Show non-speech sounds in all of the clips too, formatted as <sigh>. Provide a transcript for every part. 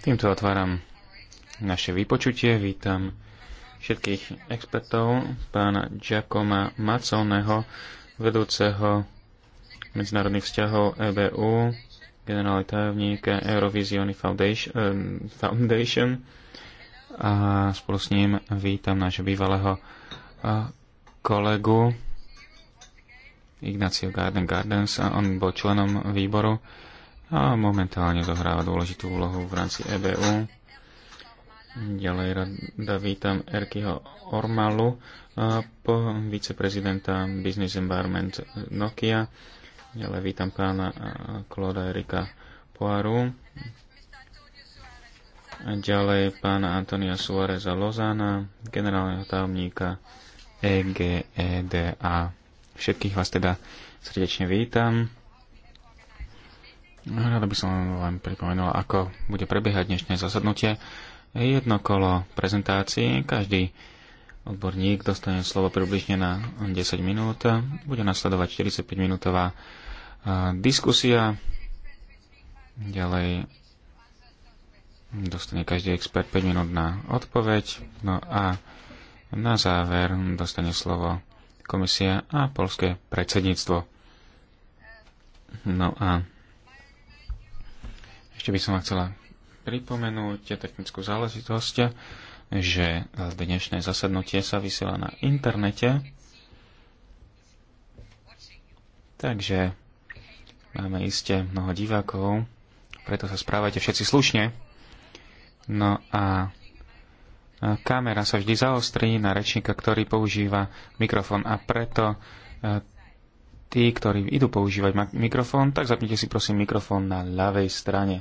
Týmto otváram naše vypočutie. Vítam všetkých expertov, pána Giacoma Maconeho, vedúceho medzinárodných vzťahov EBU, generálny tajomník Eurovision Foundation a spolu s ním vítam nášho bývalého kolegu Ignacio Garden Gardens a on bol členom výboru a momentálne zohráva dôležitú úlohu v rámci EBU. Ďalej rada vítam Erkyho Ormalu, po viceprezidenta Business Environment Nokia. Ďalej vítam pána Kloda Erika Poaru. Ďalej pána Antonia Suareza Lozana, generálneho tajomníka EGEDA. Všetkých vás teda srdečne vítam. Rada by som vám pripomenula, ako bude prebiehať dnešné zasadnutie. Jedno kolo prezentácií, každý odborník dostane slovo približne na 10 minút. Bude nasledovať 45-minútová diskusia. Ďalej dostane každý expert 5 minút na odpoveď. No a na záver dostane slovo komisia a polské predsedníctvo. No a ešte by som vám chcela pripomenúť technickú záležitosť, že dnešné zasadnutie sa vysiela na internete. Takže máme iste mnoho divákov, preto sa správajte všetci slušne. No a kamera sa vždy zaostrí na rečníka, ktorý používa mikrofón a preto e, tí, ktorí idú používať mikrofón, tak zapnite si prosím mikrofón na ľavej strane.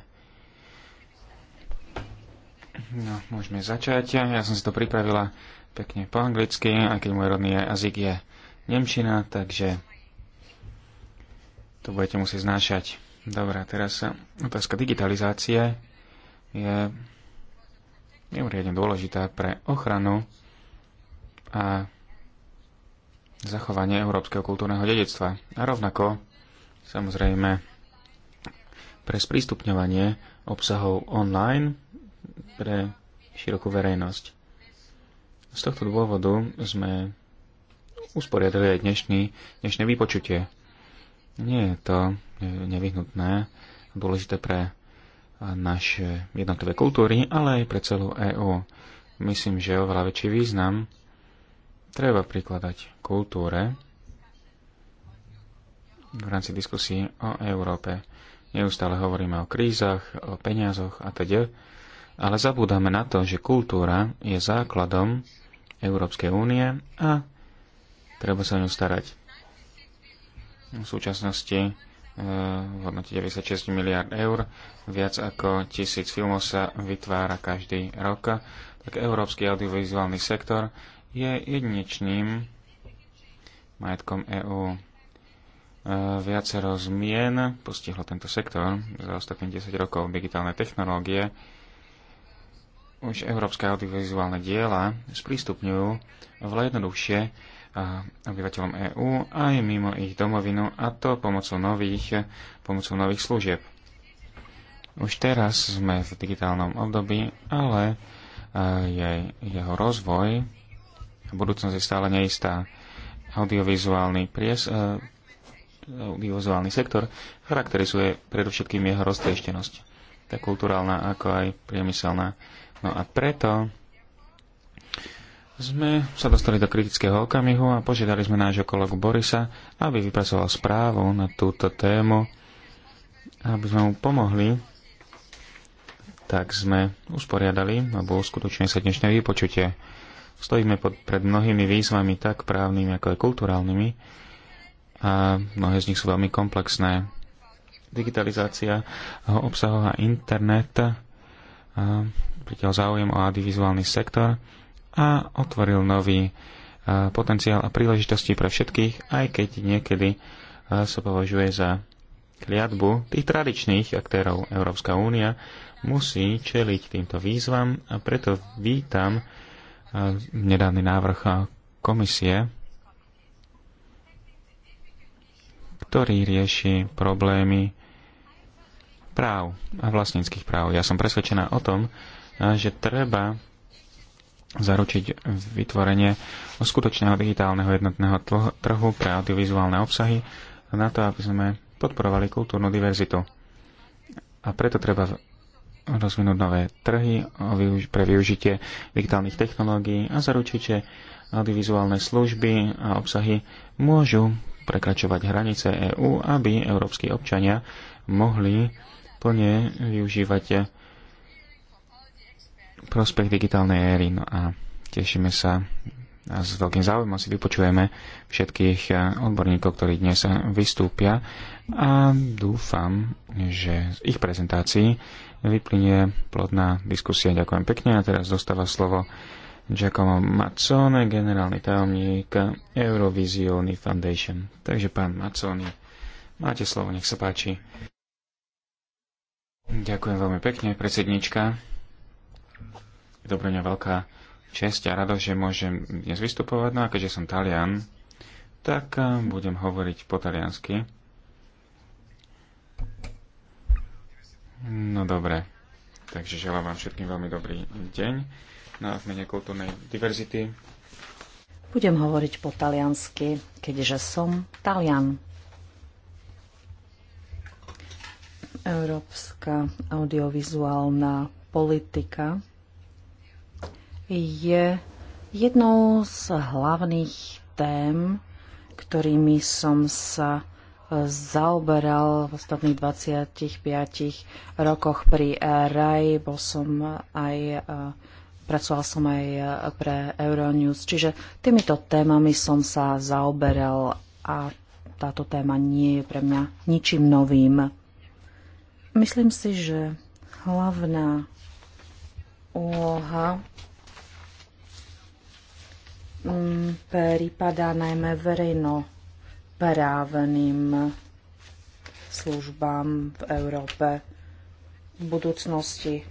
No, môžeme začať. Ja som si to pripravila pekne po anglicky, aj keď môj rodný jazyk je Nemčina, takže to budete musieť znášať. Dobre, teraz otázka digitalizácie je mimoriadne dôležitá pre ochranu a zachovanie európskeho kultúrneho dedectva. A rovnako, samozrejme, pre sprístupňovanie obsahov online pre širokú verejnosť. Z tohto dôvodu sme usporiadali aj dnešný, dnešné vypočutie. Nie je to nevyhnutné, dôležité pre naše jednotlivé kultúry, ale aj pre celú EÚ. Myslím, že oveľa väčší význam treba prikladať kultúre v rámci diskusí o Európe. Neustále hovoríme o krízach, o peniazoch a teda, ale zabúdame na to, že kultúra je základom Európskej únie a treba sa o ňu starať. V súčasnosti v hodnote 96 miliard eur. Viac ako tisíc filmov sa vytvára každý rok. Tak európsky audiovizuálny sektor je jedinečným majetkom EÚ. Eh, viacero zmien postihlo tento sektor za ostatných 10 rokov digitálne technológie. Už európske audiovizuálne diela sprístupňujú oveľa jednoduchšie obyvateľom EÚ aj mimo ich domovinu a to pomocou nových, pomocou nových služieb. Už teraz sme v digitálnom období, ale e, jej, jeho rozvoj a budúcnosť je stále neistá. Audiovizuálny, pries, e, audiovizuálny sektor charakterizuje predovšetkým jeho roztrieštenosť, tak kulturálna ako aj priemyselná. No a preto sme sa dostali do kritického okamihu a požiadali sme nášho kolegu Borisa, aby vypracoval správu na túto tému, aby sme mu pomohli tak sme usporiadali, alebo uskutočne sa dnešné vypočutie. Stojíme pod, pred mnohými výzvami, tak právnymi, ako aj kulturálnymi, a mnohé z nich sú veľmi komplexné. Digitalizácia obsahová internet, a priteľ záujem o audiovizuálny sektor, a otvoril nový e, potenciál a príležitosti pre všetkých, aj keď niekedy e, sa považuje za kliatbu tých tradičných aktérov Európska únia musí čeliť týmto výzvam a preto vítam e, nedávny návrh komisie, ktorý rieši problémy práv a vlastníckých práv. Ja som presvedčená o tom, že treba zaručiť vytvorenie skutočného digitálneho jednotného trhu pre audiovizuálne obsahy na to, aby sme podporovali kultúrnu diverzitu. A preto treba rozvinúť nové trhy pre využitie digitálnych technológií a zaručiť, že audiovizuálne služby a obsahy môžu prekračovať hranice EÚ, aby európsky občania mohli plne využívať prospech digitálnej éry. No a tešíme sa a s veľkým záujmom si vypočujeme všetkých eh, odborníkov, ktorí dnes eh, vystúpia a dúfam, že z ich prezentácií vyplynie plodná diskusia. Ďakujem pekne a teraz dostáva slovo Giacomo Mazzone, generálny tajomník Eurovisiony Foundation. Takže pán Mazzoni, máte slovo, nech sa páči. Ďakujem veľmi pekne, predsednička. Je to pre mňa veľká česť a rado, že môžem dnes vystupovať. No a keďže som Talian, tak eh, budem hovoriť po taliansky. No dobre. Takže želám vám všetkým veľmi dobrý deň. No a v mene kultúrnej diverzity. Budem hovoriť po taliansky, keďže som Talian. Európska audiovizuálna politika je jednou z hlavných tém, ktorými som sa zaoberal v ostatných 25 rokoch pri RAI, bol som aj eh, pracoval som aj eh, pre Euronews, čiže týmito témami som sa zaoberal a táto téma nie je pre mňa ničím novým. Myslím si, že hlavná úloha Mm, prípada najmä verejnoprávnym službám v Európe. V budúcnosti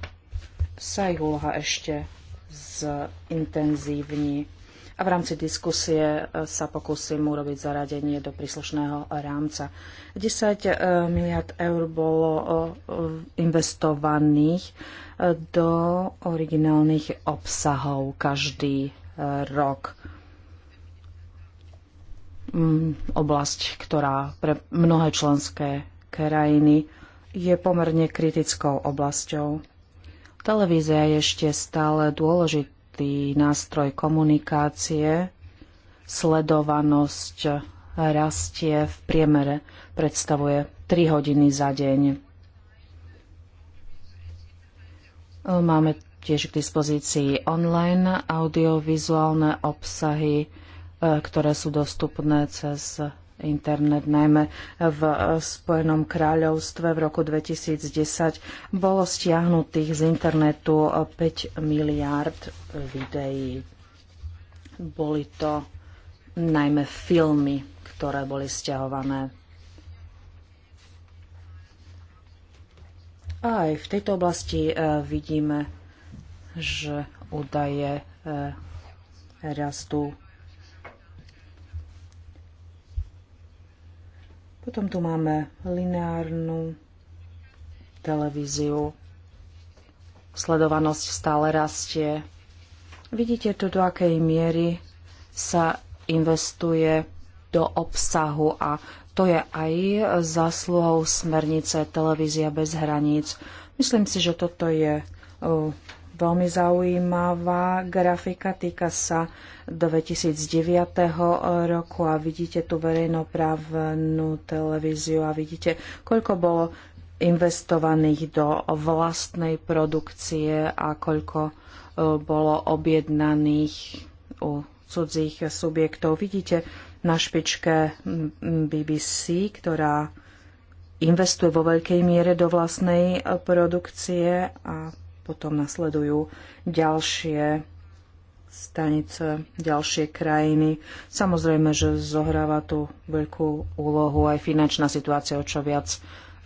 sa ich úloha ešte zintenzívni. A v rámci diskusie e, sa pokúsim urobiť zaradenie do príslušného rámca. 10 e, miliard eur bolo e, investovaných do originálnych obsahov každý rok oblasť, ktorá pre mnohé členské krajiny je pomerne kritickou oblasťou. Televízia je ešte stále dôležitý nástroj komunikácie, sledovanosť rastie v priemere, predstavuje 3 hodiny za deň. Máme tiež k dispozícii online audiovizuálne obsahy, ktoré sú dostupné cez internet, najmä v Spojenom kráľovstve v roku 2010 bolo stiahnutých z internetu 5 miliárd videí. Boli to najmä filmy, ktoré boli stiahované. Aj v tejto oblasti e, vidíme, že údaje e, rastú Potom tu máme lineárnu televíziu. Sledovanosť stále rastie. Vidíte tu, do akej miery sa investuje do obsahu a to je aj zasluhou smernice Televízia bez hraníc. Myslím si, že toto je eh, veľmi zaujímavá grafika, týka sa 2009. roku a vidíte tu verejnoprávnu televíziu a vidíte, koľko bolo investovaných do vlastnej produkcie a koľko e, bolo objednaných u cudzích subjektov. Vidíte na špičke BBC, ktorá investuje vo veľkej miere do vlastnej e, produkcie a potom nasledujú ďalšie stanice, ďalšie krajiny. Samozrejme, že zohráva tu veľkú úlohu aj finančná situácia, o čo viac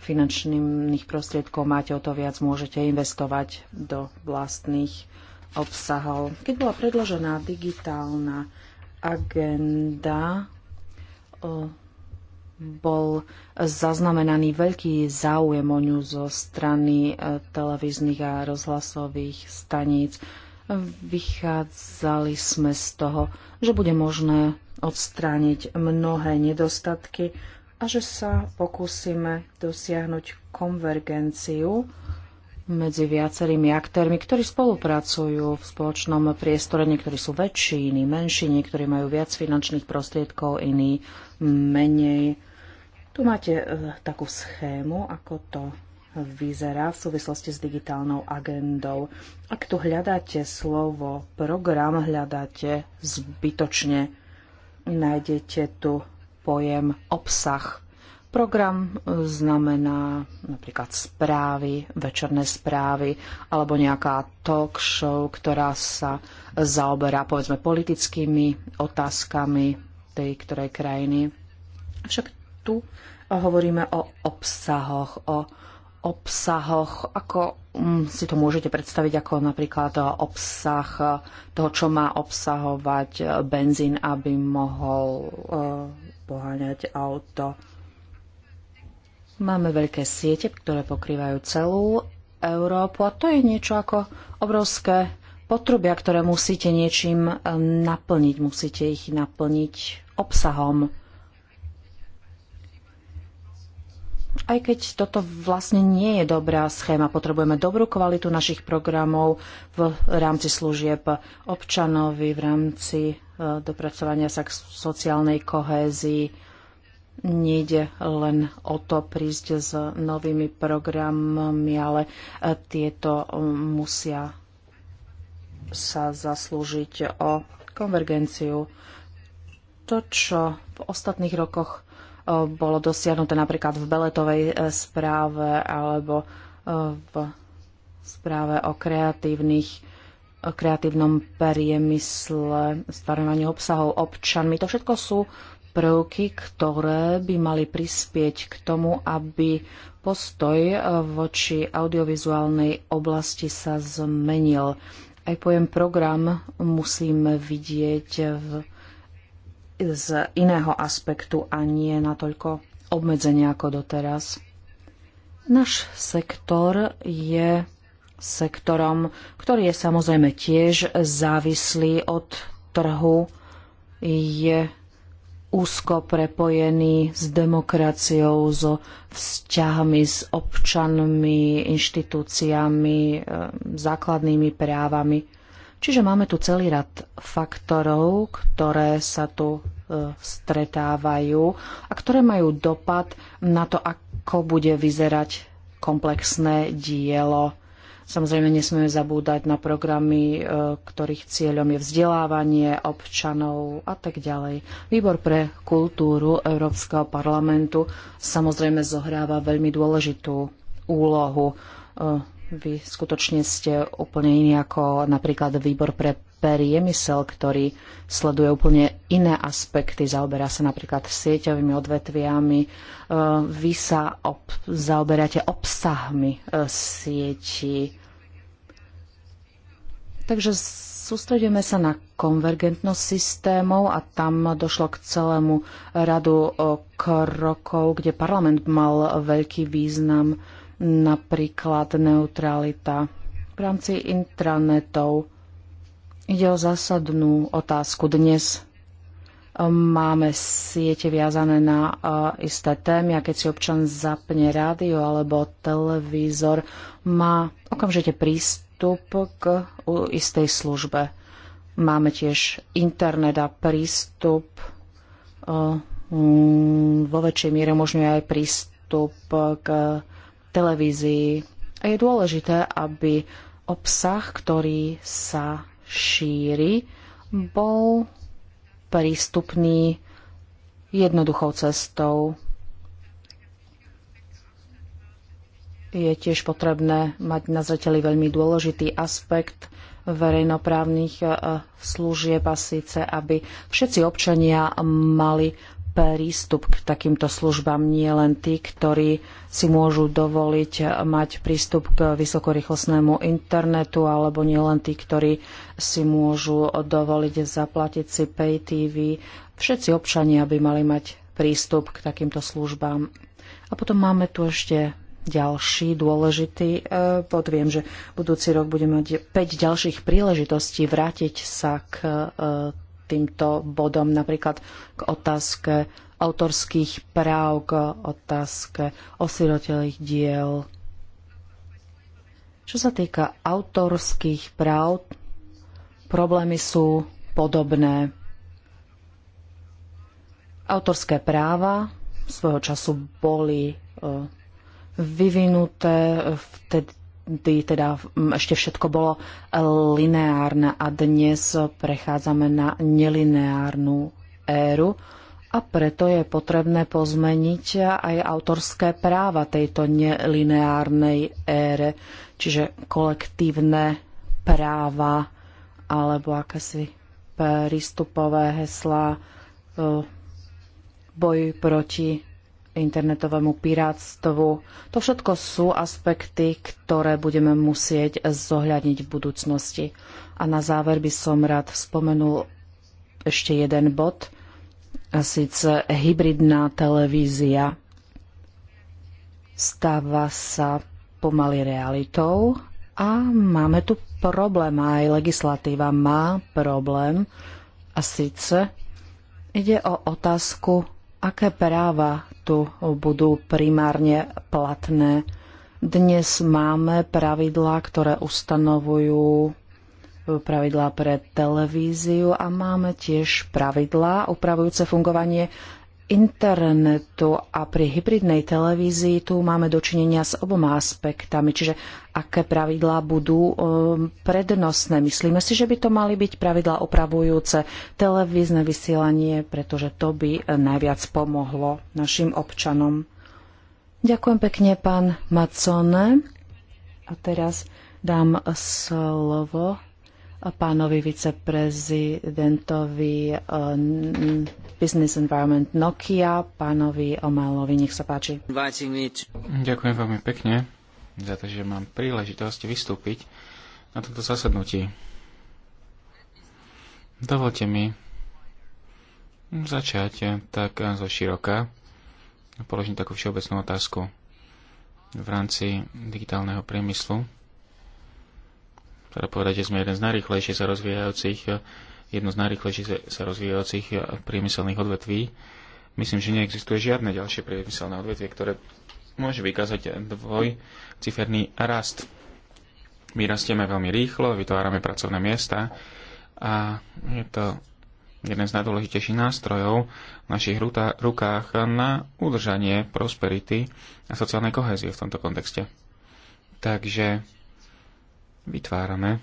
finančných prostriedkov máte, o to viac môžete investovať do vlastných obsahov. Keď bola predložená digitálna agenda, bol zaznamenaný veľký záujem o ňu zo strany e, televíznych a rozhlasových staníc. Vychádzali sme z toho, že bude možné odstrániť mnohé nedostatky a že sa pokúsime dosiahnuť konvergenciu medzi viacerými aktérmi, ktorí spolupracujú v spoločnom priestore. Niektorí sú väčší, iní menší, niektorí majú viac finančných prostriedkov, iní menej. Tu máte e, takú schému, ako to vyzerá v súvislosti s digitálnou agendou. Ak tu hľadáte slovo program, hľadáte zbytočne. Nájdete tu pojem obsah. Program e, znamená napríklad správy, večerné správy alebo nejaká talk show, ktorá sa zaoberá povedzme politickými otázkami tej ktorej krajiny. Však tu hovoríme o obsahoch, o obsahoch, ako mm, si to môžete predstaviť ako napríklad obsah toho, čo má obsahovať e, benzín, aby mohol e, poháňať auto. Máme veľké siete, ktoré pokrývajú celú Európu a to je niečo ako obrovské potrubia, ktoré musíte niečím e, naplniť. Musíte ich naplniť obsahom. Aj keď toto vlastne nie je dobrá schéma, potrebujeme dobrú kvalitu našich programov v rámci služieb občanovi, v rámci e, dopracovania sa k sociálnej kohézii nejde len o to prísť s novými programmi, ale e, tieto musia sa zaslúžiť o konvergenciu. To, čo v ostatných rokoch bolo dosiahnuté napríklad v Beletovej e, správe alebo e, v správe o kreatívnych o kreatívnom priemysle, stvarovaní obsahov občanmi. To všetko sú prvky, ktoré by mali prispieť k tomu, aby postoj e, voči audiovizuálnej oblasti sa zmenil. Aj pojem program musíme vidieť v z iného aspektu a nie natoľko obmedzenia ako doteraz. Náš sektor je sektorom, ktorý je samozrejme tiež závislý od trhu, je úzko prepojený s demokraciou, so vzťahmi s občanmi, inštitúciami, eh, základnými právami. Čiže máme tu celý rad faktorov, ktoré sa tu e, stretávajú a ktoré majú dopad na to, ako bude vyzerať komplexné dielo. Samozrejme nesmieme zabúdať na programy, e, ktorých cieľom je vzdelávanie občanov a tak ďalej. Výbor pre kultúru Európskeho parlamentu samozrejme zohráva veľmi dôležitú úlohu e, vy skutočne ste úplne iní ako napríklad výbor pre priemysel, ktorý sleduje úplne iné aspekty, zaoberá sa napríklad sieťovými odvetviami. E, vy sa ob- zaoberáte obsahmi e, sieti. Takže sústredíme sa na konvergentnosť systémov a tam došlo k celému radu e, krokov, kde parlament mal veľký význam napríklad neutralita v rámci intranetov. Ide o zásadnú otázku dnes. E, máme siete viazané na e, isté témy a keď si občan zapne rádio alebo televízor, má okamžite prístup k istej službe. Máme tiež internet a prístup e, vo väčšej miere možno aj prístup k televízii. A je dôležité, aby obsah, ktorý sa šíri, bol prístupný jednoduchou cestou. Je tiež potrebné mať na zreteli veľmi dôležitý aspekt verejnoprávnych eh, služieb a síce, aby všetci občania mali prístup k takýmto službám nie len tí, ktorí si môžu dovoliť mať prístup k vysokorýchlostnému internetu, alebo nie len tí, ktorí si môžu dovoliť zaplatiť si pay TV. Všetci občania by mali mať prístup k takýmto službám. A potom máme tu ešte ďalší dôležitý e, bod. Viem, že budúci rok budeme mať 5 ďalších príležitostí vrátiť sa k e, týmto bodom, napríklad k otázke autorských práv, k otázke osirotelých diel. Čo sa týka autorských práv, problémy sú podobné. Autorské práva svojho času boli eh, vyvinuté eh, vtedy kedy teda mm, ešte všetko bolo eh, lineárne a dnes prechádzame na nelineárnu éru a preto je potrebné pozmeniť aj autorské práva tejto nelineárnej ére, čiže kolektívne práva alebo akési prístupové heslá, eh, boj proti internetovému pirátstvu. To všetko sú aspekty, ktoré budeme musieť zohľadniť v budúcnosti. A na záver by som rád spomenul ešte jeden bod, a síce hybridná televízia stáva sa pomaly realitou a máme tu problém, aj legislatíva má problém a síce ide o otázku aké práva tu budú primárne platné. Dnes máme pravidlá, ktoré ustanovujú e, pravidlá pre televíziu a máme tiež pravidlá upravujúce fungovanie internetu a pri hybridnej televízii tu máme dočinenia s oboma aspektami, čiže aké pravidlá budú ehm, prednostné. Myslíme si, že by to mali byť pravidlá opravujúce televízne vysielanie, pretože to by najviac pomohlo našim občanom. Ďakujem pekne, pán Macone. A teraz dám slovo pánovi viceprezidentovi eh, Business Environment Nokia, pánovi Omalovi. Nech sa páči. Ďakujem veľmi pekne za to, že mám príležitosť vystúpiť na toto zasadnutí. Dovolte mi začať eh, tak eh, zo široka a položím takú všeobecnú otázku v rámci digitálneho priemyslu Treba povedať, že sme jeden z najrychlejších sa rozvíjajúcich, eh, jedno z najrychlejších sa rozvíjajúcich eh, priemyselných odvetví. Myslím, že neexistuje žiadne ďalšie priemyselné odvetvie, ktoré môže vykázať eh, dvojciferný rast. My rastieme veľmi rýchlo, vytvárame pracovné miesta a je to jeden z najdôležitejších nástrojov v našich rukách na udržanie prosperity a sociálnej kohézie v tomto kontexte. Takže vytvárame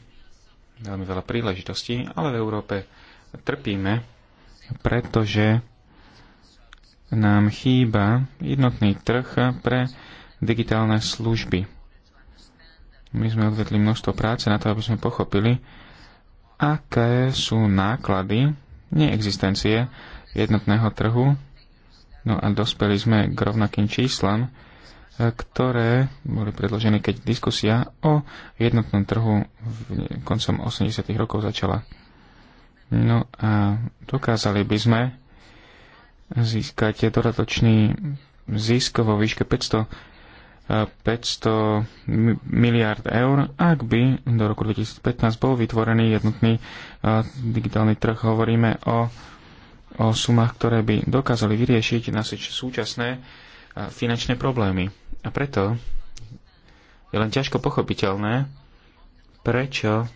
veľmi veľa príležitostí, ale v Európe trpíme, pretože nám chýba jednotný trh pre digitálne služby. My sme odvedli množstvo práce na to, aby sme pochopili, aké sú náklady neexistencie jednotného trhu. No a dospeli sme k rovnakým číslam, ktoré boli predložené, keď diskusia o jednotnom trhu koncom 80. rokov začala. No a dokázali by sme získať dodatočný zisk vo výške 500, 500 miliard eur, ak by do roku 2015 bol vytvorený jednotný eh, digitálny trh. Hovoríme o, o sumách, ktoré by dokázali vyriešiť naše súčasné finančné problémy. A preto je len ťažko pochopiteľné, prečo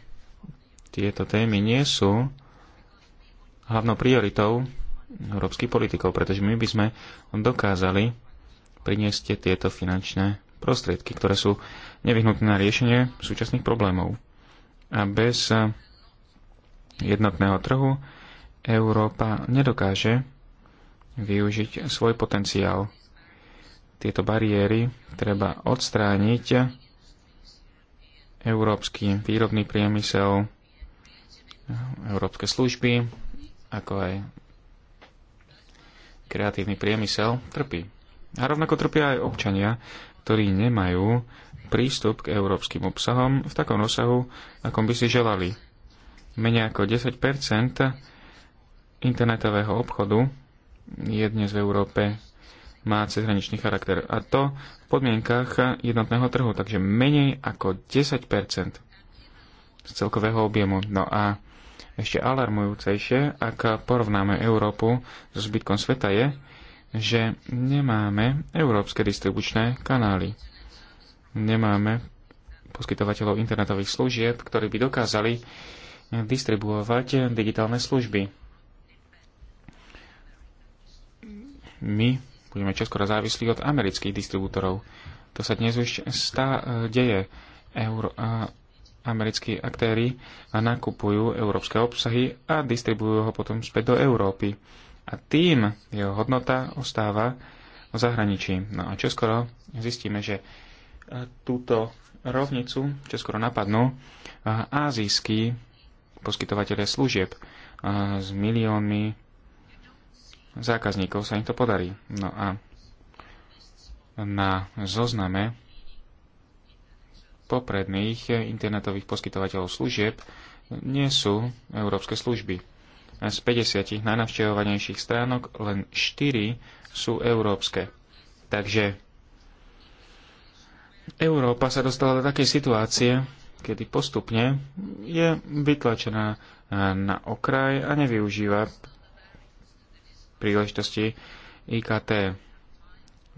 tieto témy nie sú hlavnou prioritou európskych politikov, pretože my by sme dokázali priniesť tieto finančné prostriedky, ktoré sú nevyhnutné na riešenie súčasných problémov. A bez jednotného trhu Európa nedokáže využiť svoj potenciál. Tieto bariéry treba odstrániť. Európsky výrobný priemysel, európske služby, ako aj kreatívny priemysel trpí. A rovnako trpia aj občania, ktorí nemajú prístup k európskym obsahom v takom rozsahu, akom by si želali. Menej ako 10 internetového obchodu je dnes v Európe má cezhraničný charakter. A to v podmienkach jednotného trhu, takže menej ako 10 z celkového objemu. No a ešte alarmujúcejšie, ak porovnáme Európu so zbytkom sveta, je, že nemáme európske distribučné kanály. Nemáme poskytovateľov internetových služieb, ktorí by dokázali distribuovať digitálne služby. My budeme čoskoro závislí od amerických distribútorov. To sa dnes už stá, eh, deje. Euro, a, eh, americkí aktéry nakupujú európske obsahy a distribujú ho potom späť do Európy. A tým jeho hodnota ostáva v zahraničí. No a čoskoro zistíme, že eh, túto rovnicu čoskoro napadnú azijskí poskytovateľe služieb s miliónmi zákazníkov sa im to podarí. No a na zozname popredných internetových poskytovateľov služieb nie sú európske služby. Z 50 najnavštevovanejších stránok len 4 sú európske. Takže Európa sa dostala do takej situácie, kedy postupne je vytlačená na okraj a nevyužíva príležitosti IKT.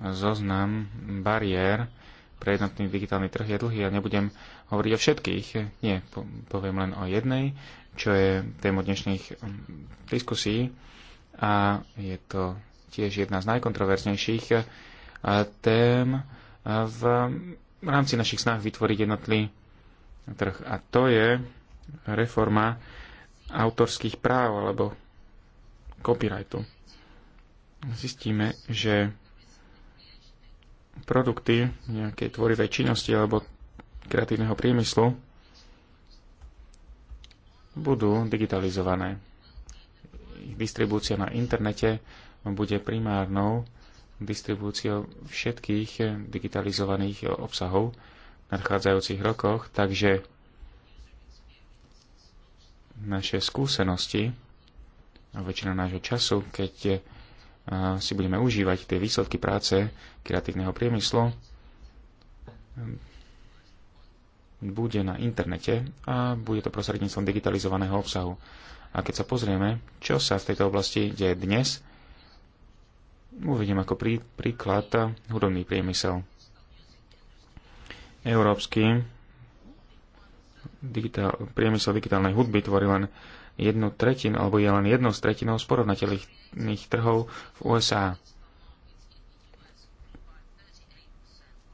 Zoznam bariér pre jednotný digitálny trh je dlhý. Ja nebudem hovoriť o všetkých, nie, poviem len o jednej, čo je tému dnešných hm, diskusí a je to tiež jedna z najkontroverznejších eh, tém eh, hm, v rámci našich snah vytvoriť jednotný trh. A to je reforma autorských práv alebo copyrightu zistíme, že produkty nejakej tvorivej činnosti alebo kreatívneho priemyslu budú digitalizované. Ich distribúcia na internete bude primárnou distribúciou všetkých digitalizovaných obsahov v nadchádzajúcich rokoch, takže naše skúsenosti a väčšina nášho času, keď si budeme užívať tie výsledky práce kreatívneho priemyslu, bude na internete a bude to prostredníctvom digitalizovaného obsahu. A keď sa pozrieme, čo sa v tejto oblasti deje dnes, uvidím ako prí, príklad hudobný priemysel. Európsky digitál, priemysel digitálnej hudby tvorí len jednu tretinu, alebo je len jednou z tretinou z porovnateľných trhov v USA.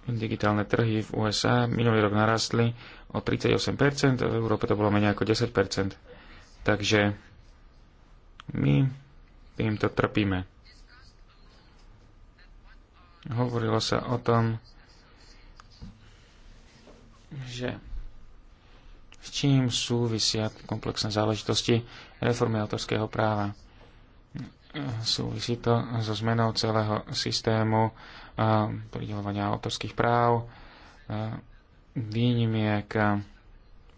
Digitálne trhy v USA minulý rok narastli o 38%, v Európe to bolo menej ako 10%. Takže my týmto trpíme. Hovorilo sa o tom, že s čím súvisia komplexné záležitosti reformy autorského práva. Súvisí to so zmenou celého systému pridelovania autorských práv, výnimiek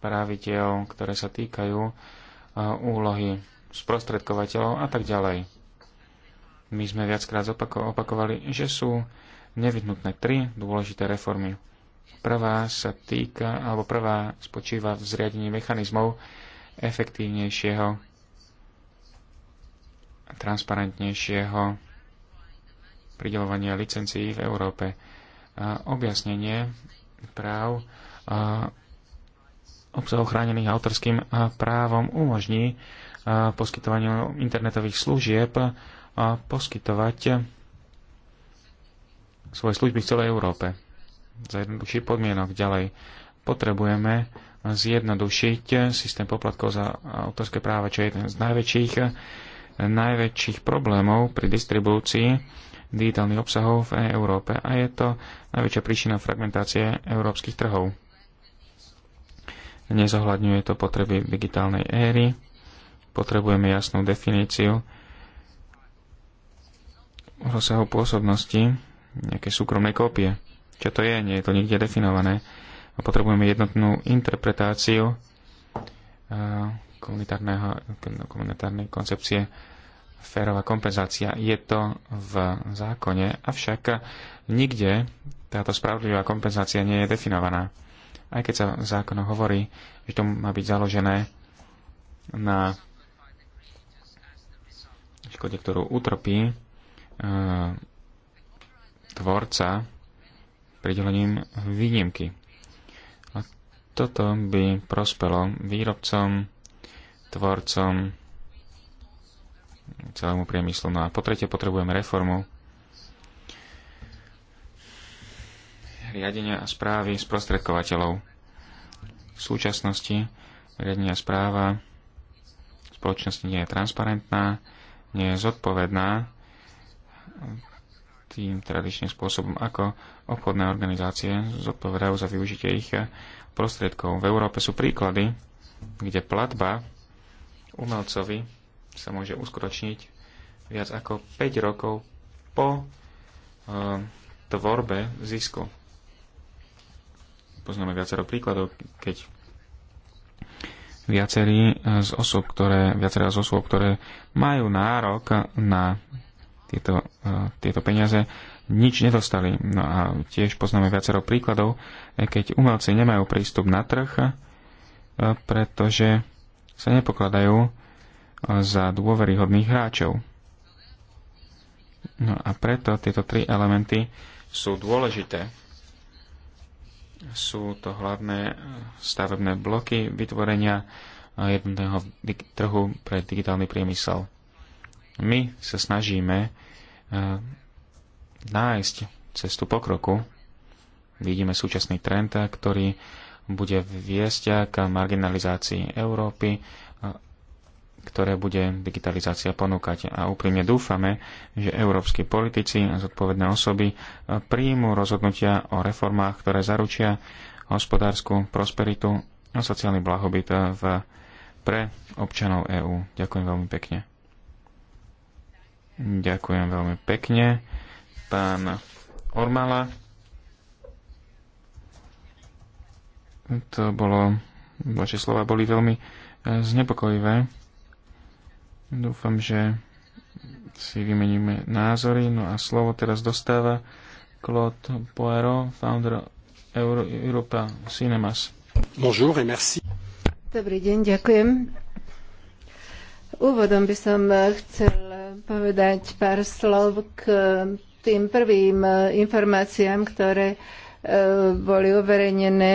pravidel, ktoré sa týkajú úlohy sprostredkovateľov a tak ďalej. My sme viackrát opakovali, že sú nevyhnutné tri dôležité reformy. Prvá sa týka, alebo prvá spočíva v zriadení mechanizmov efektívnejšieho a transparentnejšieho pridelovania licencií v Európe. A objasnenie práv a obsahu chránených autorským právom umožní poskytovaniu internetových služieb a poskytovať svoje služby v celej Európe za jednoduchších podmienok. Ďalej potrebujeme zjednodušiť systém poplatkov za autorské práva, čo je jeden z najväčších, najväčších problémov pri distribúcii digitálnych obsahov v Európe a je to najväčšia príčina fragmentácie európskych trhov. Nezohľadňuje to potreby digitálnej éry, potrebujeme jasnú definíciu rozsahu pôsobnosti nejaké súkromné kópie čo to je, nie je to nikde definované. A potrebujeme jednotnú interpretáciu no, komunitárnej koncepcie férová kompenzácia. Je to v zákone, avšak nikde táto spravodlivá kompenzácia nie je definovaná. Aj keď sa v zákonu hovorí, že to má byť založené na škode, ktorú utrpí tvorca pridelením výnimky. A toto by prospelo výrobcom, tvorcom, celému priemyslu. No a po tretie potrebujeme reformu riadenia a správy sprostredkovateľov. V súčasnosti riadenia správa spoločnosti nie je transparentná, nie je zodpovedná tým tradičným spôsobom, ako obchodné organizácie zodpovedajú za využitie ich prostriedkov. V Európe sú príklady, kde platba umelcovi sa môže uskutočniť viac ako 5 rokov po eh, tvorbe zisku. Poznáme viacero príkladov, keď viacerí z osôb, ktoré, viaceré z osôb, ktoré majú nárok na tieto, tieto peniaze nič nedostali. No a tiež poznáme viacero príkladov, keď umelci nemajú prístup na trh, pretože sa nepokladajú za dôveryhodných hráčov. No a preto tieto tri elementy sú dôležité. Sú to hlavné stavebné bloky vytvorenia jednotného trhu pre digitálny priemysel. My sa snažíme e, nájsť cestu pokroku. Vidíme súčasný trend, ktorý bude viesť k marginalizácii Európy, e, ktoré bude digitalizácia ponúkať. A úprimne dúfame, že európsky politici a zodpovedné osoby e, príjmu rozhodnutia o reformách, ktoré zaručia hospodárskú prosperitu a sociálny blahobyt v, pre občanov EÚ. Ďakujem veľmi pekne. Ďakujem veľmi pekne. Pán Ormala. To bolo, vaše slova boli veľmi e, znepokojivé. Dúfam, že si vymeníme názory. No a slovo teraz dostáva Claude Poirot, founder Euro Europa Cinemas. Bonjour et merci. Dobrý deň, ďakujem. Úvodom by som chcel povedať pár slov k eh, tým prvým eh, informáciám, ktoré eh, boli uverejnené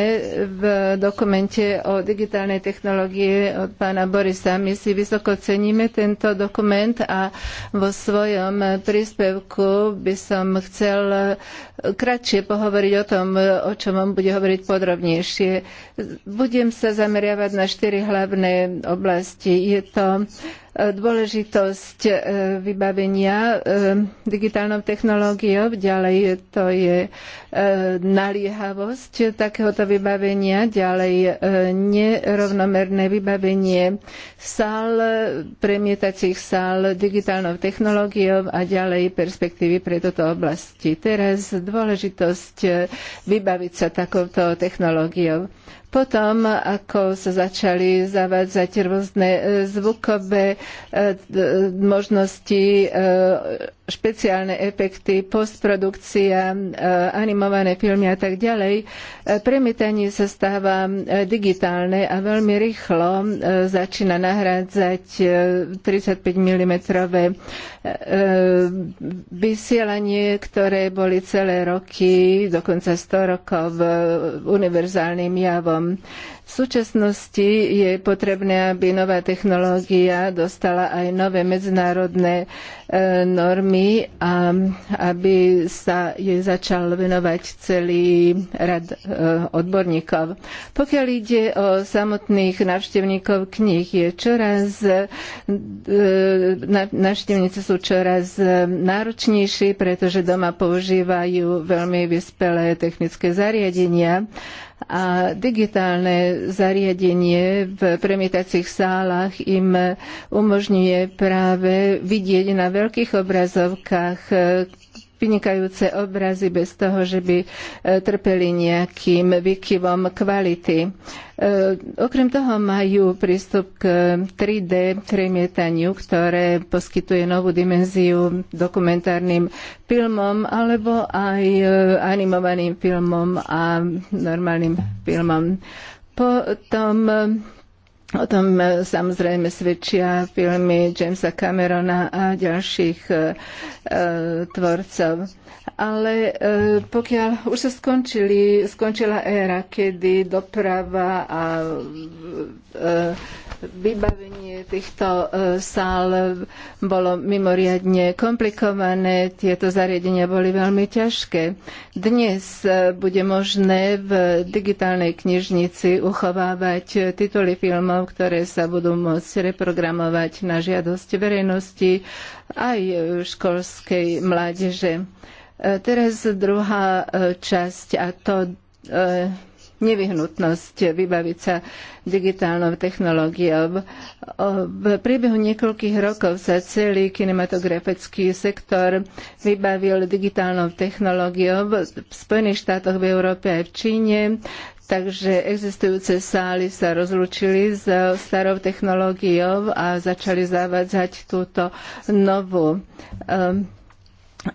v dokumente o digitálnej technológie od pána Borisa. My si vysoko ceníme tento dokument a vo svojom príspevku by som chcel kratšie pohovoriť o tom, o čom on bude hovoriť podrobnejšie. Budem sa zameriavať na štyri hlavné oblasti. Je to dôležitosť e, vybavenia e, digitálnou technológiou, ďalej to je e, naliehavosť takéhoto vybavenia, ďalej nerovnomerné vybavenie sál, premietacích sál digitálnou technológiou a ďalej perspektívy pre toto oblasti. Teraz dôležitosť vybaviť sa takouto technológiou. Potom, ako sa začali zavádzať rôzne eh, zvukové eh, eh, možnosti špeciálne efekty, postprodukcia, e, animované filmy a tak ďalej, e, premietanie sa stáva e, digitálne a veľmi rýchlo začína nahrádzať 35 mm vysielanie, ktoré boli celé roky, dokonca 100 rokov univerzálnym javom. V súčasnosti je potrebné, aby nová technológia dostala aj nové medzinárodné e, normy a aby sa jej začal venovať celý rad e, odborníkov. Pokiaľ ide o samotných návštevníkov kníh, je čoraz, e, návštevníci sú čoraz náročnejší, pretože doma používajú veľmi vyspelé technické zariadenia a digitálne zariadenie v premietacích sálach im umožňuje práve vidieť na veľkých obrazovkách vynikajúce obrazy bez toho, že by e, trpeli nejakým výkyvom kvality. E, okrem toho majú prístup k 3D premietaniu, ktoré poskytuje novú dimenziu dokumentárnym filmom alebo aj e, animovaným filmom a normálnym filmom. Potom O tom e, samozrejme svedčia filmy Jamesa Camerona a ďalších e, e, tvorcov. Ale e, pokiaľ už sa skončili, skončila éra, kedy doprava a e, Vybavenie týchto e, sál bolo mimoriadne komplikované, tieto zariadenia boli veľmi ťažké. Dnes e, bude možné v digitálnej knižnici uchovávať tituly filmov, ktoré sa budú môcť reprogramovať na žiadosť verejnosti aj školskej mládeže. E, teraz druhá časť a to nevyhnutnosť vybaviť sa digitálnou technológiou. V priebehu niekoľkých rokov sa celý kinematografický sektor vybavil digitálnou technológiou v Spojených štátoch, v Európe aj v Číne. Takže existujúce sály sa rozlúčili s starou technológiou a začali zavádzať túto novú. Um,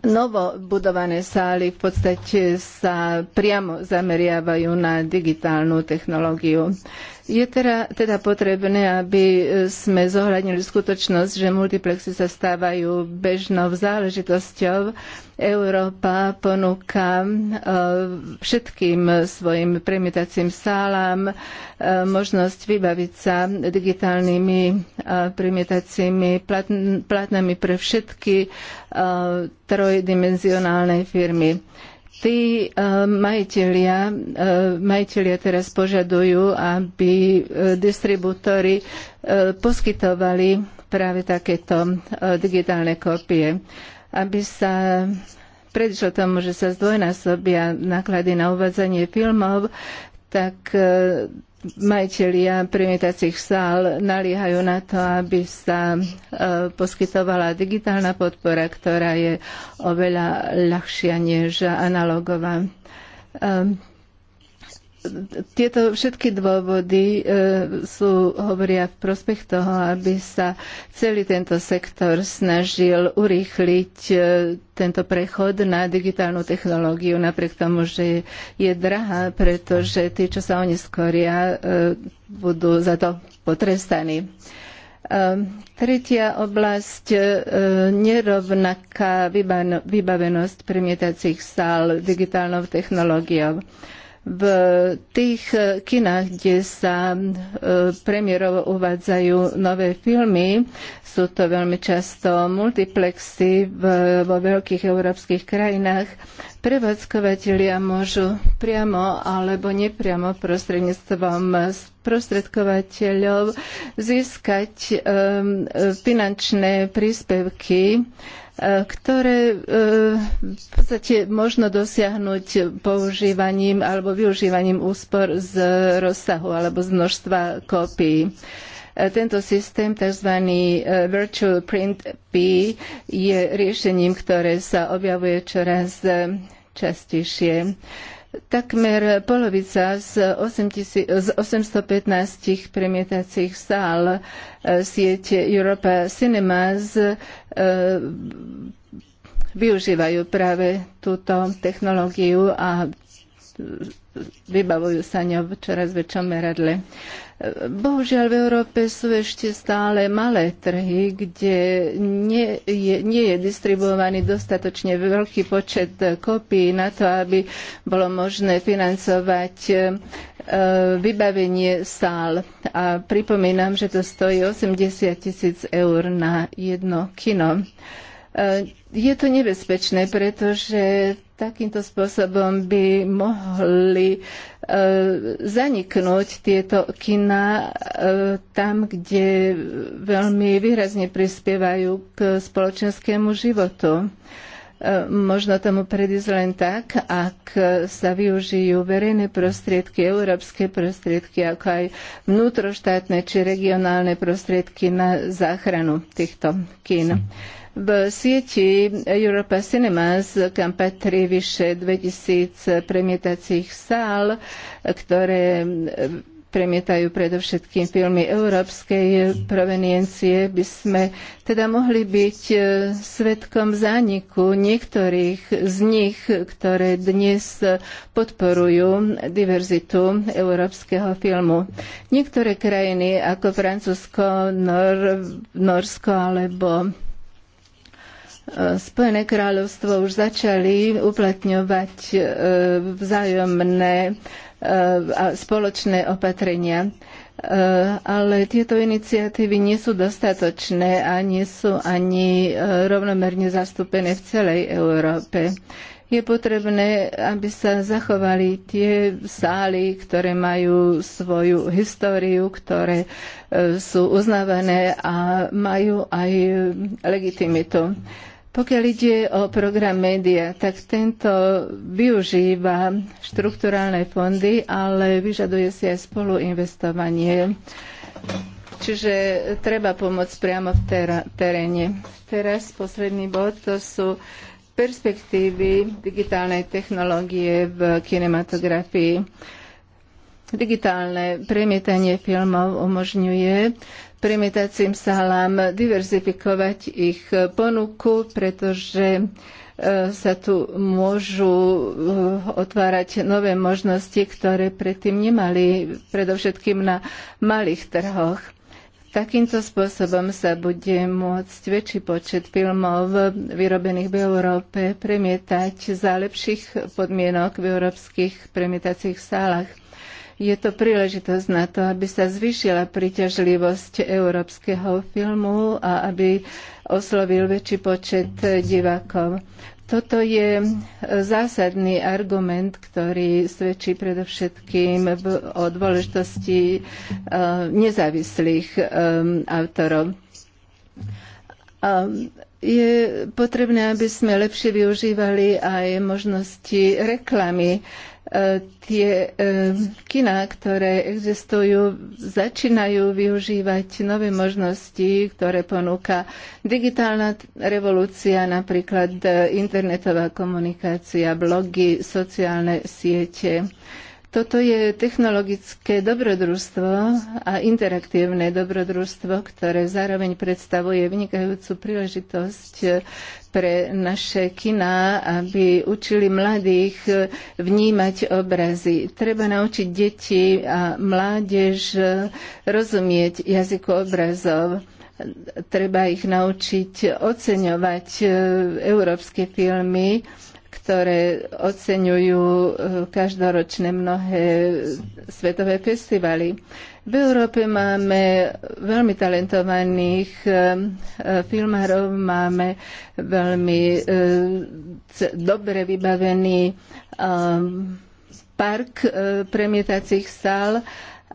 Novo budované sály v podstate sa priamo zameriavajú na digitálnu technológiu. Je teda, teda potrebné, aby e, sme zohľadnili skutočnosť, že multiplexy sa stávajú bežnou záležitosťou. Európa ponúka e, všetkým svojim premietacím sálam e, možnosť vybaviť sa digitálnymi premietacími platnami pre všetky trojdimenzionálne firmy tí eh, majiteľia, eh, majiteľia teraz požadujú, aby eh, distribútory poskytovali práve takéto digitálne kópie, aby sa predišlo tomu, že sa zdvojnásobia náklady na uvádzanie filmov, tak e, majiteľia premietacích sál naliehajú na to, aby sa e, poskytovala digitálna podpora, ktorá je oveľa ľahšia než analogová. Ehm, tieto všetky dôvody e, sú, hovoria v prospech toho, aby sa celý tento sektor snažil urýchliť e, tento prechod na digitálnu technológiu, napriek tomu, že je drahá, pretože tí, čo sa oneskoria, e, budú za to potrestaní. Tretia oblasť, nerovnaká vybavenosť premietacích sál digitálnou technológiou v tých e, kinách, kde sa e, premiérovo uvádzajú nové filmy, sú to veľmi často multiplexy vo veľkých európskych krajinách, prevádzkovateľia môžu priamo alebo nepriamo prostredníctvom sprostredkovateľov získať um, finančné príspevky uh, ktoré uh, v podstate možno dosiahnuť používaním alebo využívaním úspor z rozsahu alebo z množstva kópií. Uh, tento systém, tzv. Virtual Print P, je riešením, ktoré sa objavuje čoraz častejšie Takmer polovica z, 815 premietacích sál e, siete Europa Cinemas e, využívajú práve túto technológiu a vybavujú sa ňou v čoraz väčšom meradle. Bohužiaľ v Európe sú ešte stále malé trhy, kde nie je, nie je distribuovaný dostatočne veľký počet kopií na to, aby bolo možné financovať e, vybavenie sál. A pripomínam, že to stojí 80 tisíc eur na jedno kino. E, je to nebezpečné, pretože takýmto spôsobom by mohli e, zaniknúť tieto kina e, tam, kde veľmi výrazne prispievajú k spoločenskému životu. Možno tomu predísť len tak, ak sa využijú verejné prostriedky, európske prostriedky, ako aj vnútroštátne či regionálne prostriedky na záchranu týchto kín. V sieti Europa Cinemas, kam patrí vyše 2000 premietacích sál, ktoré premietajú predovšetkým filmy európskej proveniencie, by sme teda mohli byť e, svetkom zániku niektorých z nich, ktoré dnes podporujú diverzitu európskeho filmu. Niektoré krajiny ako Francúzsko, Nor- Norsko alebo E, Spojené kráľovstvo už začali uplatňovať e, vzájomné e, a spoločné opatrenia. Ale tieto iniciatívy nie sú dostatočné a nie sú ani rovnomerne zastúpené v celej Európe. Je potrebné, aby sa zachovali tie sály, ktoré majú svoju históriu, ktoré sú uznávané a majú aj legitimitu. Pokiaľ ide o program média, tak tento využíva štrukturálne fondy, ale vyžaduje si aj spoluinvestovanie. Čiže treba pomôcť priamo v teréne. Teraz posledný bod, to sú perspektívy digitálnej technológie v kinematografii. Digitálne premietanie filmov umožňuje premietacím salám diverzifikovať ich ponuku, pretože e, sa tu môžu e, otvárať nové možnosti, ktoré predtým nemali, predovšetkým na malých trhoch. Takýmto spôsobom sa bude môcť väčší počet filmov vyrobených v Európe premietať za lepších podmienok v európskych premietacích sálach. Je to príležitosť na to, aby sa zvýšila príťažlivosť európskeho filmu a aby oslovil väčší počet divákov. Toto je zásadný argument, ktorý svedčí predovšetkým o dôležitosti e, nezávislých e, autorov. Je potrebné, aby sme lepšie využívali aj možnosti reklamy E, tie e, kina, ktoré existujú, začínajú využívať nové možnosti, ktoré ponúka digitálna revolúcia, napríklad e, internetová komunikácia, blogy, sociálne siete. Toto je technologické dobrodružstvo a interaktívne dobrodružstvo, ktoré zároveň predstavuje vynikajúcu príležitosť pre naše kina, aby učili mladých vnímať obrazy. Treba naučiť deti a mládež rozumieť jazyku obrazov treba ich naučiť oceňovať eh, európske filmy ktoré oceňujú eh, každoročné mnohé svetové festivaly. V Európe máme veľmi talentovaných eh, filmárov, máme veľmi eh, dobre vybavený park premietacích sál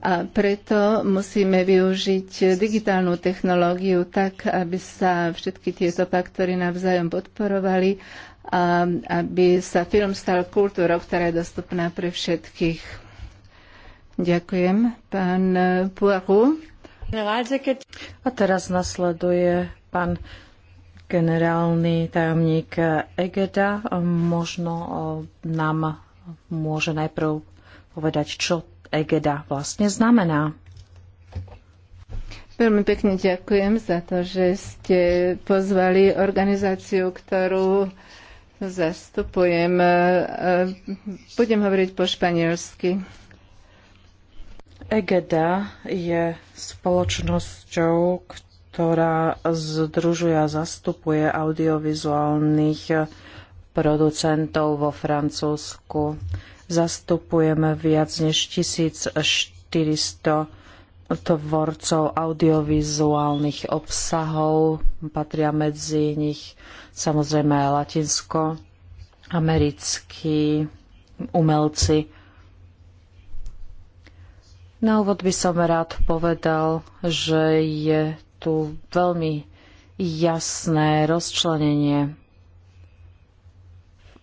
a preto musíme využiť digitálnu technológiu tak, aby sa všetky tieto faktory navzájom podporovali Um, aby sa film stal kultúrou, ktorá je dostupná pre všetkých. Ďakujem. Pán uh, Poirot. A teraz nasleduje pán generálny tajomník Egeda. Možno uh, nám môže najprv povedať, čo Egeda vlastne znamená. Veľmi pekne ďakujem za to, že ste pozvali organizáciu, ktorú zastupujem. E, e, budem hovoriť po španielsky. Egeda je spoločnosťou, ktorá združuje a zastupuje audiovizuálnych producentov vo Francúzsku. Zastupujeme viac než 1400 tvorcov audiovizuálnych obsahov. Patria medzi nich samozrejme aj latinsko-americkí umelci. Na úvod by som rád povedal, že je tu veľmi jasné rozčlenenie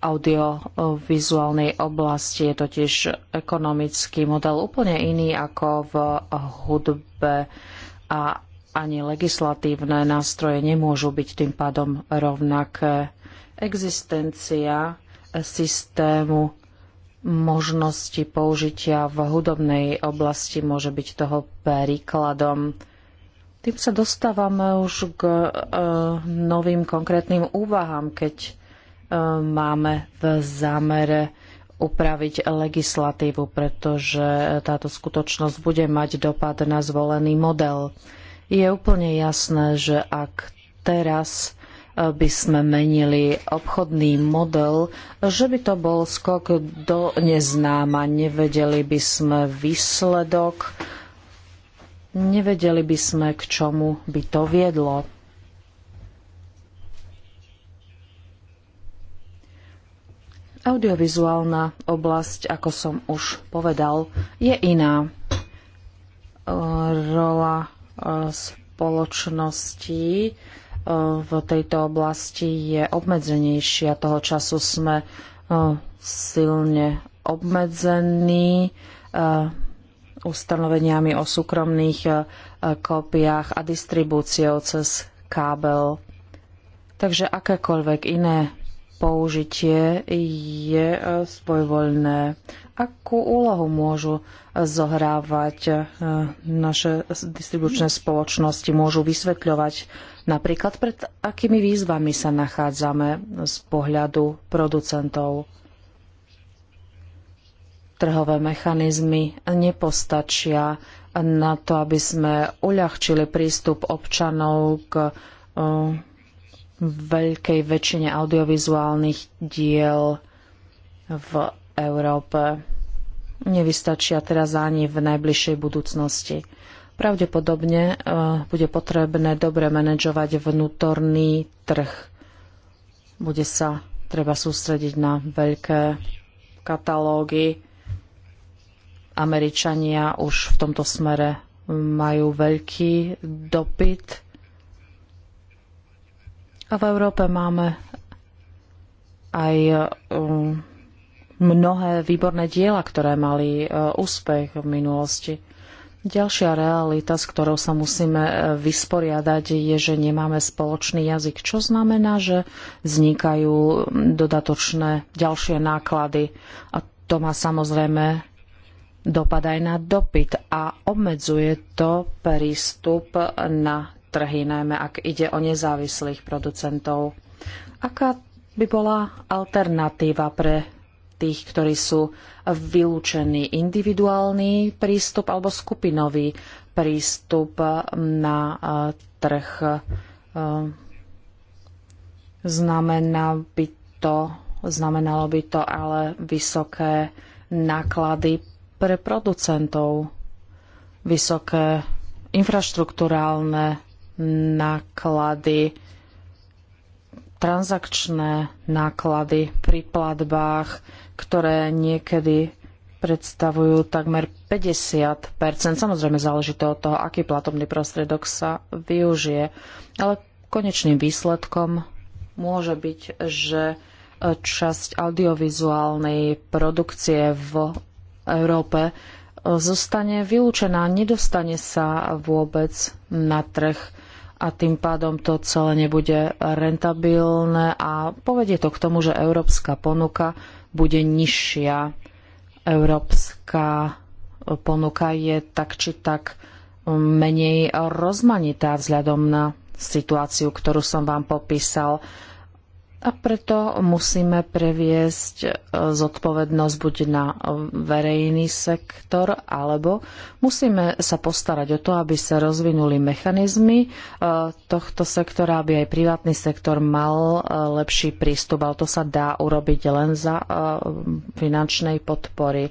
audiovizuálnej oblasti je totiž ekonomický model úplne iný ako v hudbe a ani legislatívne nástroje nemôžu byť tým pádom rovnaké. Existencia systému možnosti použitia v hudobnej oblasti môže byť toho príkladom. Tým sa dostávame už k e, novým konkrétnym úvahám, keď máme v zámere upraviť legislatívu, pretože táto skutočnosť bude mať dopad na zvolený model. Je úplne jasné, že ak teraz eh, by sme menili obchodný model, že by to bol skok do neznáma. Nevedeli by sme výsledok, nevedeli by sme, k čomu by to viedlo. Audiovizuálna oblasť, ako som už povedal, je iná. E, rola e, spoločnosti e, v tejto oblasti je obmedzenejšia. Toho času sme silne obmedzení ustanoveniami o súkromných kópiách a distribúciou cez kábel. Takže akékoľvek iné použitie je e, spojvoľné. Akú úlohu môžu zohrávať e, naše distribučné spoločnosti? Môžu vysvetľovať napríklad, pred akými výzvami sa nachádzame z pohľadu producentov? Trhové mechanizmy nepostačia na to, aby sme uľahčili prístup občanov k e, veľkej väčšine audiovizuálnych diel v Európe. Nevystačia teraz ani v najbližšej budúcnosti. Pravdepodobne eh, bude potrebné dobre manažovať vnútorný trh. Bude sa treba sústrediť na veľké katalógy. Američania už v tomto smere majú veľký dopyt a v Európe máme aj um, mnohé výborné diela, ktoré mali uh, úspech v minulosti. Ďalšia realita, s ktorou sa musíme uh, vysporiadať, je, že nemáme spoločný jazyk, čo znamená, že vznikajú um, dodatočné ďalšie náklady. A to má samozrejme dopad aj na dopyt a obmedzuje to prístup na trhy, najmä ak ide o nezávislých producentov. Aká by bola alternatíva pre tých, ktorí sú vylúčení individuálny prístup alebo skupinový prístup na e, trh? E, znamená by to, znamenalo by to ale vysoké náklady pre producentov, vysoké infraštruktúrálne náklady, transakčné náklady pri platbách, ktoré niekedy predstavujú takmer 50 Samozrejme záleží to od toho, aký platobný prostriedok sa využije. Ale konečným výsledkom môže byť, že časť audiovizuálnej produkcie v Európe zostane vylúčená, nedostane sa vôbec na trh a tým pádom to celé nebude rentabilné a povedie to k tomu, že európska ponuka bude nižšia. Európska ponuka je tak či tak menej rozmanitá vzhľadom na situáciu, ktorú som vám popísal. A preto musíme previesť e, zodpovednosť buď na e, verejný sektor, alebo musíme sa postarať o to, aby sa rozvinuli mechanizmy e, tohto sektora, aby aj privátny sektor mal lepší prístup. Ale to sa dá urobiť len za finančnej podpory.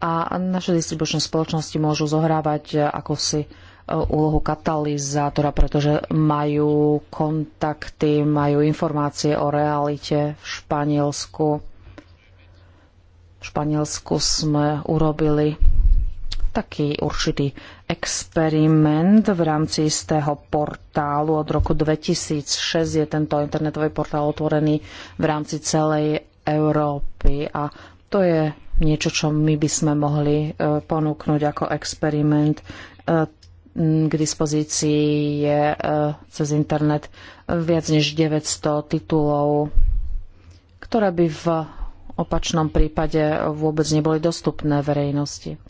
A naše distribučné spoločnosti môžu zohrávať akúsi úlohu katalizátora, pretože majú kontakty, majú informácie o realite v Španielsku. V Španielsku sme urobili taký určitý experiment v rámci istého portálu. Od roku 2006 je tento internetový portál otvorený v rámci celej Európy a to je niečo, čo my by sme mohli e, ponúknuť ako experiment e, k dispozícii je e, cez internet viac než 900 titulov, ktoré by v opačnom prípade vôbec neboli dostupné verejnosti.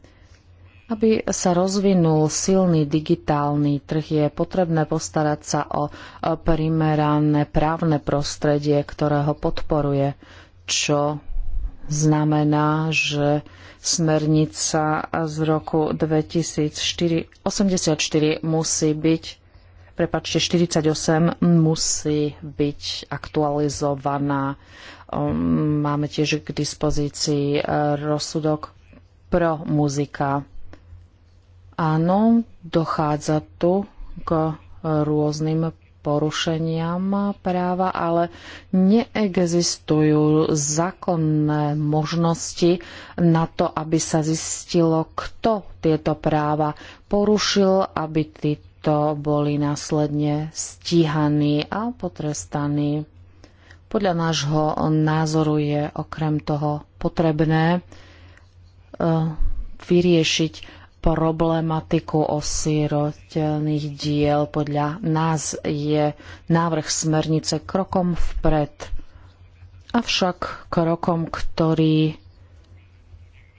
Aby sa rozvinul silný digitálny trh, je potrebné postarať sa o primerané právne prostredie, ktoré ho podporuje, čo znamená, že smernica z roku 2004, 84 musí byť, prepačte, 48 musí byť aktualizovaná. Um, máme tiež k dispozícii eh, rozsudok pro muzika. Áno, dochádza tu k rôznym porušeniam práva, ale neexistujú zákonné možnosti na to, aby sa zistilo, kto tieto práva porušil, aby títo boli následne stíhaní a potrestaní. Podľa nášho názoru je okrem toho potrebné eh, vyriešiť problematiku osírotených diel. Podľa nás je návrh smernice krokom vpred, avšak krokom, ktorý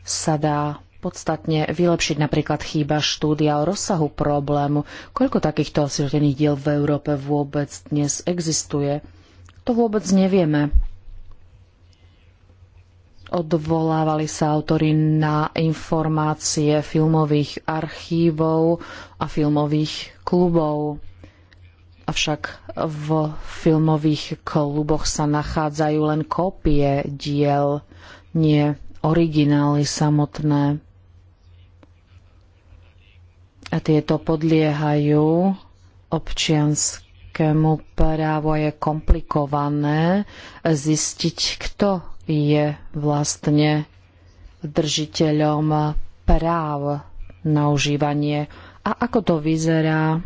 sa dá podstatne vylepšiť napríklad chýba štúdia o rozsahu problému. Koľko takýchto osírotených diel v Európe vôbec dnes existuje? To vôbec nevieme. Odvolávali sa autory na informácie filmových archívov a filmových klubov. Avšak v filmových kluboch sa nachádzajú len kópie diel, nie originály samotné. A tieto podliehajú občianskému právu. Je komplikované zistiť, kto je vlastne držiteľom práv na užívanie. A ako to vyzerá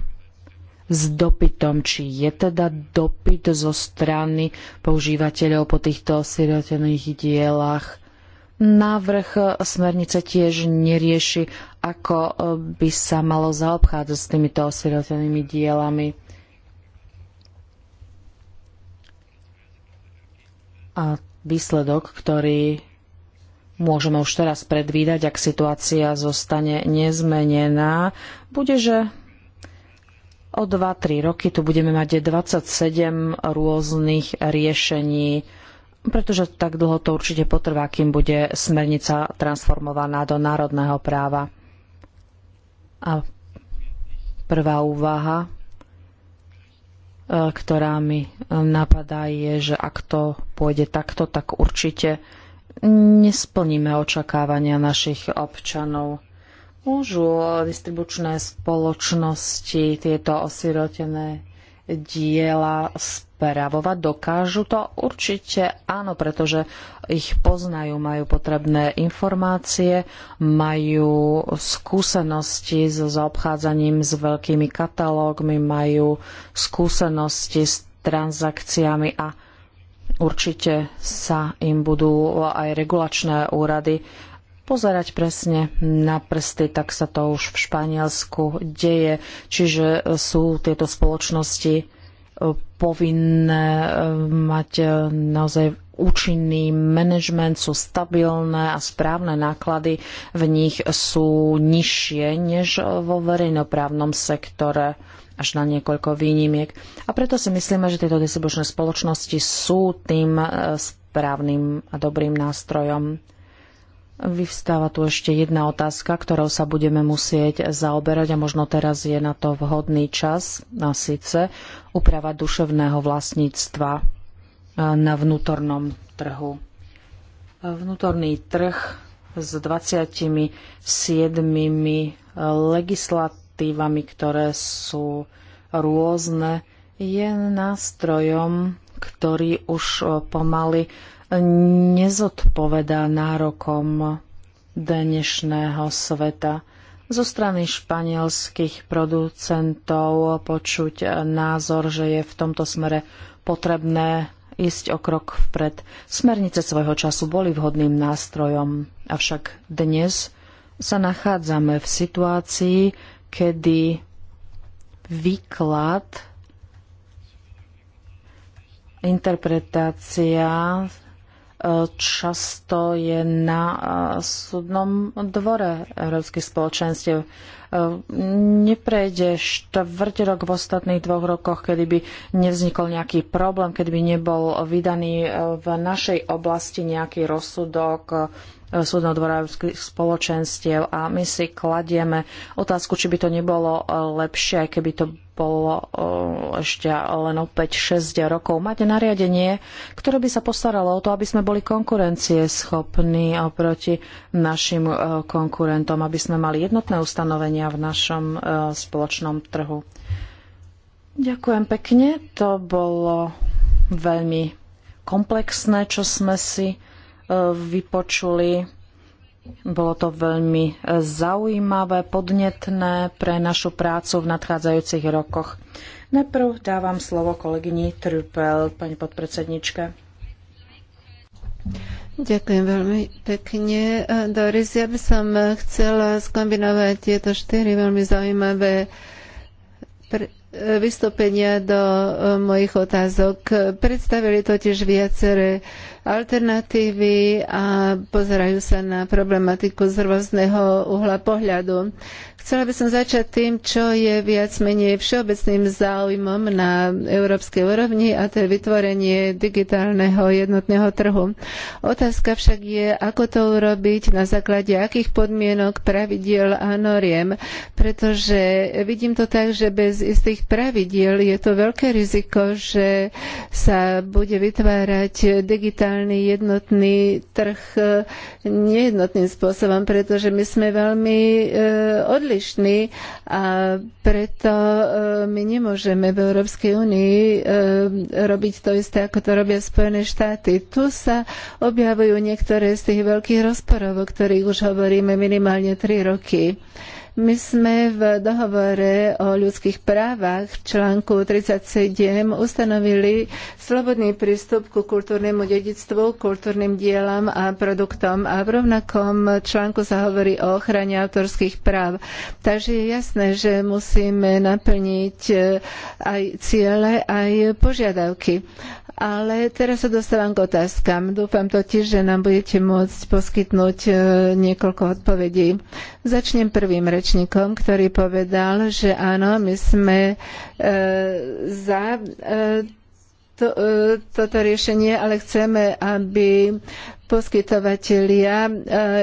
s dopytom? Či je teda dopyt zo strany používateľov po týchto sirotených dielach? Návrh smernice tiež nerieši, ako by sa malo zaobchádzať s týmito osirotenými dielami. A výsledok, ktorý môžeme už teraz predvídať, ak situácia zostane nezmenená, bude, že o 2-3 roky tu budeme mať 27 rôznych riešení, pretože tak dlho to určite potrvá, kým bude smernica transformovaná do národného práva. A prvá úvaha ktorá mi e, napadá, je, že ak to pôjde takto, tak určite nesplníme očakávania našich občanov. Môžu e, distribučné spoločnosti tieto osirotené diela spravovať. Dokážu to? Určite áno, pretože ich poznajú, majú potrebné informácie, majú skúsenosti so zaobchádzaním s veľkými katalógmi, majú skúsenosti s transakciami a určite sa im budú aj regulačné úrady pozerať presne na prsty, tak sa to už v Španielsku deje. Čiže sú tieto spoločnosti e, povinné e, mať e, naozaj účinný manažment, sú stabilné a správne náklady v nich sú nižšie než vo verejnoprávnom sektore až na niekoľko výnimiek. A preto si myslíme, že tieto distribučné spoločnosti sú tým správnym a dobrým nástrojom. Vyvstáva tu ešte jedna otázka, ktorou sa budeme musieť zaoberať a možno teraz je na to vhodný čas, a síce úprava duševného vlastníctva e, na vnútornom trhu. Vnútorný trh s 27 e, legislatívami, ktoré sú rôzne, je nástrojom, ktorý už e, pomaly nezodpovedá nárokom dnešného sveta. Zo strany španielských producentov počuť názor, že je v tomto smere potrebné ísť o krok vpred. Smernice svojho času boli vhodným nástrojom, avšak dnes sa nachádzame v situácii, kedy výklad, interpretácia často je na eh, súdnom dvore európskych spoločenstiev. Eh, neprejde štvrť rok v ostatných dvoch rokoch, kedy by nevznikol nejaký problém, kedy by nebol vydaný eh, v našej oblasti nejaký rozsudok E, súdno dvora európskych spoločenstiev a my si kladieme otázku, či by to nebolo e, lepšie, aj keby to bolo e, ešte len o 5-6 rokov. Máte nariadenie, ktoré by sa postaralo o to, aby sme boli konkurencieschopní oproti našim konkurentom, aby sme mali jednotné ustanovenia v našom spoločnom trhu. Ďakujem pekne. To bolo veľmi komplexné, čo sme si vypočuli. Bolo to veľmi e, zaujímavé, podnetné pre našu prácu v nadchádzajúcich rokoch. Najprv dávam slovo kolegyni Trupel, pani podpredsednička. Ďakujem veľmi pekne. E, Doris, ja by som e, chcela skombinovať tieto štyri veľmi zaujímavé vystúpenia do mojich otázok. Predstavili totiž viaceré alternatívy a pozerajú sa na problematiku z rôzneho uhla pohľadu. Chcela by som začať tým, čo je viac menej všeobecným záujmom na európskej úrovni a to je vytvorenie digitálneho jednotného trhu. Otázka však je, ako to urobiť, na základe akých podmienok, pravidiel a noriem, pretože vidím to tak, že bez istých pravidiel je to veľké riziko, že sa bude vytvárať digitálne digitálny jednotný trh e, nejednotným spôsobom, pretože my sme veľmi e, odlišní a preto e, my nemôžeme v Európskej únii robiť to isté, ako to robia Spojené štáty. Tu sa objavujú niektoré z tých veľkých rozporov, o ktorých už hovoríme minimálne 3 roky. My sme v dohovore o ľudských právach v článku 37 ustanovili slobodný prístup ku kultúrnemu dedictvu, kultúrnym dielam a produktom a v rovnakom článku sa hovorí o ochrane autorských práv. Takže je jasné, že musíme naplniť eh, aj ciele, aj požiadavky. Ale teraz sa dostávam k otázkam. Dúfam totiž, že nám budete môcť poskytnúť e, niekoľko odpovedí. Začnem prvým rečníkom, ktorý povedal, že áno, my sme e, za e, to, e, toto riešenie, ale chceme, aby poskytovatelia e,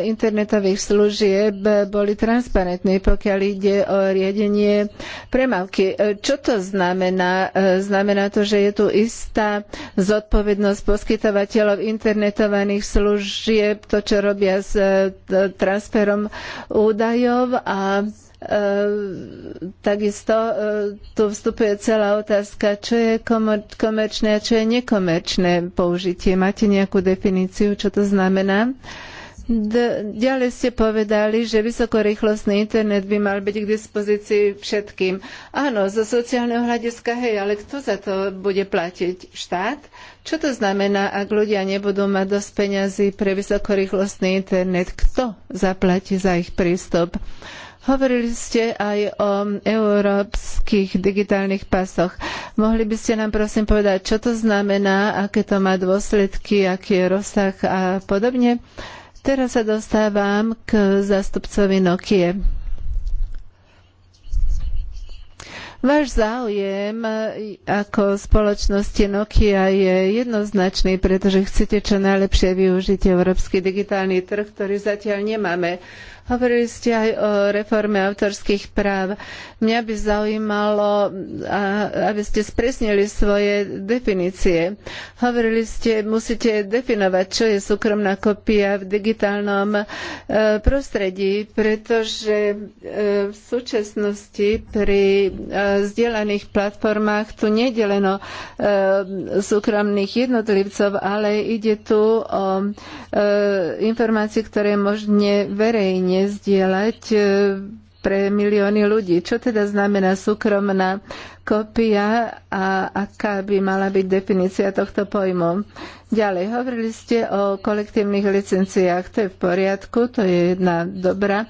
internetových služieb boli transparentní, pokiaľ ide o riadenie premávky. E, čo to znamená? Znamená to, že je tu istá zodpovednosť poskytovateľov internetovaných služieb, to, čo robia s transferom údajov a E, takisto e, tu vstupuje celá otázka, čo je komerčné a čo je nekomerčné použitie. Máte nejakú definíciu, čo to znamená? ďalej ste povedali, že vysokorýchlostný internet by mal byť k dispozícii všetkým. Áno, zo sociálneho hľadiska, hej, ale kto za to bude platiť? Štát? Čo to znamená, ak ľudia nebudú mať dosť peňazí pre vysokorýchlostný internet? Kto zaplatí za ich prístup? Hovorili ste aj o európskych digitálnych pasoch. Mohli by ste nám prosím povedať, čo to znamená, aké to má dôsledky, aký je rozsah a podobne? Teraz sa dostávam k zástupcovi Nokie. Váš záujem ako spoločnosti Nokia je jednoznačný, pretože chcete čo najlepšie využiť európsky digitálny trh, ktorý zatiaľ nemáme. Hovorili ste aj o reforme autorských práv. Mňa by zaujímalo, aby ste spresnili svoje definície. Hovorili ste, musíte definovať, čo je súkromná kopia v digitálnom e, prostredí, pretože e, v súčasnosti pri e, zdieľaných platformách tu nedeleno súkromných jednotlivcov, ale ide tu o informácie, ktoré možne verejne nezdieľať e, pre milióny ľudí. Čo teda znamená súkromná kopia a aká by mala byť definícia tohto pojmu? Ďalej, hovorili ste o kolektívnych licenciách, to je v poriadku, to je jedna dobrá e,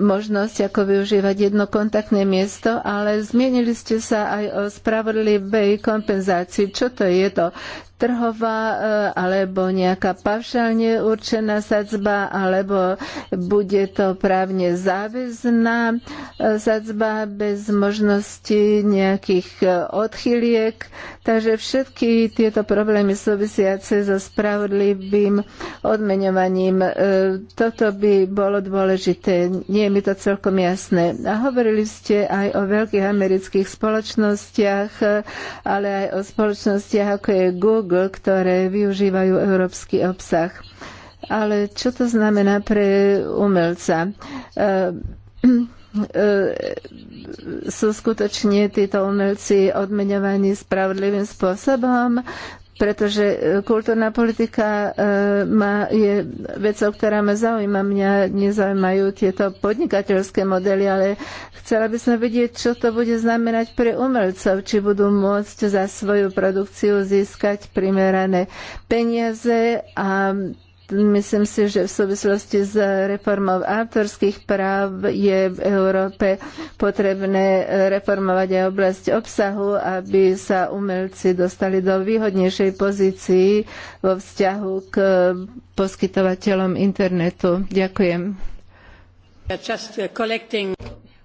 možnosť, ako využívať jedno kontaktné miesto, ale zmienili ste sa aj o spravodlivej kompenzácii. Čo to je to? trhová e, alebo nejaká pavšalne určená sadzba, alebo bude to právne záväzná e, sadzba bez možnosti nejakých e, odchyliek. Takže všetky tieto problémy sú súvisiace so spravodlivým odmeňovaním. E, toto by bolo dôležité. Nie je mi to celkom jasné. A hovorili ste aj o veľkých amerických spoločnostiach, e, ale aj o spoločnostiach ako je Google, ktoré využívajú európsky obsah. Ale čo to znamená pre umelca? E, sú skutočne títo umelci odmeňovaní spravodlivým spôsobom pretože e, kultúrna politika e, má, je vecou, ktorá ma zaujíma. Mňa nezaujímajú tieto podnikateľské modely, ale chcela by som vidieť, čo to bude znamenať pre umelcov, či budú môcť za svoju produkciu získať primerané peniaze a Myslím si, že v súvislosti s reformou autorských práv je v Európe potrebné reformovať aj oblasť obsahu, aby sa umelci dostali do výhodnejšej pozícii vo vzťahu k poskytovateľom internetu. Ďakujem.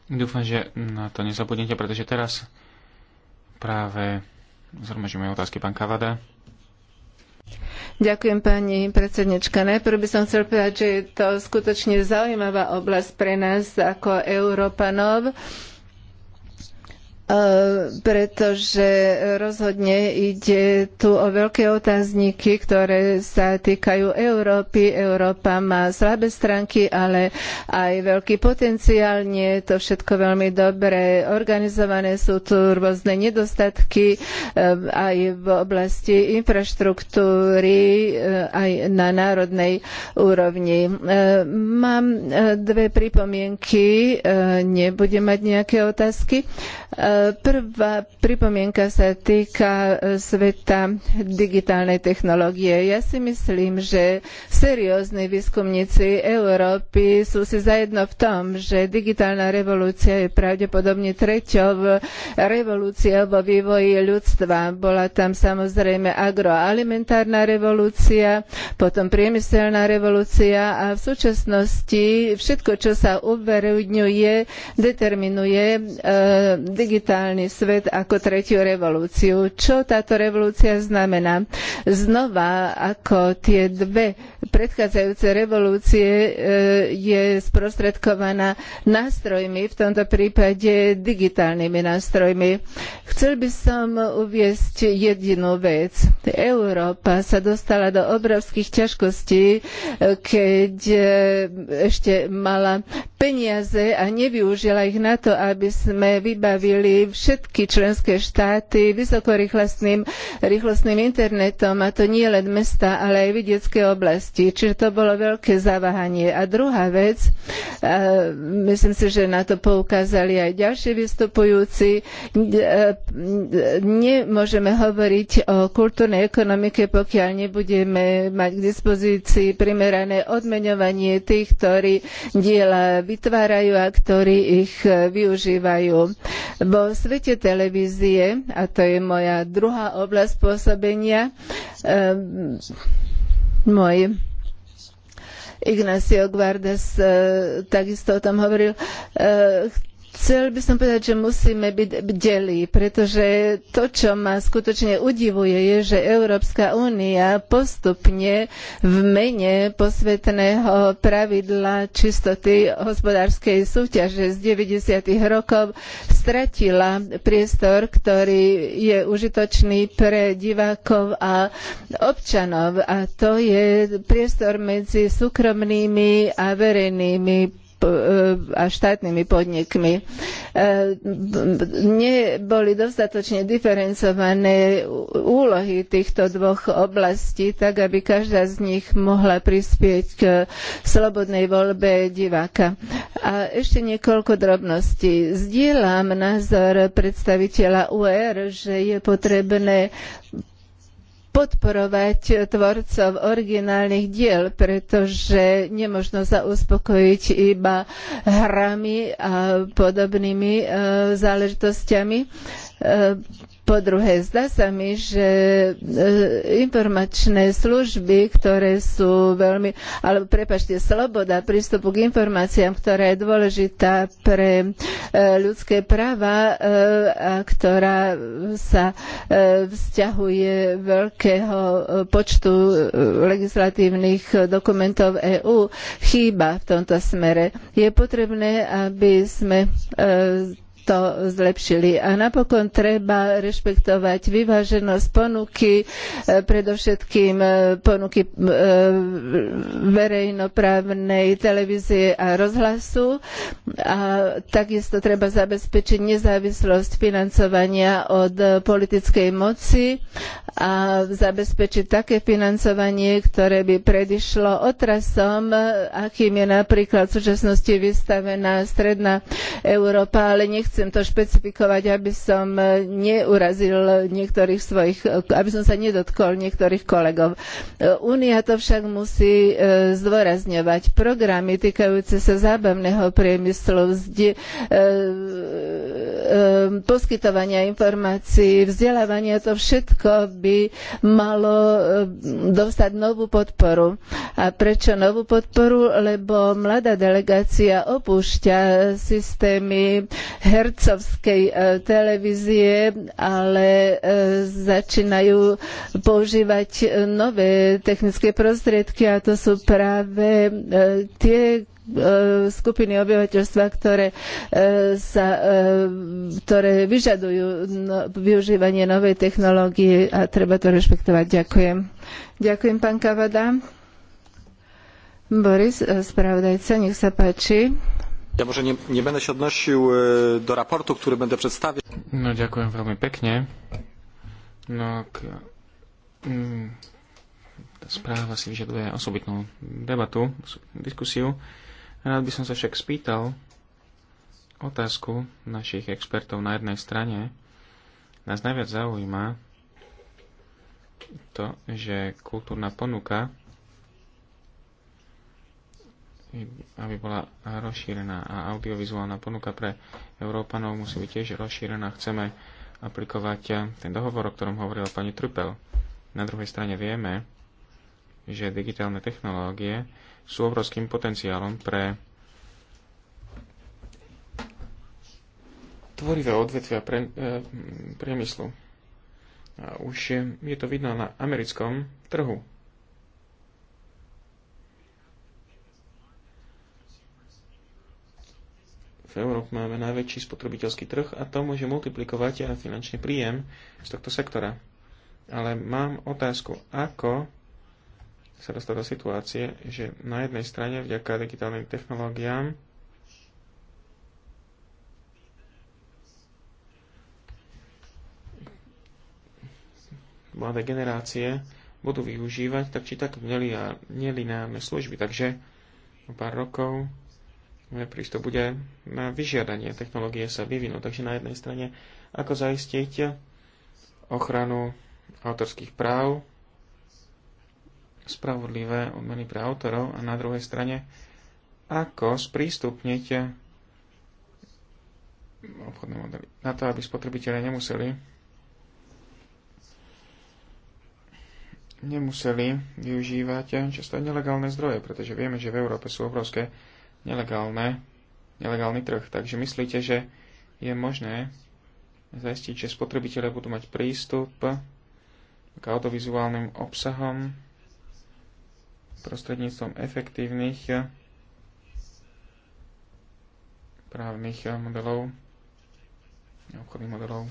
Dúfam, že na to nezabudnete, pretože teraz práve zhromažíme otázky pán Kavada. Ďakujem pani predsednička. Najprv by som chcel povedať, že je to skutočne zaujímavá oblasť pre nás ako Európanov E, pretože rozhodne ide tu o veľké otázniky, ktoré sa týkajú Európy. Európa má slabé stránky, ale aj veľký potenciál. Nie je to všetko veľmi dobre organizované. Sú tu rôzne nedostatky e, aj v oblasti infraštruktúry, e, aj na národnej úrovni. Mám dve pripomienky. Nebudem mať nejaké otázky. Prvá pripomienka sa týka e, sveta digitálnej technológie. Ja si myslím, že seriózni výskumníci Európy sú si zajedno v tom, že digitálna revolúcia je pravdepodobne treťou revolúciou vo vývoji ľudstva. Bola tam samozrejme agroalimentárna revolúcia, potom priemyselná revolúcia a v súčasnosti všetko, čo sa uverejňuje, determinuje e, digitálna digitálny svet ako tretiu revolúciu. Čo táto revolúcia znamená? Znova, ako tie dve predchádzajúce revolúcie e, je sprostredkovaná nástrojmi, v tomto prípade digitálnymi nástrojmi. Chcel by som uviesť jedinú vec. Európa sa dostala do obrovských ťažkostí, e, keď e, ešte mala peniaze a nevyužila ich na to, aby sme vybavili všetky členské štáty vysokorýchlostným rýchlostným internetom a to nie len mesta, ale aj vidiecké oblasti. Čiže to bolo veľké zaváhanie. A druhá vec, a myslím si, že na to poukázali aj ďalší vystupujúci, e, nemôžeme hovoriť o kultúrnej ekonomike, pokiaľ nebudeme mať k dispozícii primerané odmeňovanie tých, ktorí diela vytvárajú a ktorí ich e, využívajú. Bo vo svete televízie, a to je moja druhá oblasť pôsobenia, ehm, môj Ignacio Guardes eh, takisto o tom hovoril, eh, Chcel by som povedať, že musíme byť bdelí, pretože to, čo ma skutočne udivuje, je, že Európska únia postupne v mene posvetného pravidla čistoty hospodárskej súťaže z 90. rokov stratila priestor, ktorý je užitočný pre divákov a občanov. A to je priestor medzi súkromnými a verejnými E, a štátnymi podnikmi. E, neboli dostatočne diferencované úlohy týchto dvoch oblastí, tak aby každá z nich mohla prispieť k slobodnej voľbe diváka. A ešte niekoľko drobností. Zdieľam názor predstaviteľa UR, že je potrebné podporovať tvorcov originálnych diel, pretože nemožno sa uspokojiť iba hrami a podobnými e, záležitosťami e, po druhé, zdá sa mi, že e, informačné služby, ktoré sú veľmi, alebo prepačte, sloboda prístupu k informáciám, ktorá je dôležitá pre e, ľudské práva e, a ktorá sa vzťahuje veľkého počtu legislatívnych dokumentov EÚ, chýba v tomto smere. Je potrebné, aby sme to zlepšili. A napokon treba rešpektovať vyváženosť ponuky, e, predovšetkým e, ponuky e, verejnoprávnej televízie a rozhlasu a takisto treba zabezpečiť nezávislosť financovania od politickej moci a zabezpečiť také financovanie, ktoré by predišlo otrasom, akým je napríklad v súčasnosti vystavená stredná Európa, ale nechcem chcem to špecifikovať, aby som e, neurazil niektorých svojich, e, aby som sa nedotkol niektorých kolegov. E, Únia to však musí zdôrazňovať. Programy týkajúce sa zábavného priemyslu, poskytovania informácií, vzdelávania, to všetko by malo dostať novú podporu. A prečo novú podporu? Lebo mladá delegácia opúšťa systémy her hercovskej e, televízie, ale e, začínajú používať e, nové technické prostriedky a to sú práve tie skupiny obyvateľstva, ktoré, sa, ktoré vyžadujú no, využívanie novej technológie a treba to rešpektovať. Ďakujem. Ďakujem, pán Kavada. Boris, spravodajca, nech sa páči. Ja možno nie będę się odnosił e, do raportu, ktorý będę predstaviť. No dziękuję bardzo pekne. No, k, mm, správa si vyžaduje osobitnú debatu, dyskusję. Rád by som sa však spýtal otázku našich expertov na jednej strane. Nás najviac zaujíma to, že kultúrna ponuka aby bola rozšírená a audiovizuálna ponuka pre Európanov musí byť tiež rozšírená. Chceme aplikovať eh, ten dohovor, o ktorom hovorila pani Trupel. Na druhej strane vieme, že digitálne technológie sú obrovským potenciálom pre tvorivé odvetvia pre, e, priemyslu. A už je, je to vidno na americkom trhu. v máme najväčší spotrebiteľský trh a to môže multiplikovať aj finančný príjem z tohto sektora. Ale mám otázku, ako sa dostať do situácie, že na jednej strane vďaka digitálnym technológiám mladé generácie budú využívať tak či tak nelineárne služby. Takže o pár rokov prístup bude na vyžiadanie. Technológie sa vyvinú, takže na jednej strane, ako zaistiť ochranu autorských práv, spravodlivé odmeny pre autorov a na druhej strane, ako sprístupniť obchodné modely na to, aby spotrebitelia nemuseli nemuseli využívať často nelegálne zdroje, pretože vieme, že v Európe sú obrovské nelegálne, nelegálny trh. Takže myslíte, že je možné zaistiť, že spotrebitelia budú mať prístup k audiovizuálnym obsahom prostredníctvom efektívnych právnych modelov, obchodných modelov,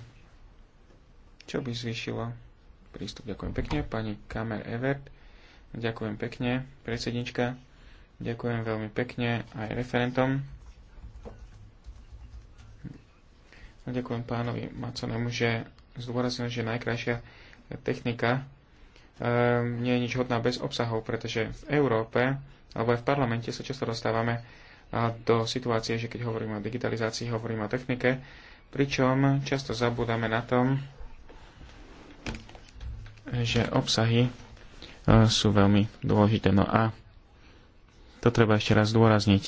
čo by zvýšilo prístup. Ďakujem pekne, pani Kamer Evert. Ďakujem pekne, predsednička. Ďakujem veľmi pekne aj referentom. A ďakujem pánovi Maconemu, že zdôraznil, že najkrajšia technika um, nie je nič hodná bez obsahov, pretože v Európe alebo aj v parlamente sa často dostávame do situácie, že keď hovoríme o digitalizácii, hovoríme o technike, pričom často zabúdame na tom, že obsahy sú veľmi dôležité. No a to treba ešte raz zdôrazniť.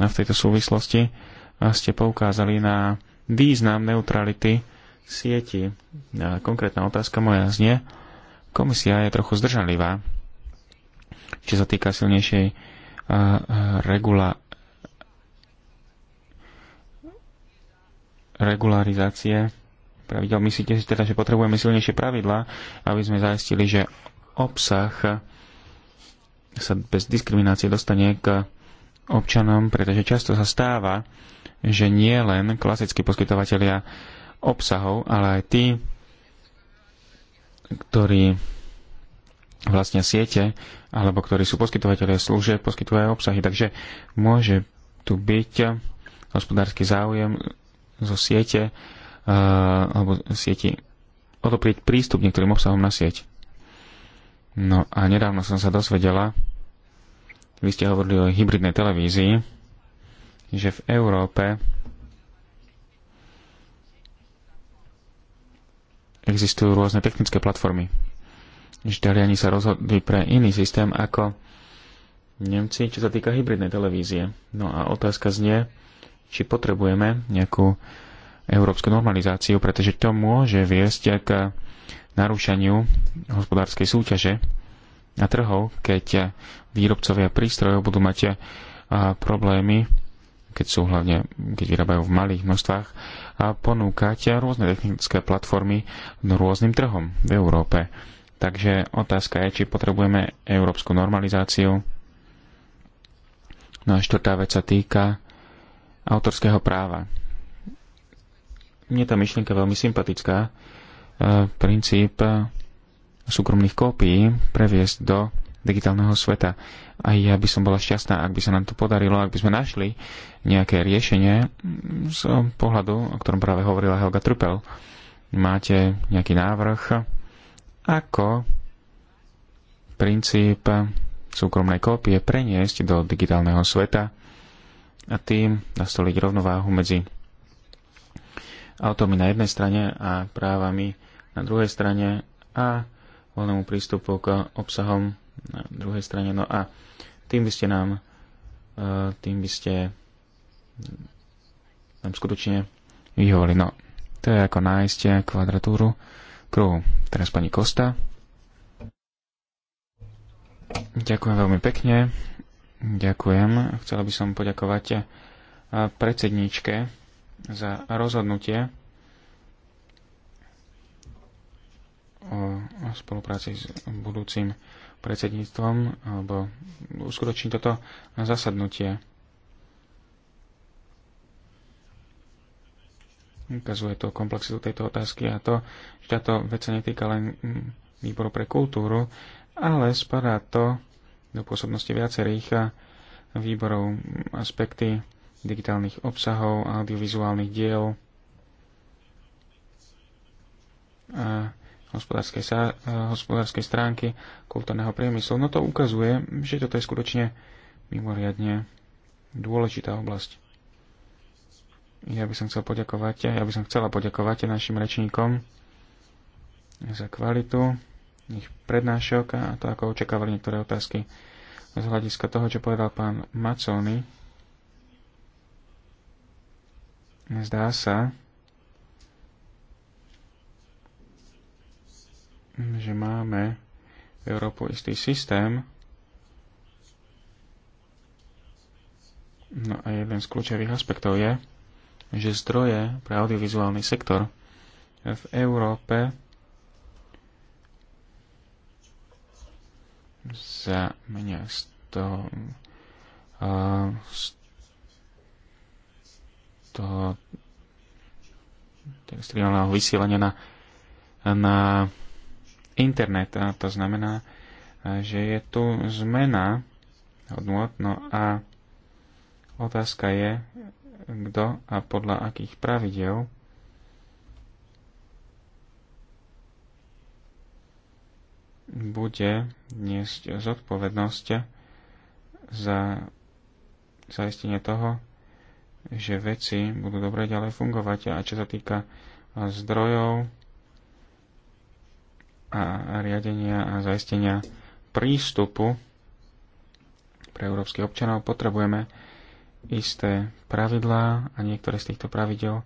A v tejto súvislosti ste poukázali na význam neutrality sieti. A konkrétna otázka moja znie, komisia je trochu zdržanlivá, čo sa týka silnejšej regula, regularizácie pravidel. Myslíte si teda, že potrebujeme silnejšie pravidla, aby sme zaistili, že obsah sa bez diskriminácie dostane k občanom, pretože často sa stáva, že nie len klasickí poskytovateľia obsahov, ale aj tí, ktorí vlastne siete, alebo ktorí sú poskytovateľia služieb, poskytujú aj obsahy. Takže môže tu byť hospodársky záujem zo siete, eh, alebo sieti odoprieť prístup niektorým obsahom na sieť. No a nedávno som sa dozvedela, vy ste hovorili o hybridnej televízii, že v Európe existujú rôzne technické platformy. Že Taliani sa rozhodli pre iný systém ako Nemci, čo sa týka hybridnej televízie. No a otázka znie, či potrebujeme nejakú európsku normalizáciu, pretože to môže viesť aká narúšaniu hospodárskej súťaže na trhov, keď výrobcovia prístrojov budú mať problémy, keď sú hlavne, keď vyrábajú v malých množstvách, a ponúkať rôzne technické platformy rôznym trhom v Európe. Takže otázka je, či potrebujeme európsku normalizáciu. No a štvrtá vec sa týka autorského práva. Mne tá myšlienka veľmi sympatická, E, princíp súkromných kópií previesť do digitálneho sveta. A ja by som bola šťastná, ak by sa nám to podarilo, ak by sme našli nejaké riešenie z pohľadu, o ktorom práve hovorila Helga Trupel. Máte nejaký návrh, ako princíp súkromnej kópie preniesť do digitálneho sveta a tým nastoliť rovnováhu medzi autómi na jednej strane a právami na druhej strane a voľnému prístupu k obsahom na druhej strane. No a tým by ste nám, e, tým by ste nám skutočne vyhovali. No, to je ako nájsť kvadratúru kruhu. Teraz pani Kosta. Ďakujem veľmi pekne. Ďakujem. Chcela by som poďakovať e, predsedníčke za rozhodnutie o spolupráci s budúcim predsedníctvom alebo uskutoční toto zasadnutie. Ukazuje to komplexitu tejto otázky a to, že táto vec sa netýka len výboru pre kultúru, ale spadá to do pôsobnosti viacerých výborov aspekty digitálnych obsahov, audiovizuálnych diel a hospodárskej, sa, eh, hospodárskej stránky kultúrneho priemyslu. No to ukazuje, že toto je skutočne mimoriadne dôležitá oblasť. Ja by som chcel poďakovať, ja by som chcela poďakovať našim rečníkom za kvalitu ich prednášok a to, ako očakávali niektoré otázky z hľadiska toho, čo povedal pán Macony. Zdá sa, že máme v Európu istý systém. No a jeden z kľúčových aspektov je, že zdroje pre audiovizuálny sektor v Európe za menej 100, uh, 100 streamového vysielania na, na internet. A to znamená, e, že je tu zmena hodnot. No a otázka je, kto a podľa akých pravidel bude niesť zodpovednosť za zaistenie toho, že veci budú dobre ďalej fungovať. A čo sa týka zdrojov, a riadenia a zaistenia prístupu pre európskych občanov potrebujeme isté pravidlá a niektoré z týchto pravidel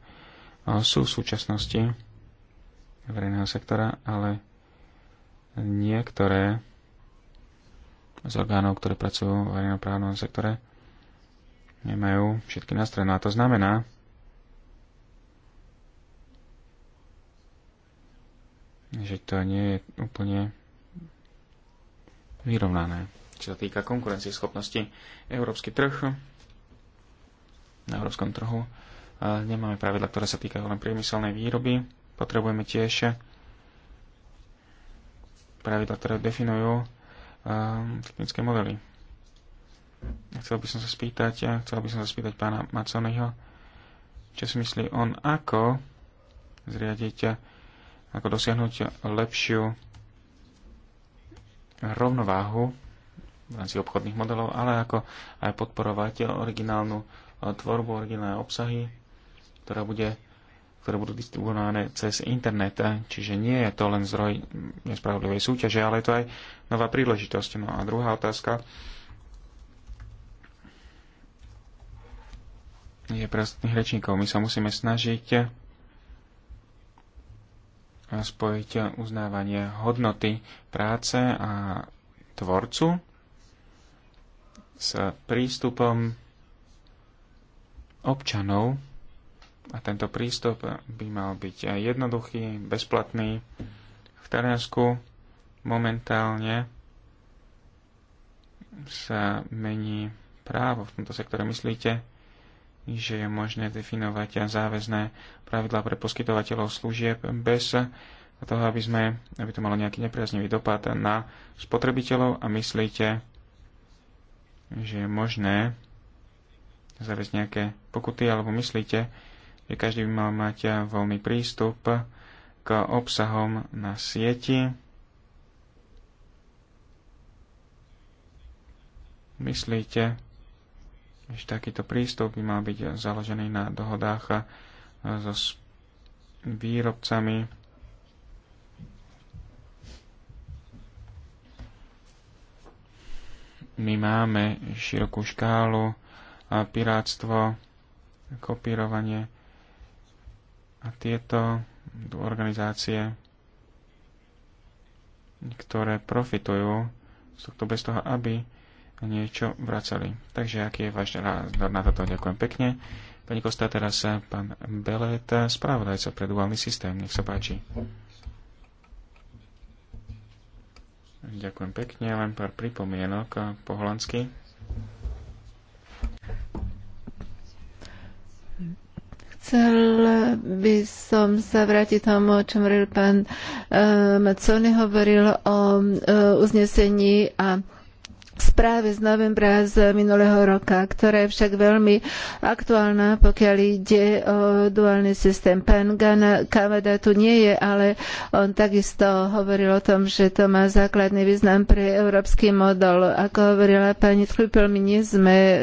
sú v súčasnosti verejného sektora, ale niektoré z orgánov, ktoré pracujú v verejnoprávnom sektore, nemajú všetky nástroje. No a to znamená, že to nie je úplne vyrovnané. Čo sa týka konkurencieschopnosti, európsky trh na európskom trhu e, nemáme pravidla, ktoré sa týkajú len priemyselnej výroby. Potrebujeme tiež pravidla, ktoré definujú e, technické modely. Chcel by som sa spýtať, e, chcel by som sa spýtať pána Maconyho, čo si myslí on, ako zriadiť ako dosiahnuť lepšiu rovnováhu v rámci obchodných modelov, ale ako aj podporovať originálnu tvorbu, originálne obsahy, ktoré, bude, ktoré budú distribuované cez internet. Čiže nie je to len zdroj nespravodlivej súťaže, ale je to aj nová príležitosť. No a druhá otázka je pre ostatných rečníkov. My sa musíme snažiť spojiť uznávanie hodnoty práce a tvorcu s prístupom občanov. A tento prístup by mal byť jednoduchý, bezplatný. V Taliansku momentálne sa mení právo v tomto sektore. Myslíte, že je možné definovať záväzné pravidlá pre poskytovateľov služieb bez toho, aby, sme, aby to malo nejaký nepriaznivý dopad na spotrebiteľov a myslíte, že je možné zaviesť nejaké pokuty, alebo myslíte, že každý by mal mať voľný prístup k obsahom na sieti. Myslíte, že takýto prístup by mal byť založený na dohodách e, so výrobcami my máme širokú škálu a e, piráctvo, kopírovanie a tieto organizácie, ktoré profitujú z tohto bez toho, aby niečo vracali. Takže aký je váš názor na toto? Ďakujem pekne. Pani Kosta, teraz sa pán Belet, správodajca pre duálny systém. Nech sa páči. Ďakujem pekne, len pár pripomienok po holandsky. Chcel by som sa vrátiť tomu, o čom hovoril pán eh, Macony, hovoril o eh, uznesení a správe z novembra z minulého roka, ktorá je však veľmi aktuálna, pokiaľ ide o duálny systém. Pán Gana, Kavada tu nie je, ale on takisto hovoril o tom, že to má základný význam pre európsky model. Ako hovorila pani Trupel, my nie sme e,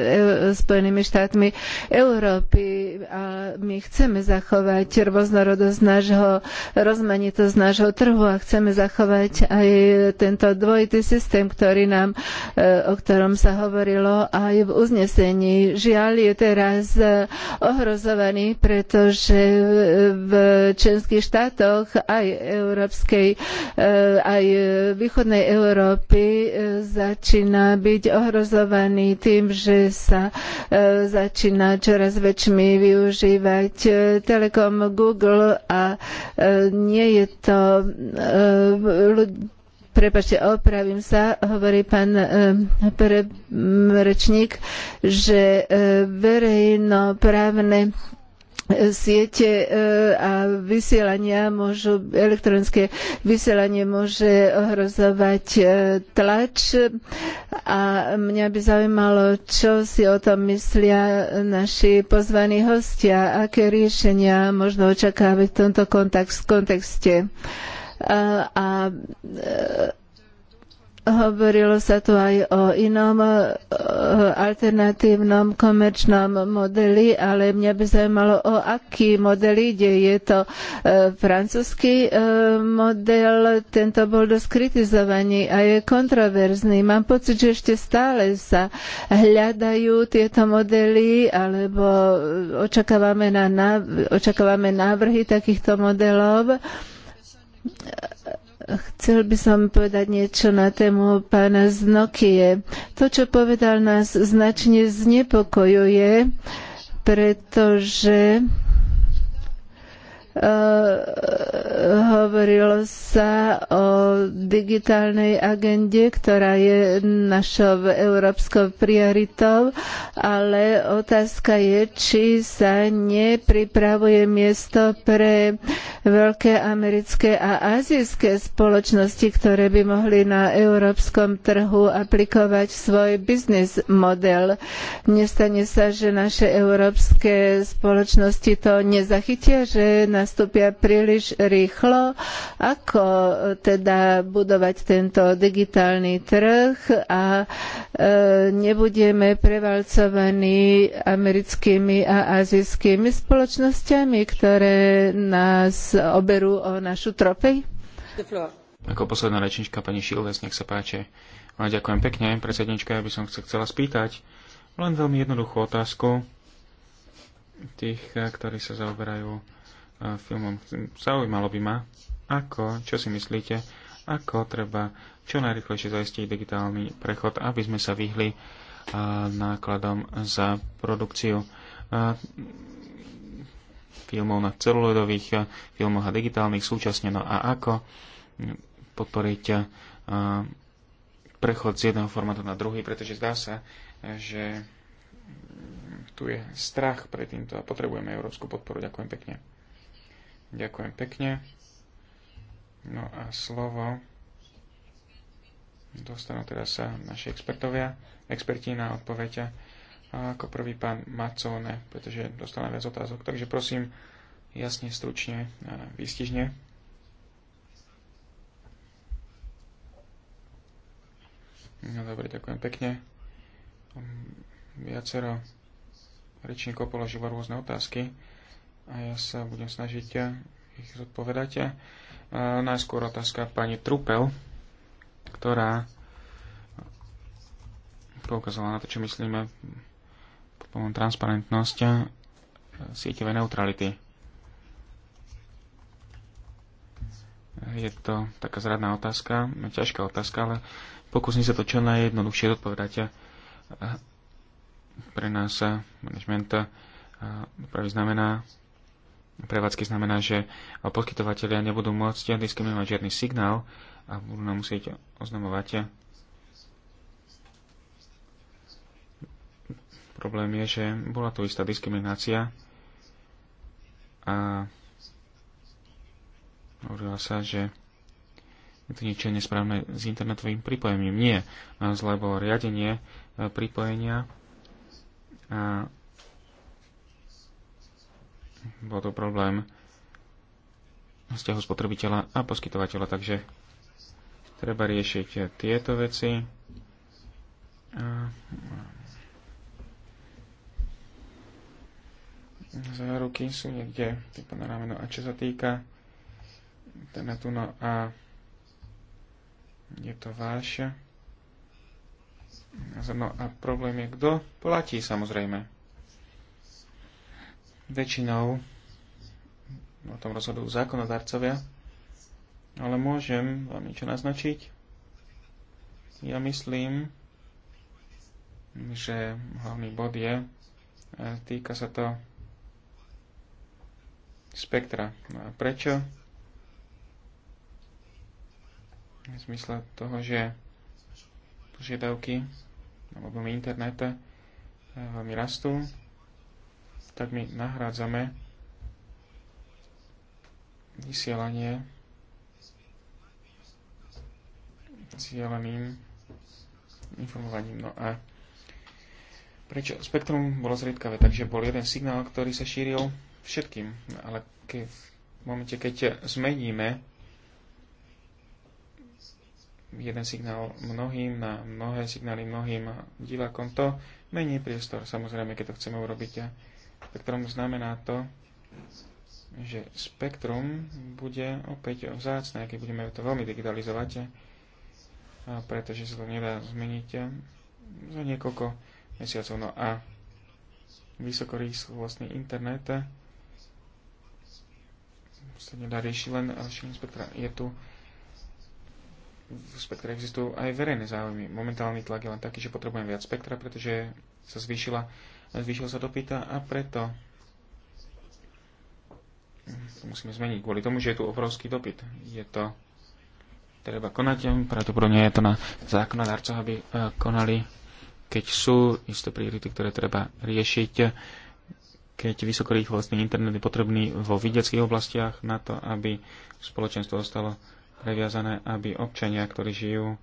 Spojenými štátmi Európy a my chceme zachovať rôznorodosť nášho, rozmanitosť nášho trhu a chceme zachovať aj tento dvojitý systém, ktorý nám e, o ktorom sa hovorilo aj v uznesení. Žiaľ je teraz e, ohrozovaný, pretože e, v členských štátoch aj európskej, e, aj východnej Európy začína byť ohrozovaný tým, že sa začína čoraz väčšmi využívať Telekom, Google a nie je to prepáčte, opravím sa, hovorí pán eh, pre, rečník, že eh, verejnoprávne eh, siete a vysielania môžu, elektronické vysielanie môže ohrozovať tlač a mňa by zaujímalo, čo si o tom myslia naši pozvaní hostia, aké riešenia možno očakávať v tomto kontexte a e, Hovorilo sa tu aj o inom e, alternatívnom komerčnom modeli, ale mňa by zaujímalo, o aký model ide. Je to e, francúzsky model, tento bol dosť kritizovaný a je kontroverzný. Mám pocit, že ešte stále sa hľadajú tieto modely, alebo očakávame, na, očakávame návrhy takýchto modelov Chcel by som povedať niečo na tému pána z Nokie. To, čo povedal, nás značne znepokojuje, pretože Eh, hovorilo sa o digitálnej agende, ktorá je našou európskou prioritou, ale otázka je, či sa nepripravuje miesto pre veľké americké a azijské spoločnosti, ktoré by mohli na európskom trhu aplikovať svoj biznis model. Nestane sa, že naše európske spoločnosti to nezachytia, že na nastúpia príliš rýchlo. Ako e, teda budovať tento digitálny trh a e, nebudeme prevalcovaní americkými a azijskými spoločnosťami, ktoré nás oberú o našu trofej? Ako posledná rečnička pani Šildes, nech sa páči. A ďakujem pekne, predsednička, ja by som sa chcela spýtať len veľmi jednoduchú otázku tých, e, ktorí sa zaoberajú filmom. Zaujímalo by ma, ako, čo si myslíte, ako treba čo najrychlejšie zaistiť digitálny prechod, aby sme sa vyhli nákladom za produkciu filmov na celuloidových filmoch a digitálnych súčasne. No a ako podporiť prechod z jedného formátu na druhý, pretože zdá sa, že tu je strach pred týmto a potrebujeme európsku podporu. Ďakujem pekne. Ďakujem pekne. No a slovo dostanú teraz sa naši expertovia, experti na odpoveď A ako prvý pán Macone, pretože dostal viac otázok. Takže prosím, jasne, stručne a výstižne. No dobre, ďakujem pekne. Viacero rečníkov položilo rôzne otázky a ja sa budem snažiť ich zodpovedať. Najskôr otázka pani Trupel, ktorá poukázala na to, čo myslíme po pomom transparentnosť sieťové neutrality. Je to taká zradná otázka, ťažká otázka, ale pokúsim sa to čo najjednoduchšie odpovedať. Pre nás management a znamená prevádzky znamená, že poskytovateľia nebudú môcť diskriminovať žiadny signál a budú nám musieť oznamovať. Problém je, že bola tu istá diskriminácia a hovorila sa, že je to niečo nesprávne s internetovým pripojením. Nie, lebo riadenie e, pripojenia a bol to problém vzťahu spotrebiteľa a poskytovateľa, takže treba riešiť tieto veci. Záruky sú niekde typu na rameno. A čo sa týka teda tu no a je to váš. No a problém je, kto platí samozrejme väčšinou o tom rozhodujú zákonodarcovia, ale môžem vám niečo naznačiť. Ja myslím, že hlavný bod je, e, týka sa to spektra. No a prečo? V zmysle toho, že požiadavky na mobilný e, veľmi rastú, tak my nahrádzame vysielanie cieľeným informovaním. No a prečo spektrum bolo zriedkavé, takže bol jeden signál, ktorý sa šíril všetkým. Ale ke, v momente, keď zmeníme jeden signál mnohým na mnohé signály mnohým divákom, to mení priestor. Samozrejme, keď to chceme urobiť Spektrum znamená to, že spektrum bude opäť vzácne, keď budeme to veľmi digitalizovať, pretože sa to nedá zmeniť za niekoľko mesiacov. No a vysokorýchlostný internet sa nedá riešiť len rozšírením spektra. Je tu v spektre existujú aj verejné záujmy. Momentálny tlak je len taký, že potrebujem viac spektra, pretože sa zvýšila zvýšil sa dopyta a preto to musíme zmeniť kvôli tomu, že je tu obrovský dopyt. Je to treba konať, pravdepodobne je to na zákonodárcoch, aby e, konali, keď sú isté priority, ktoré treba riešiť, keď vysokorýchlostný internet je potrebný vo vidieckých oblastiach na to, aby spoločenstvo ostalo previazané, aby občania, ktorí žijú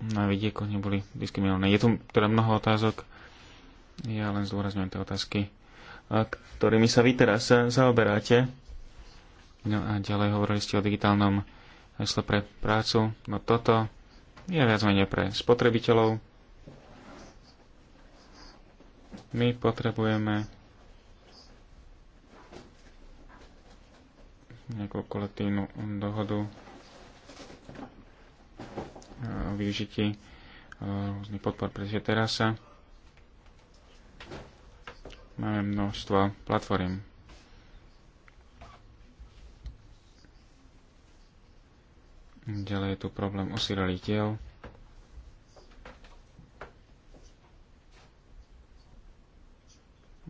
na vidiekoch neboli diskriminované. Je tu teda mnoho otázok, ja len zdôrazňujem tie otázky, ktorými sa vy teraz zaoberáte. No a ďalej hovorili ste o digitálnom hesle pre prácu. No toto je viac menej pre spotrebiteľov. My potrebujeme nejakú kolektívnu dohodu o eh, využití eh, rôznych podpor, pre teraz máme množstvo platform. Ďalej je tu problém osirelých diel.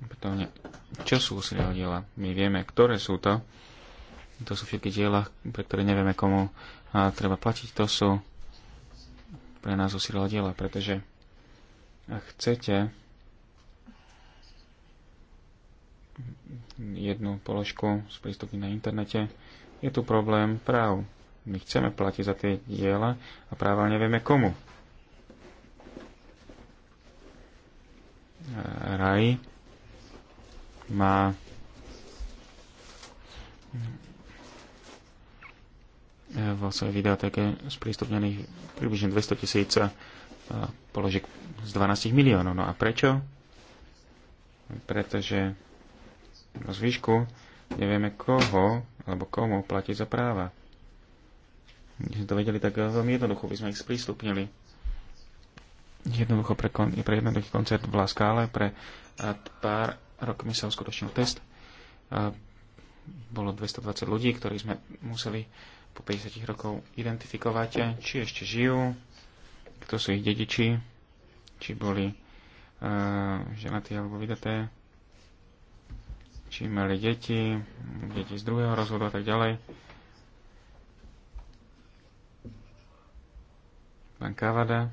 Potom, čo sú osirelé diela? My vieme, ktoré sú to. To sú všetky diela, pre ktoré nevieme, komu eh, treba platiť. To sú pre nás usilila diela, pretože ak chcete jednu položku z prístupy na internete, je tu problém práv. My chceme platiť za tie diela a práva nevieme komu. Raj má vo svojej videoteke sprístupnených približne 200 tisíc eh, položiek z 12 miliónov. No a prečo? Pretože vo zvyšku nevieme koho alebo komu platiť za práva. Keď sme to vedeli, tak eh, veľmi jednoducho by sme ich sprístupnili. Jednoducho pre, kon, pre jednoduchý koncert v Laskále pre eh, pár rokmi sa uskutočnil test. Bolo 220 ľudí, ktorí sme museli po 50 rokov identifikovať, či ešte žijú, kto sú ich dediči, či boli uh, ženatí alebo vydaté, či mali deti, deti z druhého rozhodu a tak ďalej. Pán Kavada.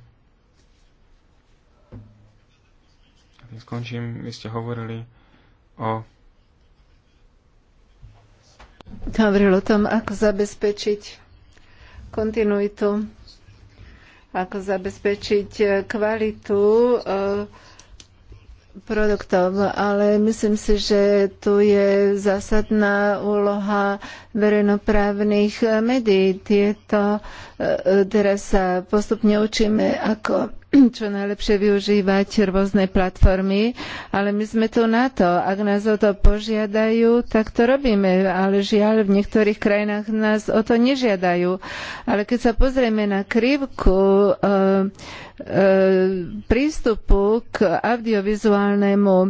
A tým skončím. Vy ste hovorili o hovoril o tom, ako zabezpečiť kontinuitu, ako zabezpečiť eh, kvalitu eh, produktov, ale myslím si, že tu je zásadná úloha verejnoprávnych médií. Tieto eh, teraz sa postupne učíme, ako <clears throat> čo najlepšie využívať rôzne platformy, ale my sme tu na to. Ak nás o to požiadajú, tak to robíme, ale žiaľ, v niektorých krajinách nás o to nežiadajú. Ale keď sa pozrieme na krivku e, e, prístupu k audiovizuálnemu e,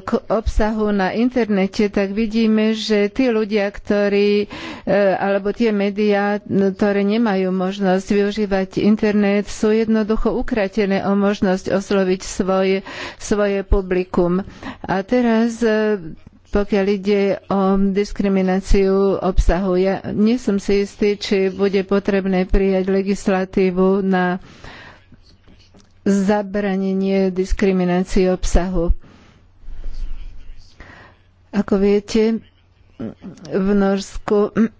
k obsahu na internete, tak vidíme, že tí ľudia, ktorí, alebo tie médiá, ktoré nemajú možnosť využívať internet, sú jednoducho ukratené o možnosť osloviť svoje, svoje publikum. A teraz e, pokiaľ ide o diskrimináciu obsahu. Ja nie som si istý, či bude potrebné prijať legislatívu na zabranenie diskriminácie obsahu. Ako viete, v Norsku <clears throat>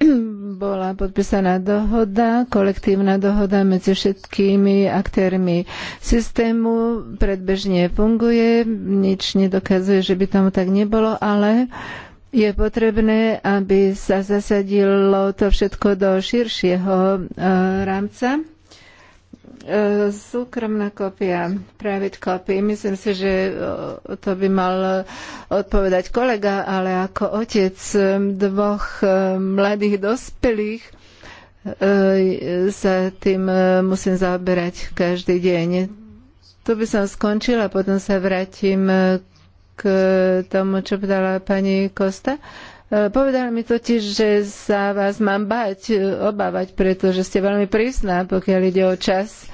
bola podpísaná dohoda, kolektívna dohoda medzi všetkými aktérmi systému. Predbežne funguje, nič nedokazuje, že by tomu tak nebolo, ale je potrebné, aby sa zasadilo to všetko do širšieho eh, rámca E, súkromná kopia, private copy. Myslím si, že e, to by mal e, odpovedať kolega, ale ako otec dvoch mladých dospelých sa tým musím zaoberať každý deň. Tu by som skončila, potom sa vrátim k tomu, čo podala pani Kosta. Uh, E, Povedal mi totiž, že sa vás mám bať, e, obávať, pretože ste veľmi prísna, pokiaľ ide o čas.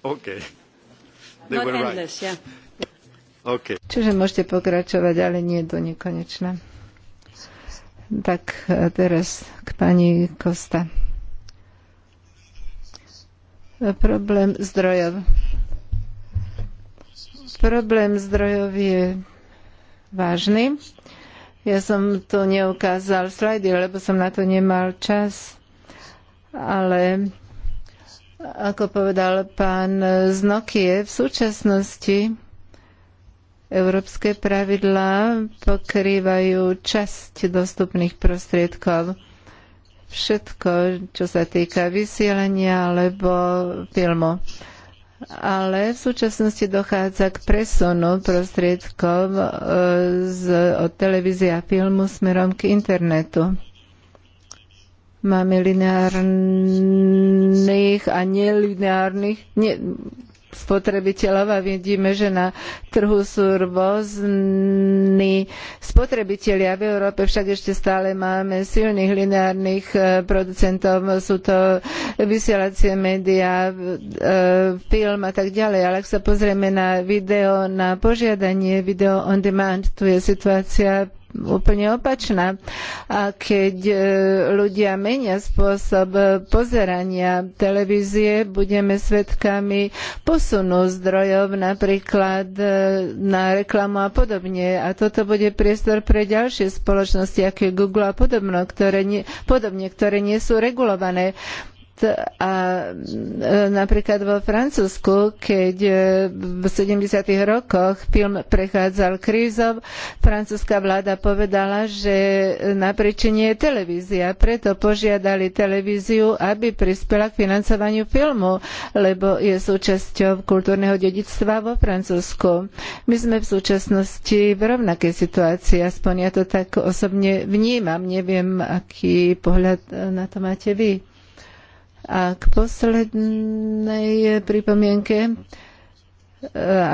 Okay. Right. Endless, yeah. okay. Čiže môžete pokračovať, ale nie do nekonečna. Tak e, teraz k pani Kosta. Problém zdrojov Problém zdrojov je vážny. Ja som tu neukázal slajdy, lebo som na to nemal čas. Ale ako povedal pán z Nokie, v súčasnosti európske pravidlá pokrývajú časť dostupných prostriedkov. Všetko, čo sa týka vysielania alebo filmu ale v súčasnosti dochádza k presunu prostriedkov e, z, od televízie a filmu smerom k internetu. Máme lineárnych a nelineárnych, ne, spotrebiteľov a vidíme, že na trhu sú rôzni spotrebitelia. V Európe však ešte stále máme silných lineárnych e, producentov, sú to vysielacie médiá, e, film a tak ďalej. Ale ak sa pozrieme na video na požiadanie, video on demand, tu je situácia úplne opačná. A keď e, ľudia menia spôsob e, pozerania televízie, budeme svedkami posunu zdrojov napríklad e, na reklamu a podobne. A toto bude priestor pre ďalšie spoločnosti, ako je Google a podobno, ktoré nie, podobne, ktoré nie sú regulované a e, napríklad vo Francúzsku, keď e, v 70. rokoch film prechádzal krízov, francúzska vláda povedala, že na príčine je televízia. Preto požiadali televíziu, aby prispela k financovaniu filmu, lebo je súčasťou kultúrneho dedičstva vo Francúzsku. My sme v súčasnosti v rovnakej situácii, aspoň ja to tak osobne vnímam. Neviem, aký pohľad na to máte vy. A k poslednej pripomienke, e,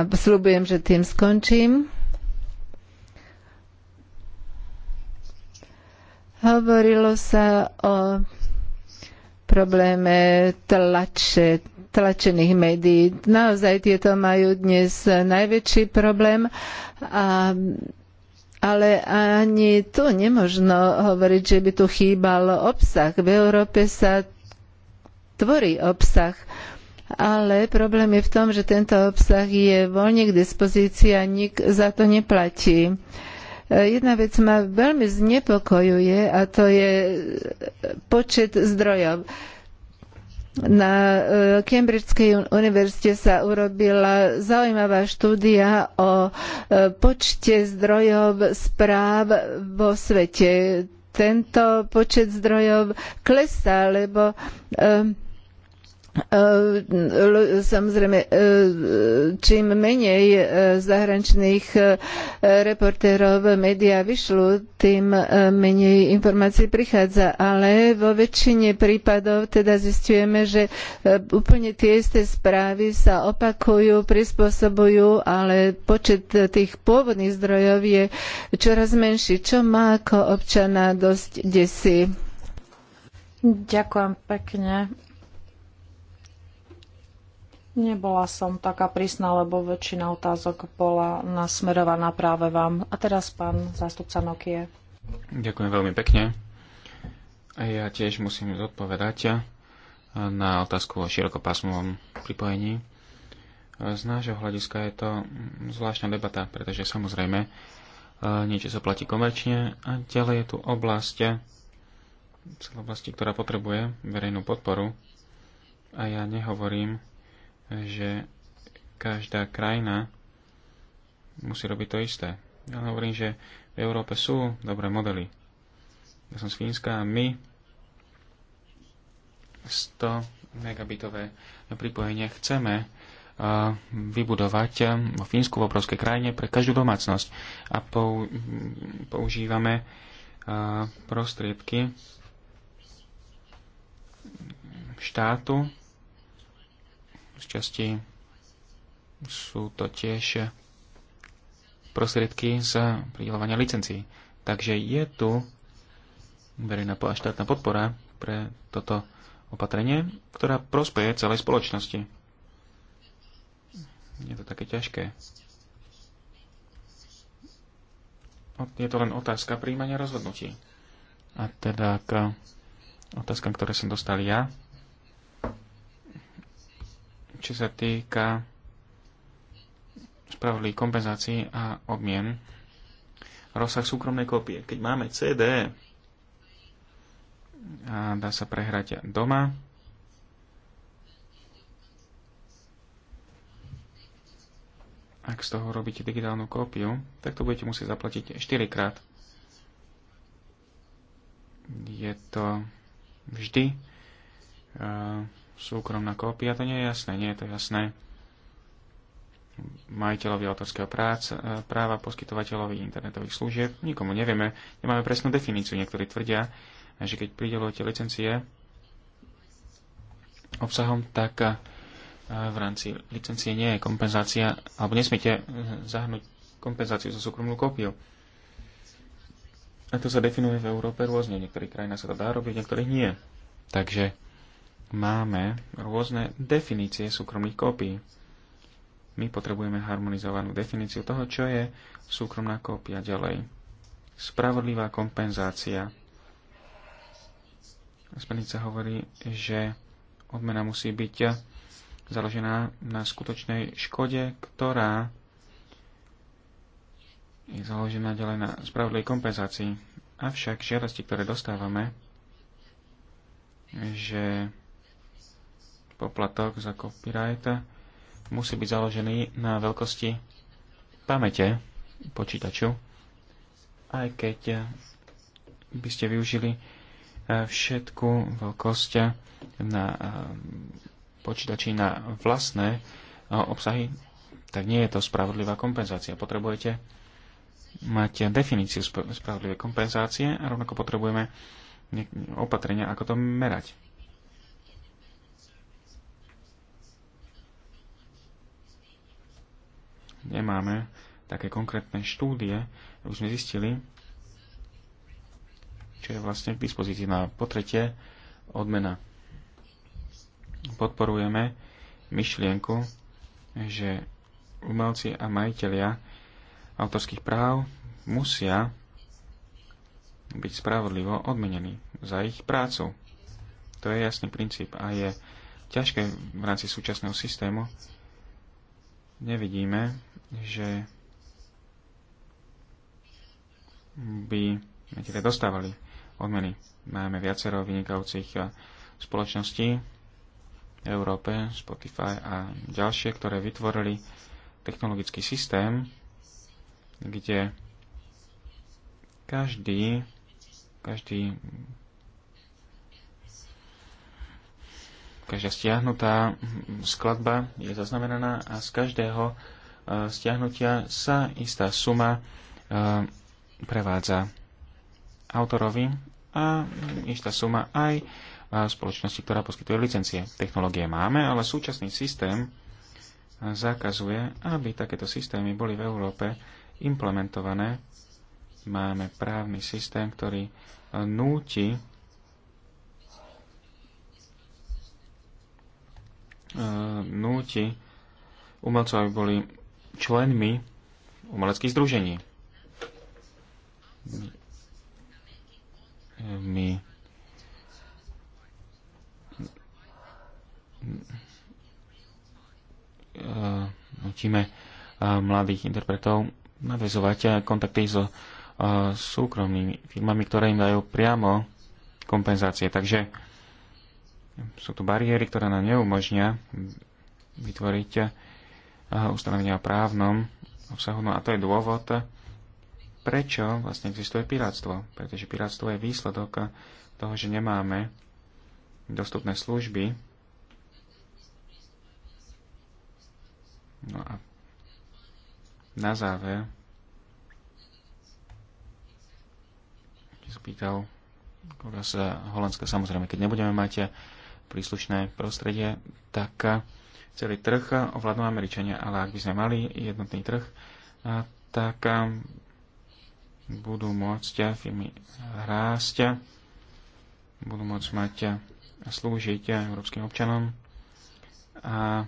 a slúbujem, že tým skončím, hovorilo sa o probléme tlače, tlačených médií. Naozaj tieto majú dnes najväčší problém, a, ale ani tu nemožno hovoriť, že by tu chýbal obsah. V Európe sa tvorí obsah. Ale problém je v tom, že tento obsah je voľne k dispozícii a nik za to neplatí. Jedna vec ma veľmi znepokojuje a to je počet zdrojov. Na eh, Cambridgeskej univerzite sa urobila zaujímavá štúdia o eh, počte zdrojov správ vo svete. Tento počet zdrojov klesá, lebo um, Ehm, samozrejme, ehm, čím menej eh, zahraničných eh, reportérov médiá vyšlu, tým eh, menej informácií prichádza. Ale vo väčšine prípadov teda zistujeme, že úplne tie isté správy sa opakujú, prispôsobujú, ale počet tých pôvodných zdrojov je čoraz menší, čo má ako občana dosť desí. Ďakujem pekne. Nebola som taká prísna, lebo väčšina otázok bola nasmerovaná práve vám. A teraz pán zástupca Nokie. Ďakujem veľmi pekne. A ja tiež musím zodpovedať na otázku o širokopásmovom pripojení. Z nášho hľadiska je to zvláštna debata, pretože samozrejme e, niečo sa platí komerčne a ďalej je tu oblasť, celá oblasti, ktorá potrebuje verejnú podporu. A ja nehovorím že každá krajina musí robiť to isté. Ja hovorím, že v Európe sú dobré modely. Ja som z Fínska a my 100 megabitové pripojenie chceme vybudovať vo Fínsku, v obrovskej krajine, pre každú domácnosť. A používame prostriedky štátu, šťastí sú to tiež prostriedky za pridelovanie licencií. Takže je tu verejná štátna podpora pre toto opatrenie, ktorá prospeje celej spoločnosti. Je to také ťažké. Je to len otázka príjmania rozhodnutí. A teda k otázkam, ktoré som dostal ja, čo sa týka spravili kompenzácií a obmien. Rozsah súkromnej kópie. Keď máme CD a dá sa prehrať doma, ak z toho robíte digitálnu kópiu, tak to budete musieť zaplatiť 4 krát. Je to vždy uh, súkromná kópia, to nie je jasné, nie je to jasné majiteľovi autorského práca, e, práva, poskytovateľovi internetových služieb. Nikomu nevieme, nemáme presnú definíciu. Niektorí tvrdia, že keď pridelujete licencie obsahom, tak e, v rámci licencie nie je kompenzácia, alebo nesmiete e, zahrnúť kompenzáciu za súkromnú kópiu. A to sa definuje v Európe rôzne. V niektorých krajinách sa to dá robiť, v niektorých nie. Takže máme rôzne definície súkromných kópií. My potrebujeme harmonizovanú definíciu toho, čo je súkromná kópia ďalej. Spravodlivá kompenzácia. Smernica hovorí, že odmena musí byť založená na skutočnej škode, ktorá je založená ďalej na spravodlivej kompenzácii. Avšak žiadosti, ktoré dostávame, že poplatok za copyright musí byť založený na veľkosti pamäte počítaču, aj keď by ste využili eh, všetku veľkosť na eh, počítači na vlastné eh, obsahy, tak nie je to spravodlivá kompenzácia. Potrebujete mať definíciu spravodlivej kompenzácie a rovnako potrebujeme opatrenia, ako to merať. nemáme také konkrétne štúdie, už sme zistili, čo je vlastne k dispozícii. Na no potretie odmena. Podporujeme myšlienku, že umelci a majiteľia autorských práv musia byť spravodlivo odmenení za ich prácu. To je jasný princíp a je ťažké v rámci súčasného systému. Nevidíme že by teda dostávali odmeny. Máme viacero vynikajúcich eh, spoločností v Európe, Spotify a ďalšie, ktoré vytvorili technologický systém, kde každý, každý každá stiahnutá skladba je zaznamenaná a z každého E, stiahnutia sa istá suma e, prevádza autorovi a istá suma aj e, spoločnosti, ktorá poskytuje licencie. Technológie máme, ale súčasný systém zakazuje, aby takéto systémy boli v Európe implementované. Máme právny systém, ktorý núti núti umelcov, aby boli členmi umeleckých združení. My nutíme eh, mladých interpretov navezovať eh, kontakty so eh, súkromnými firmami, ktoré im dajú priamo kompenzácie. Takže sú tu bariéry, ktoré nám neumožnia vytvoriť ustanovenia o právnom obsahu. No a to je dôvod, prečo vlastne existuje pirátstvo. Pretože pirátstvo je výsledok toho, že nemáme dostupné služby. No a na záver spýtal sa Holandské samozrejme, keď nebudeme mať príslušné prostredie, tak celý trh ovládnu Američania, ale ak by sme mali jednotný trh, tak budú môcť firmy rásť, budú môcť mať a slúžiť európskym občanom a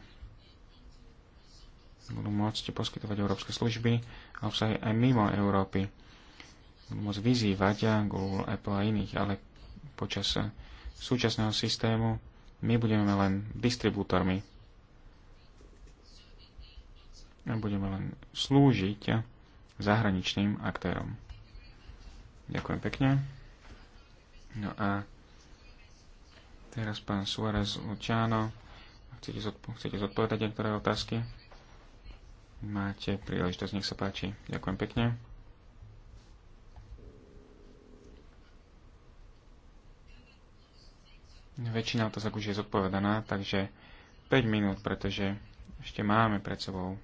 budú môcť poskytovať európske služby a obsahy aj mimo Európy. Budú môcť vyzývať Google, Apple a iných, ale počas súčasného systému my budeme len distribútormi a budeme len slúžiť zahraničným aktérom. Ďakujem pekne. No a teraz pán Suárez Lučáno. Chcete, zodpo- chcete zodpovedať niektoré otázky? Máte príležitosť, nech sa páči. Ďakujem pekne. Väčšina otázok už je zodpovedaná, takže 5 minút, pretože ešte máme pred sebou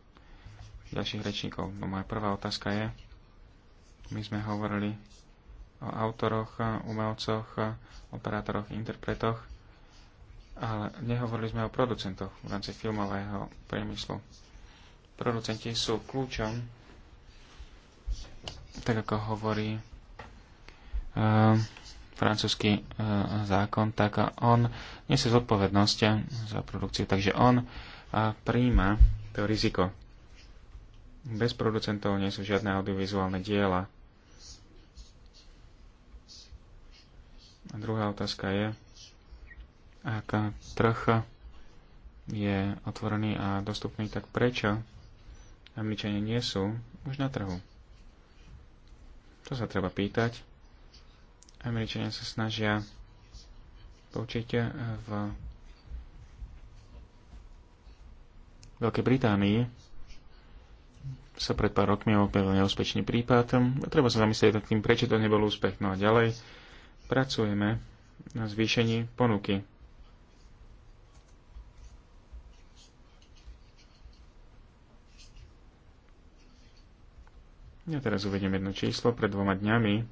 ďalších rečníkov. No moja prvá otázka je, my sme hovorili o autoroch, umelcoch, operátoroch, interpretoch, ale nehovorili sme o producentoch v rámci filmového priemyslu. Producenti sú kľúčom, tak ako hovorí uh, francúzsky uh, zákon, tak on nesie zodpovednosť za produkciu, takže on uh, príjma to riziko bez producentov nie sú žiadne audiovizuálne diela. A druhá otázka je, aká trh je otvorený a dostupný, tak prečo Američania nie sú už na trhu? To sa treba pýtať. Američania sa snažia poučiť v Veľkej Británii sa pred pár rokmi objavil neúspešný prípad. Treba sa zamyslieť nad tým, prečo to nebol úspech. No a ďalej pracujeme na zvýšení ponuky. Ja teraz uvediem jedno číslo. Pred dvoma dňami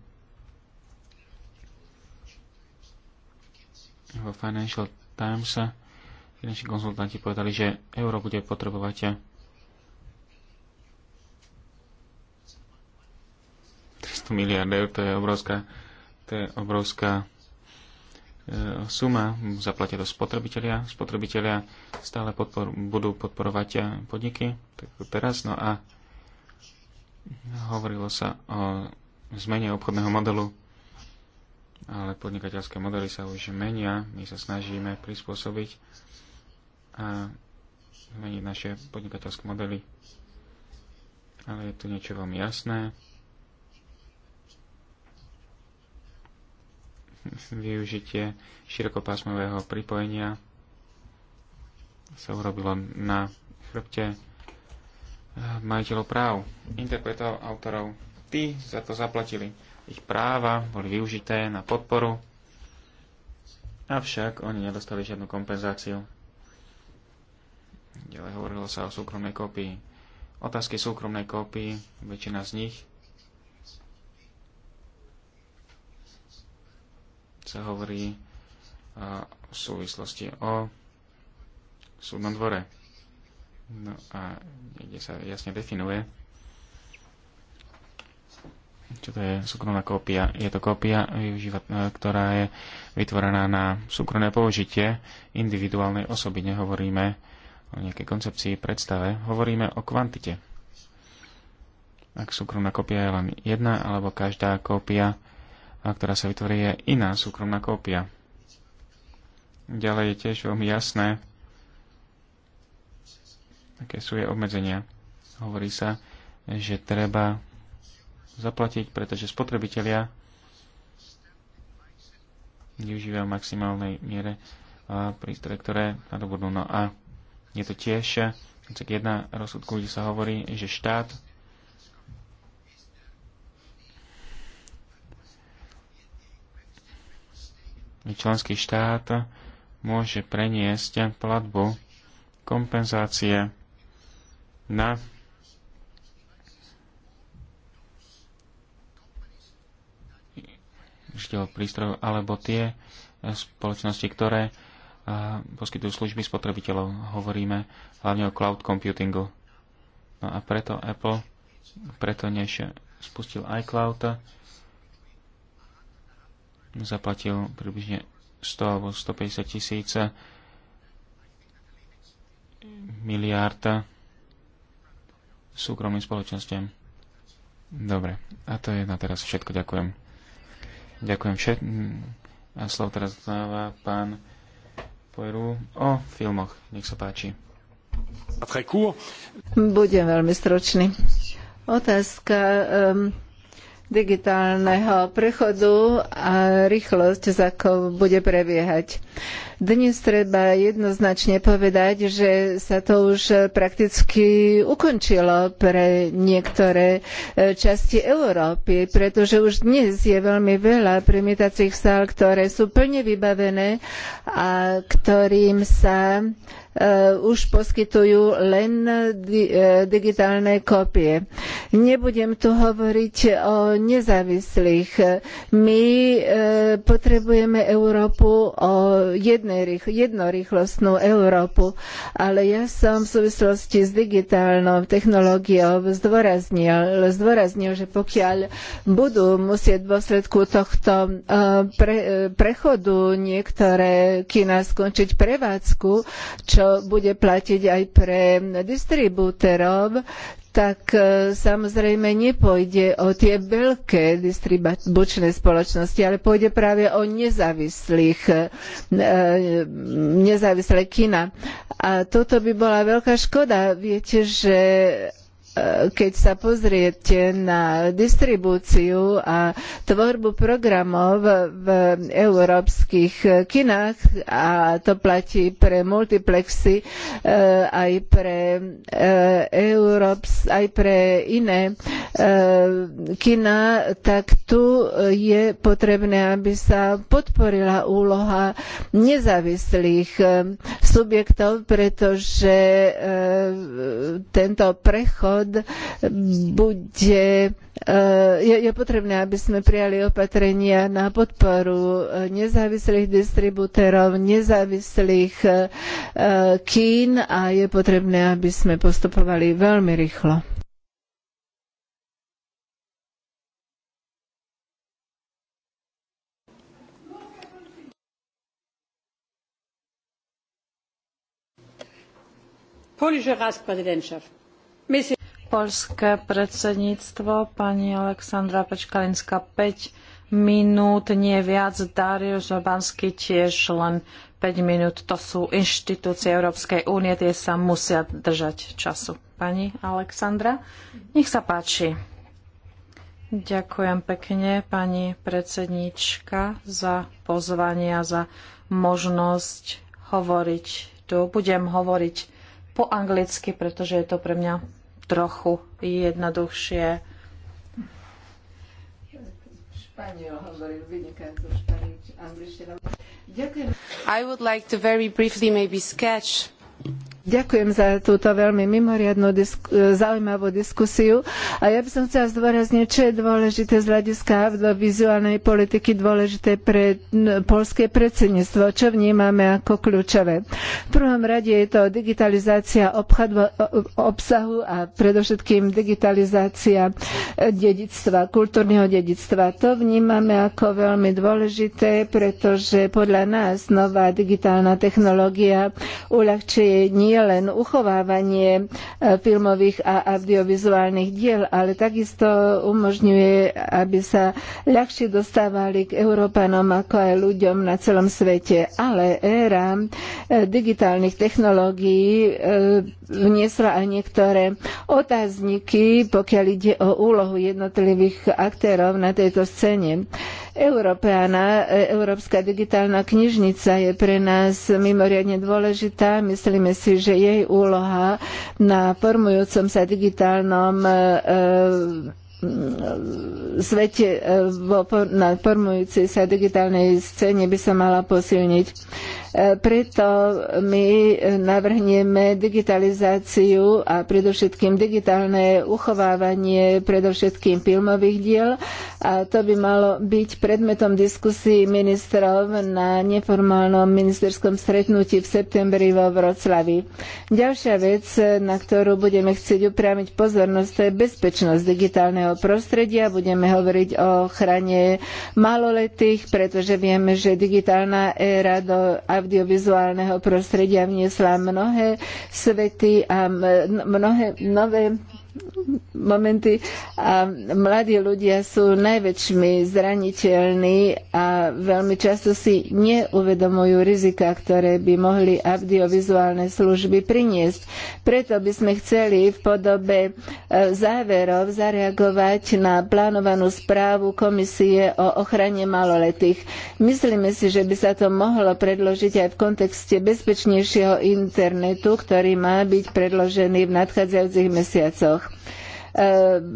vo Financial Times finanční konzultanti povedali, že euro bude potrebovať miliard eur, to je obrovská, to je obrovská e, suma, zaplatia to spotrebitelia, spotrebitelia stále podpor, budú podporovať e, podniky, tak teraz, no a hovorilo sa o zmene obchodného modelu, ale podnikateľské modely sa už menia, my sa snažíme prispôsobiť a zmeniť naše podnikateľské modely. Ale je tu niečo veľmi jasné, využitie širokopásmového pripojenia sa urobilo na chrbte eh, majiteľov práv, interpretov, autorov. Tí za to zaplatili. Ich práva boli využité na podporu, avšak oni nedostali žiadnu kompenzáciu. Ďalej hovorilo sa o súkromnej kópii. Otázky súkromnej kópii, väčšina z nich sa hovorí e, v súvislosti o súdnom dvore. No a niekde sa jasne definuje, čo to je súkromná kópia. Je to kópia, e, ktorá je vytvorená na súkromné použitie individuálnej osoby. Nehovoríme o nejakej koncepcii, predstave, hovoríme o kvantite. Ak súkromná kópia je len jedna, alebo každá kópia ktorá sa vytvorí, je iná súkromná kópia. Ďalej je tiež veľmi jasné, aké sú jej obmedzenia. Hovorí sa, že treba zaplatiť, pretože spotrebitelia využívajú v maximálnej miere prístroje, ktoré nadobudnú. No a je to tiež keď jedna rozsudku, kde sa hovorí, že štát členský štát môže preniesť platbu kompenzácie na prístrojov alebo tie spoločnosti, ktoré poskytujú služby spotrebiteľov. Hovoríme hlavne o cloud computingu. No a preto Apple, preto než spustil iCloud, zaplatil približne 100 alebo 150 tisíc miliárd súkromným spoločnostiam. Dobre, a to je na teraz všetko. Ďakujem. Ďakujem všetkým. A slovo teraz dáva pán Poiru o filmoch. Nech sa páči. Budem veľmi stročný. Otázka um digitálneho prechodu a rýchlosť, za ako bude prebiehať. Dnes treba jednoznačne povedať, že sa to už prakticky ukončilo pre niektoré e, časti Európy, pretože už dnes je veľmi veľa premietacích sál, ktoré sú plne vybavené a ktorým sa e, už poskytujú len e, digitálne kópie. Nebudem tu hovoriť o nezávislých. My potrebujeme Európu o jednom jednorýchlostnú Európu, ale ja som v súvislosti s digitálnou technológiou zdôraznil, zdôraznil že pokiaľ budú musieť v dôsledku tohto e, pre, e, prechodu niektoré kina skončiť prevádzku, čo bude platiť aj pre distribútorov, tak e, samozrejme nepôjde o tie veľké distribučné spoločnosti, ale pôjde práve o nezávislých, e, nezávislé kina. A toto by bola veľká škoda. Viete, že E, keď sa pozriete na distribúciu a tvorbu programov v európskych kinách, a to platí pre multiplexy, e, aj pre, e, Európs, aj pre iné kina, tak tu je potrebné, aby sa podporila úloha nezávislých subjektov, pretože tento prechod štát bude eh, je, je potrebné, aby sme prijali opatrenia na podporu eh, nezávislých distribútorov, nezávislých eh, kín a je potrebné, aby sme postupovali veľmi rýchlo. polnische ratspräsidentschaft. Polské predsedníctvo, pani Aleksandra Pečkalinská 5 minút, nie viac, Dario Obanský tiež len 5 minút. To sú inštitúcie Európskej únie, tie sa musia držať času. Pani Alexandra, nech sa páči. Ďakujem pekne, pani predsednička, za pozvanie a za možnosť hovoriť tu. Budem hovoriť po anglicky, pretože je to pre mňa trochu jednoduchšie. I would like to very briefly maybe sketch Ďakujem za túto veľmi mimoriadnú e, zaujímavú diskusiu a ja by som chcela zdôrazniť, čo je dôležité z hľadiska audiovizuálnej politiky dôležité pre polské predsedníctvo, čo vnímame ako kľúčové. V prvom rade je to digitalizácia obchadu, obsahu a predovšetkým digitalizácia e, dedictva, kultúrneho dedictva. To vnímame ako veľmi dôležité, pretože podľa nás nová digitálna technológia uľahčuje nie nielen uchovávanie e, filmových a audiovizuálnych diel, ale takisto umožňuje, aby sa ľahšie dostávali k Európanom ako aj ľuďom na celom svete. Ale éra e, digitálnych technológií e, vniesla aj niektoré otázniky, pokiaľ ide o úlohu jednotlivých aktérov na tejto scéne. Európeana, e, Európska digitálna knižnica je pre nás mimoriadne dôležitá. Myslíme si, že jej úloha na formujúcom sa digitálnom e, e, svete, na formujúcej sa digitálnej scéne by sa mala posilniť. Preto my navrhneme digitalizáciu a predovšetkým digitálne uchovávanie predovšetkým filmových diel a to by malo byť predmetom diskusí ministrov na neformálnom ministerskom stretnutí v septembri vo Vroclavi. Ďalšia vec, na ktorú budeme chcieť upriamiť pozornosť, to je bezpečnosť digitálneho prostredia. Budeme hovoriť o ochrane maloletých, pretože vieme, že digitálna éra do audiovizuálneho prostredia vniesla mnohé svety a mnohé nové momenty a mladí ľudia sú najväčšmi zraniteľní a veľmi často si neuvedomujú rizika, ktoré by mohli audiovizuálne služby priniesť. Preto by sme chceli v podobe e, záverov zareagovať na plánovanú správu Komisie o ochrane maloletých. Myslíme si, že by sa to mohlo predložiť aj v kontexte bezpečnejšieho internetu, ktorý má byť predložený v nadchádzajúcich mesiacoch.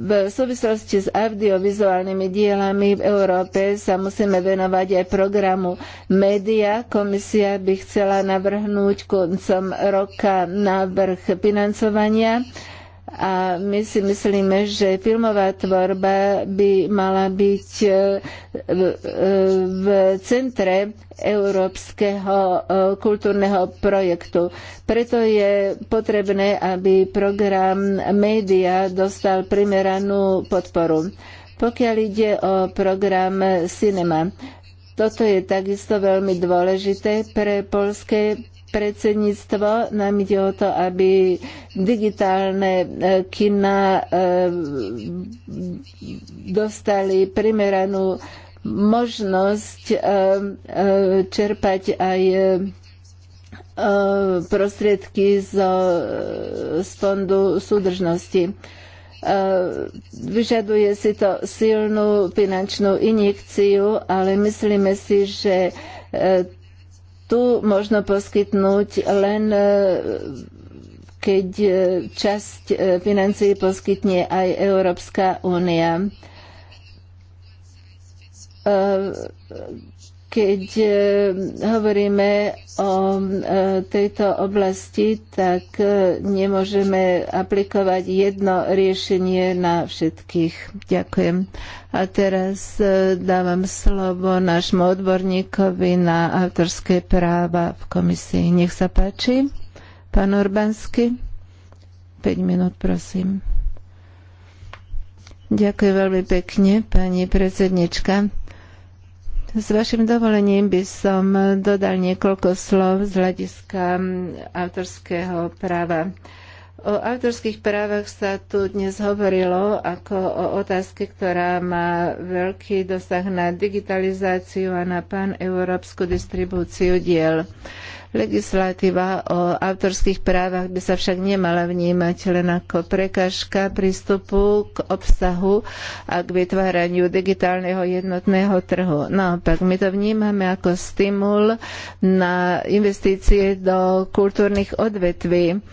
V súvislosti s audiovizuálnymi dielami v Európe sa musíme venovať aj programu Média. Komisia by chcela navrhnúť koncom roka návrh financovania a my si myslíme, že filmová tvorba by mala byť e, e, v centre európskeho e, kultúrneho projektu. Preto je potrebné, aby program média dostal primeranú podporu. Pokiaľ ide o program Cinema, toto je takisto veľmi dôležité pre polské predsedníctvo. Nám ide o to, aby digitálne e, kina e, dostali primeranú možnosť e, čerpať aj prostriedky z fondu súdržnosti. Vyžaduje si to silnú finančnú injekciu, ale myslíme si, že tu možno poskytnúť len e, keď e, časť e, financií poskytne aj Európska únia keď e, hovoríme o e, tejto oblasti, tak e, nemôžeme aplikovať jedno riešenie na všetkých. Ďakujem. A teraz dávam slovo nášmu odborníkovi na autorské práva v komisii. Nech sa páči. Pán Urbanský, 5 minút, prosím. Ďakujem veľmi pekne, pani predsednička. S vašim dovolením by som dodal niekoľko slov z hľadiska autorského práva. O autorských právach sa tu dnes hovorilo ako o otázke, ktorá má veľký dosah na digitalizáciu a na paneurópsku distribúciu diel. Legislatíva o autorských právach by sa však nemala vnímať len ako prekažka prístupu k obsahu a k vytváraniu digitálneho jednotného trhu. Naopak, my to vnímame ako stimul na investície do kultúrnych odvetví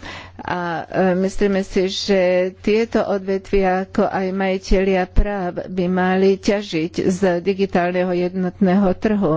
a e, myslíme si, že tieto odvetvia, ako aj majitelia práv, by mali ťažiť z digitálneho jednotného trhu.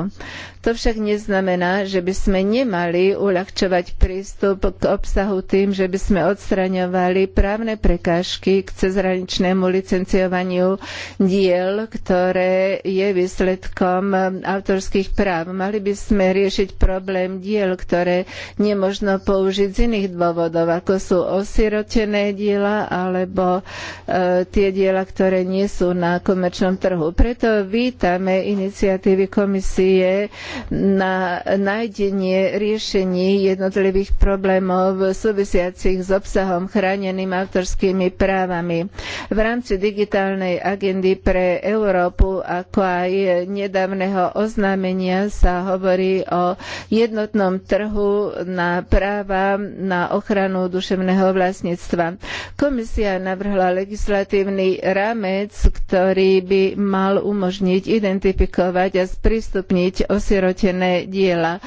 To však neznamená, že by sme nemali uľahčovať prístup k obsahu tým, že by sme odstraňovali právne prekážky k cezhraničnému licenciovaniu diel, ktoré je výsledkom autorských práv. Mali by sme riešiť problém diel, ktoré nemožno použiť z iných dôvodov, ako ako sú osirotené diela alebo e, tie diela, ktoré nie sú na komerčnom trhu. Preto vítame iniciatívy komisie na nájdenie riešení jednotlivých problémov súvisiacich s obsahom chráneným autorskými právami. V rámci digitálnej agendy pre Európu, ako aj nedávneho oznámenia sa hovorí o jednotnom trhu na práva na ochranu duševného duševného vlastníctva. Komisia navrhla legislatívny rámec, ktorý by mal umožniť identifikovať a sprístupniť osirotené diela.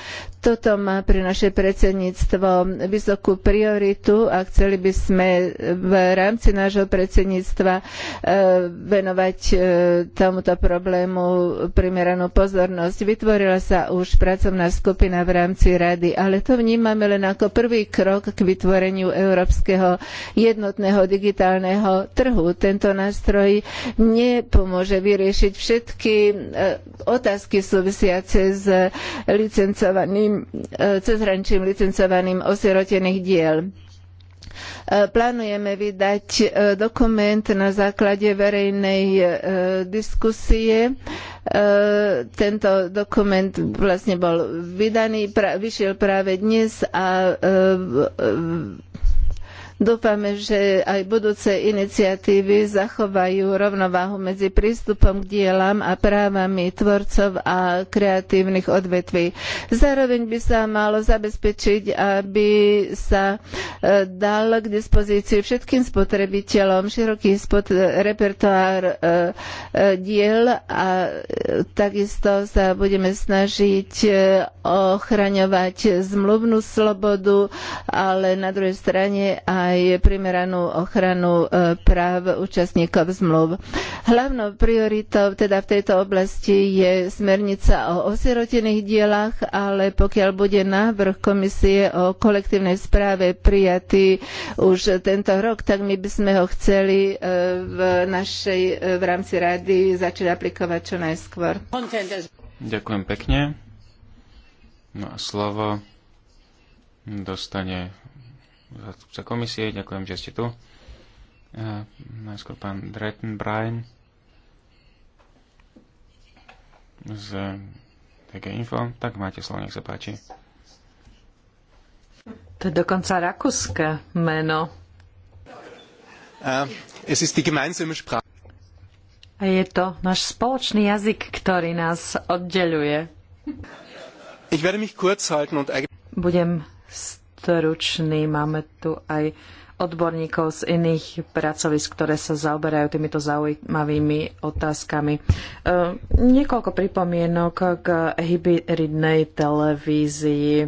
Toto má pre naše predsedníctvo vysokú prioritu a chceli by sme v rámci nášho predsedníctva e, venovať e, tomuto problému primeranú pozornosť. Vytvorila sa už pracovná skupina v rámci rady, ale to vnímame len ako prvý krok k vytvoreniu vytvoreniu európskeho jednotného digitálneho trhu. Tento nástroj nepomôže vyriešiť všetky eh, otázky súvisiace s licencovaným, eh, cezhraničným licencovaným osirotených diel. E, plánujeme vydať e, dokument na základe verejnej e, diskusie. Tento dokument vlastne bol vydaný, vyšiel práve dnes a Dúfame, že aj budúce iniciatívy zachovajú rovnováhu medzi prístupom k dielam a právami tvorcov a kreatívnych odvetví. Zároveň by sa malo zabezpečiť, aby sa e, dal k dispozícii všetkým spotrebiteľom široký spot- repertoár e, e, diel a takisto sa budeme snažiť ochraňovať zmluvnú slobodu, ale na druhej strane aj aj primeranú ochranu e, práv účastníkov zmluv. Hlavnou prioritou teda v tejto oblasti je smernica o osirotených dielach, ale pokiaľ bude návrh komisie o kolektívnej správe prijatý už tento rok, tak my by sme ho chceli e, v našej e, v rámci rady začať aplikovať čo najskôr. Ďakujem pekne. No a slovo dostane zástupca komisie, ďakujem, že ste tu. E, najskôr pán Dretten Brian z také Info. Tak máte slovo, nech sa páči. To je dokonca rakúske meno. Äh, es ist die gemeinsame Sprache. A je to náš spoločný jazyk, ktorý nás oddeluje. Ich werde mich kurz halten und Budem stručný. Máme tu aj odborníkov z iných pracovisk, ktoré sa zaoberajú týmito zaujímavými otázkami. E, niekoľko pripomienok k hybridnej televízii. E,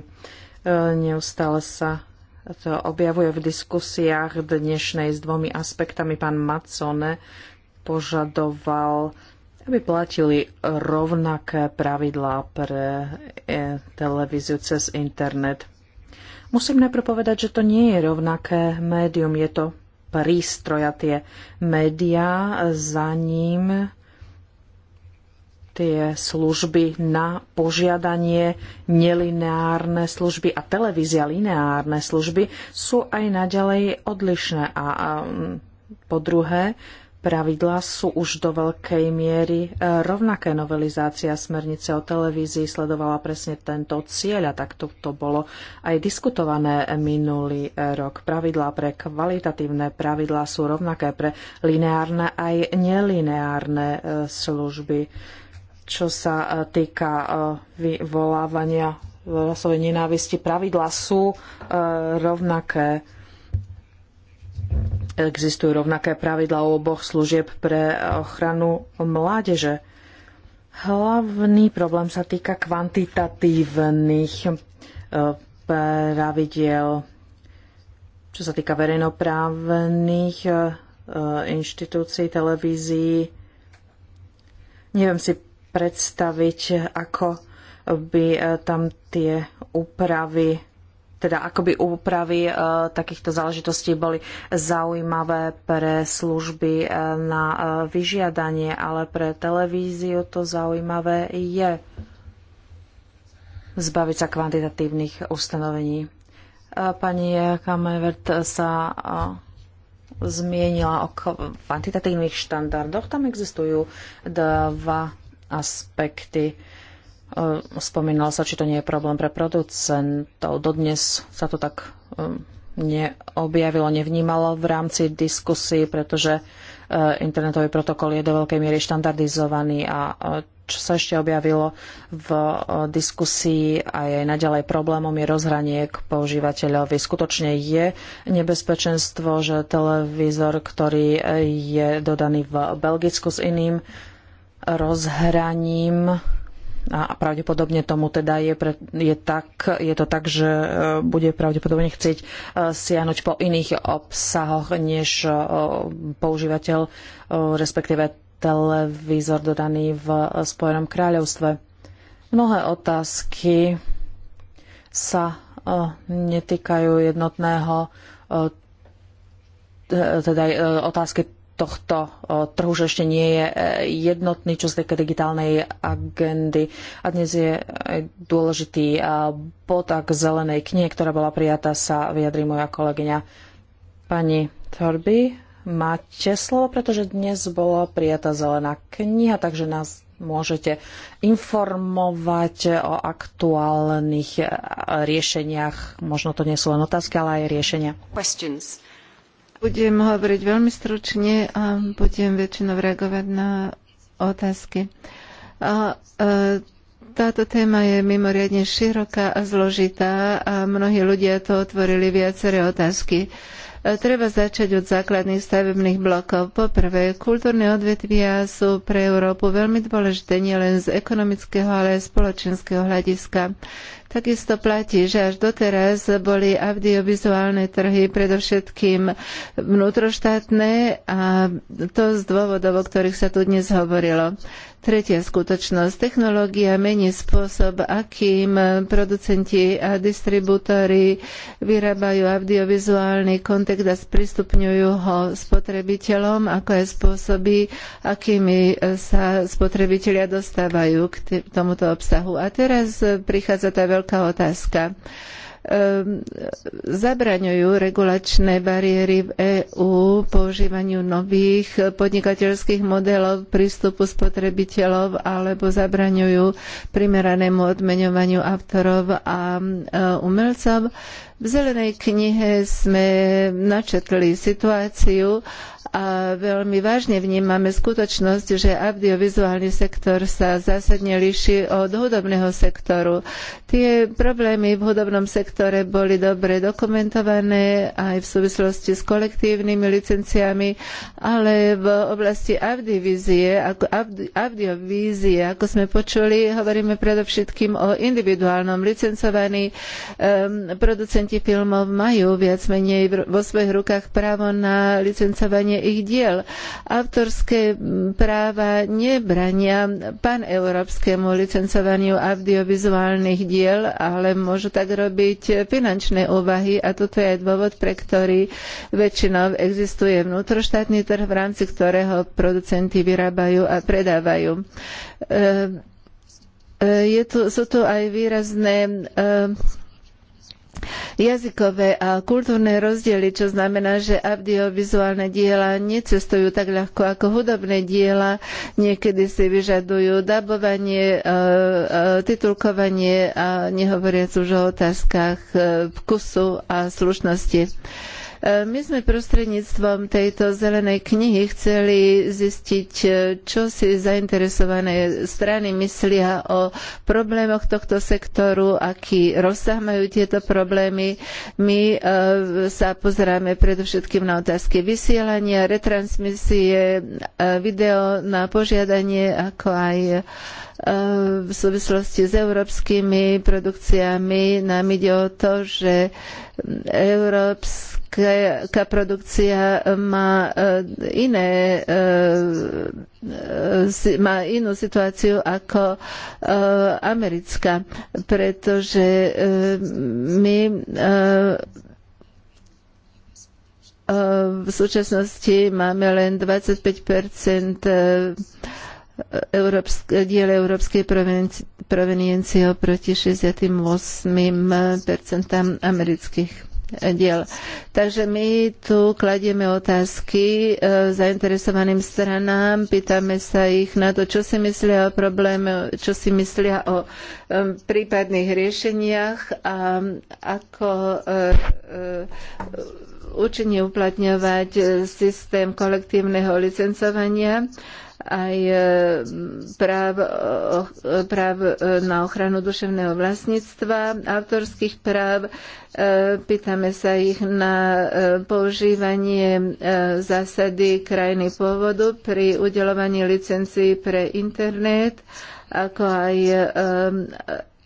neustále sa to objavuje v diskusiách dnešnej s dvomi aspektami. Pán Macone požadoval aby platili rovnaké pravidlá pre televíziu cez internet. Musím najprv povedať, že to nie je rovnaké médium, je to prístroja tie médiá, za ním tie služby na požiadanie, nelineárne služby a televízia lineárne služby sú aj naďalej odlišné. A, a po druhé, pravidlá sú už do veľkej miery e, rovnaké. Novelizácia smernice o televízii sledovala presne tento cieľ a tak to bolo aj diskutované minulý e, rok. Pravidlá pre kvalitatívne pravidlá sú rovnaké pre lineárne aj nelineárne e, služby. Čo sa týka vyvolávania rasovej nenávisti, pravidlá sú rovnaké Existujú rovnaké pravidla u oboch služieb pre ochranu mládeže. Hlavný problém sa týka kvantitatívnych eh, pravidiel, čo sa týka verejnoprávnych eh, eh, inštitúcií, televízií. Neviem si predstaviť, ako by tam tie úpravy teda akoby úpravy e, takýchto záležitostí boli zaujímavé pre služby e, na e, vyžiadanie, ale pre televíziu to zaujímavé je zbaviť sa kvantitatívnych ustanovení. Pani Kamevert sa zmienila o kvantitatívnych štandardoch. Tam existujú dva aspekty. E, spomínalo sa, či to nie je problém pre producentov. Dodnes sa to tak e, neobjavilo, nevnímalo v rámci diskusí, pretože e, internetový protokol je do veľkej miery štandardizovaný a čo sa ešte objavilo v diskusii a je naďalej problémom je rozhranie k používateľovi. Skutočne je nebezpečenstvo, že televízor, ktorý je dodaný v Belgicku s iným rozhraním, a pravdepodobne tomu teda je, pre, je, tak, je to tak, že e, bude pravdepodobne chcieť e, siahnuť po iných obsahoch, než e, používateľ, respektíve televízor dodaný v Spojenom kráľovstve. Mnohé otázky sa netýkajú jednotného teda otázky tohto trhu, že ešte nie je e, jednotný, čo sa týka digitálnej agendy. A dnes je e, dôležitý e, bod k zelenej knihe, ktorá bola prijatá, sa vyjadrí moja kolegyňa pani Torby. Máte slovo, pretože dnes bola prijatá zelená kniha, takže nás môžete informovať o aktuálnych riešeniach. Možno to nie sú len otázky, ale aj riešenia. Questions. Budem hovoriť veľmi stručne a budem väčšinou reagovať na otázky. A, a, e, táto téma je mimoriadne široká a zložitá a mnohí ľudia to otvorili viaceré otázky. E, treba začať od základných stavebných blokov. Poprvé, kultúrne odvetvia sú pre Európu veľmi dôležité nielen z ekonomického, ale aj spoločenského hľadiska. Takisto platí, že až doteraz boli audiovizuálne trhy predovšetkým vnútroštátne a to z dôvodov, o ktorých sa tu dnes hovorilo. Tretia skutočnosť. Technológia mení spôsob, akým producenti a distribútory vyrábajú audiovizuálny kontext a sprístupňujú ho spotrebiteľom, ako aj spôsoby, akými sa spotrebitelia dostávajú k tomuto obsahu. A teraz prichádza tá veľká veľká otázka. Ehm, zabraňujú regulačné bariéry v EÚ používaniu nových podnikateľských modelov prístupu spotrebiteľov alebo zabraňujú primeranému odmeňovaniu autorov a e, umelcov. V zelenej knihe sme načetli situáciu a veľmi vážne vnímame skutočnosť, že audiovizuálny sektor sa zásadne líši od hudobného sektoru. Tie problémy v hudobnom sektore boli dobre dokumentované aj v súvislosti s kolektívnymi licenciami, ale v oblasti audiovízie, ako, ako sme počuli, hovoríme predovšetkým o individuálnom licencovaní. Um, producenti producenti filmov majú viac menej vo svojich rukách právo na licencovanie ich diel. Autorské práva nebrania paneurópskemu licencovaniu audiovizuálnych diel, ale môžu tak robiť finančné úvahy a toto je aj dôvod, pre ktorý väčšinou existuje vnútroštátny trh, v rámci ktorého producenti vyrábajú a predávajú. E, e, je tu, sú tu aj výrazné e, jazykové a kultúrne rozdiely, čo znamená, že audiovizuálne diela necestujú tak ľahko ako hudobné diela. Niekedy si vyžadujú dabovanie, e, e, titulkovanie a nehovoriac už o otázkach e, vkusu a slušnosti. E, my sme prostredníctvom tejto zelenej knihy chceli zistiť, e, čo si zainteresované strany myslia o problémoch tohto sektoru, aký rozsah majú tieto problémy. My e, sa pozeráme predovšetkým na otázky vysielania, retransmisie, video na požiadanie, ako aj v súvislosti s európskymi produkciami. Nám ide o to, že európsky veľká produkcia má e, iné e, e, má inú situáciu ako americká, pretože my v súčasnosti máme len 25 európske, diel európskej proveniencie oproti 68 amerických diel. Takže my tu kladieme otázky e, zainteresovaným stranám, pýtame sa ich na to, čo si myslia o probléme, čo si myslia o prípadných riešeniach a ako učenie e, uplatňovať e, systém kolektívneho licencovania aj e, práv, e, práv na ochranu duševného vlastníctva, autorských práv. E, pýtame sa ich na používanie zásady krajiny pôvodu pri udelovaní licencií pre internet, ako aj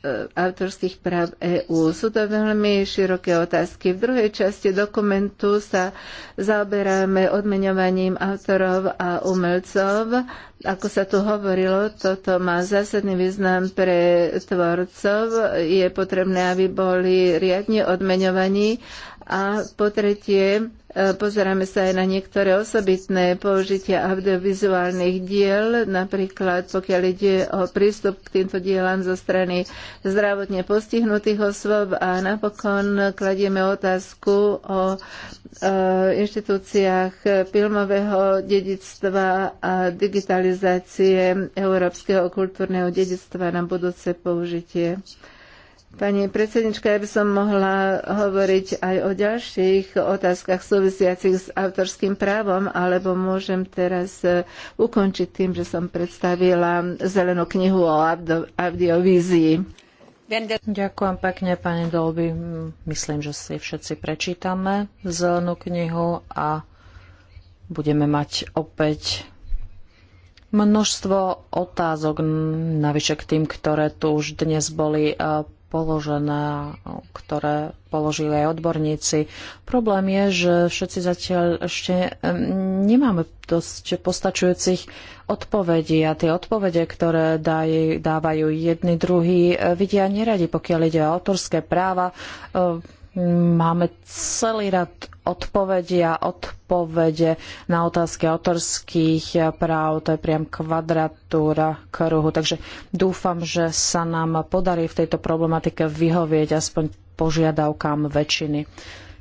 E, autorských práv EÚ. Sú to veľmi široké otázky. V druhej časti dokumentu sa zaoberáme odmeňovaním autorov a umelcov. Ako sa tu hovorilo, toto má zásadný význam pre tvorcov. Je potrebné, aby boli riadne odmeňovaní. A po tretie, E, pozeráme sa aj na niektoré osobitné použitia audiovizuálnych diel, napríklad pokiaľ ide o prístup k týmto dielam zo strany zdravotne postihnutých osôb a napokon kladieme otázku o e, inštitúciách filmového dedictva a digitalizácie európskeho kultúrneho dedictva na budúce použitie. Pani predsednička, ja by som mohla hovoriť aj o ďalších otázkach súvisiacich s autorským právom, alebo môžem teraz e, ukončiť tým, že som predstavila zelenú knihu o audiovízii. Ďakujem pekne, pani Dolby. Myslím, že si všetci prečítame zelenú knihu a budeme mať opäť množstvo otázok navyše k tým, ktoré tu už dnes boli e, položené, ktoré položili aj odborníci. Problém je, že všetci zatiaľ ešte nemáme dosť postačujúcich odpovedí a tie odpovede, ktoré daj, dávajú jedni druhí, eh, vidia neradi, pokiaľ ide o autorské práva. E, Máme celý rad odpovedí a odpovede na otázky autorských práv. To je priam kvadratúra kruhu. Takže dúfam, že sa nám podarí v tejto problematike vyhovieť aspoň požiadavkám väčšiny.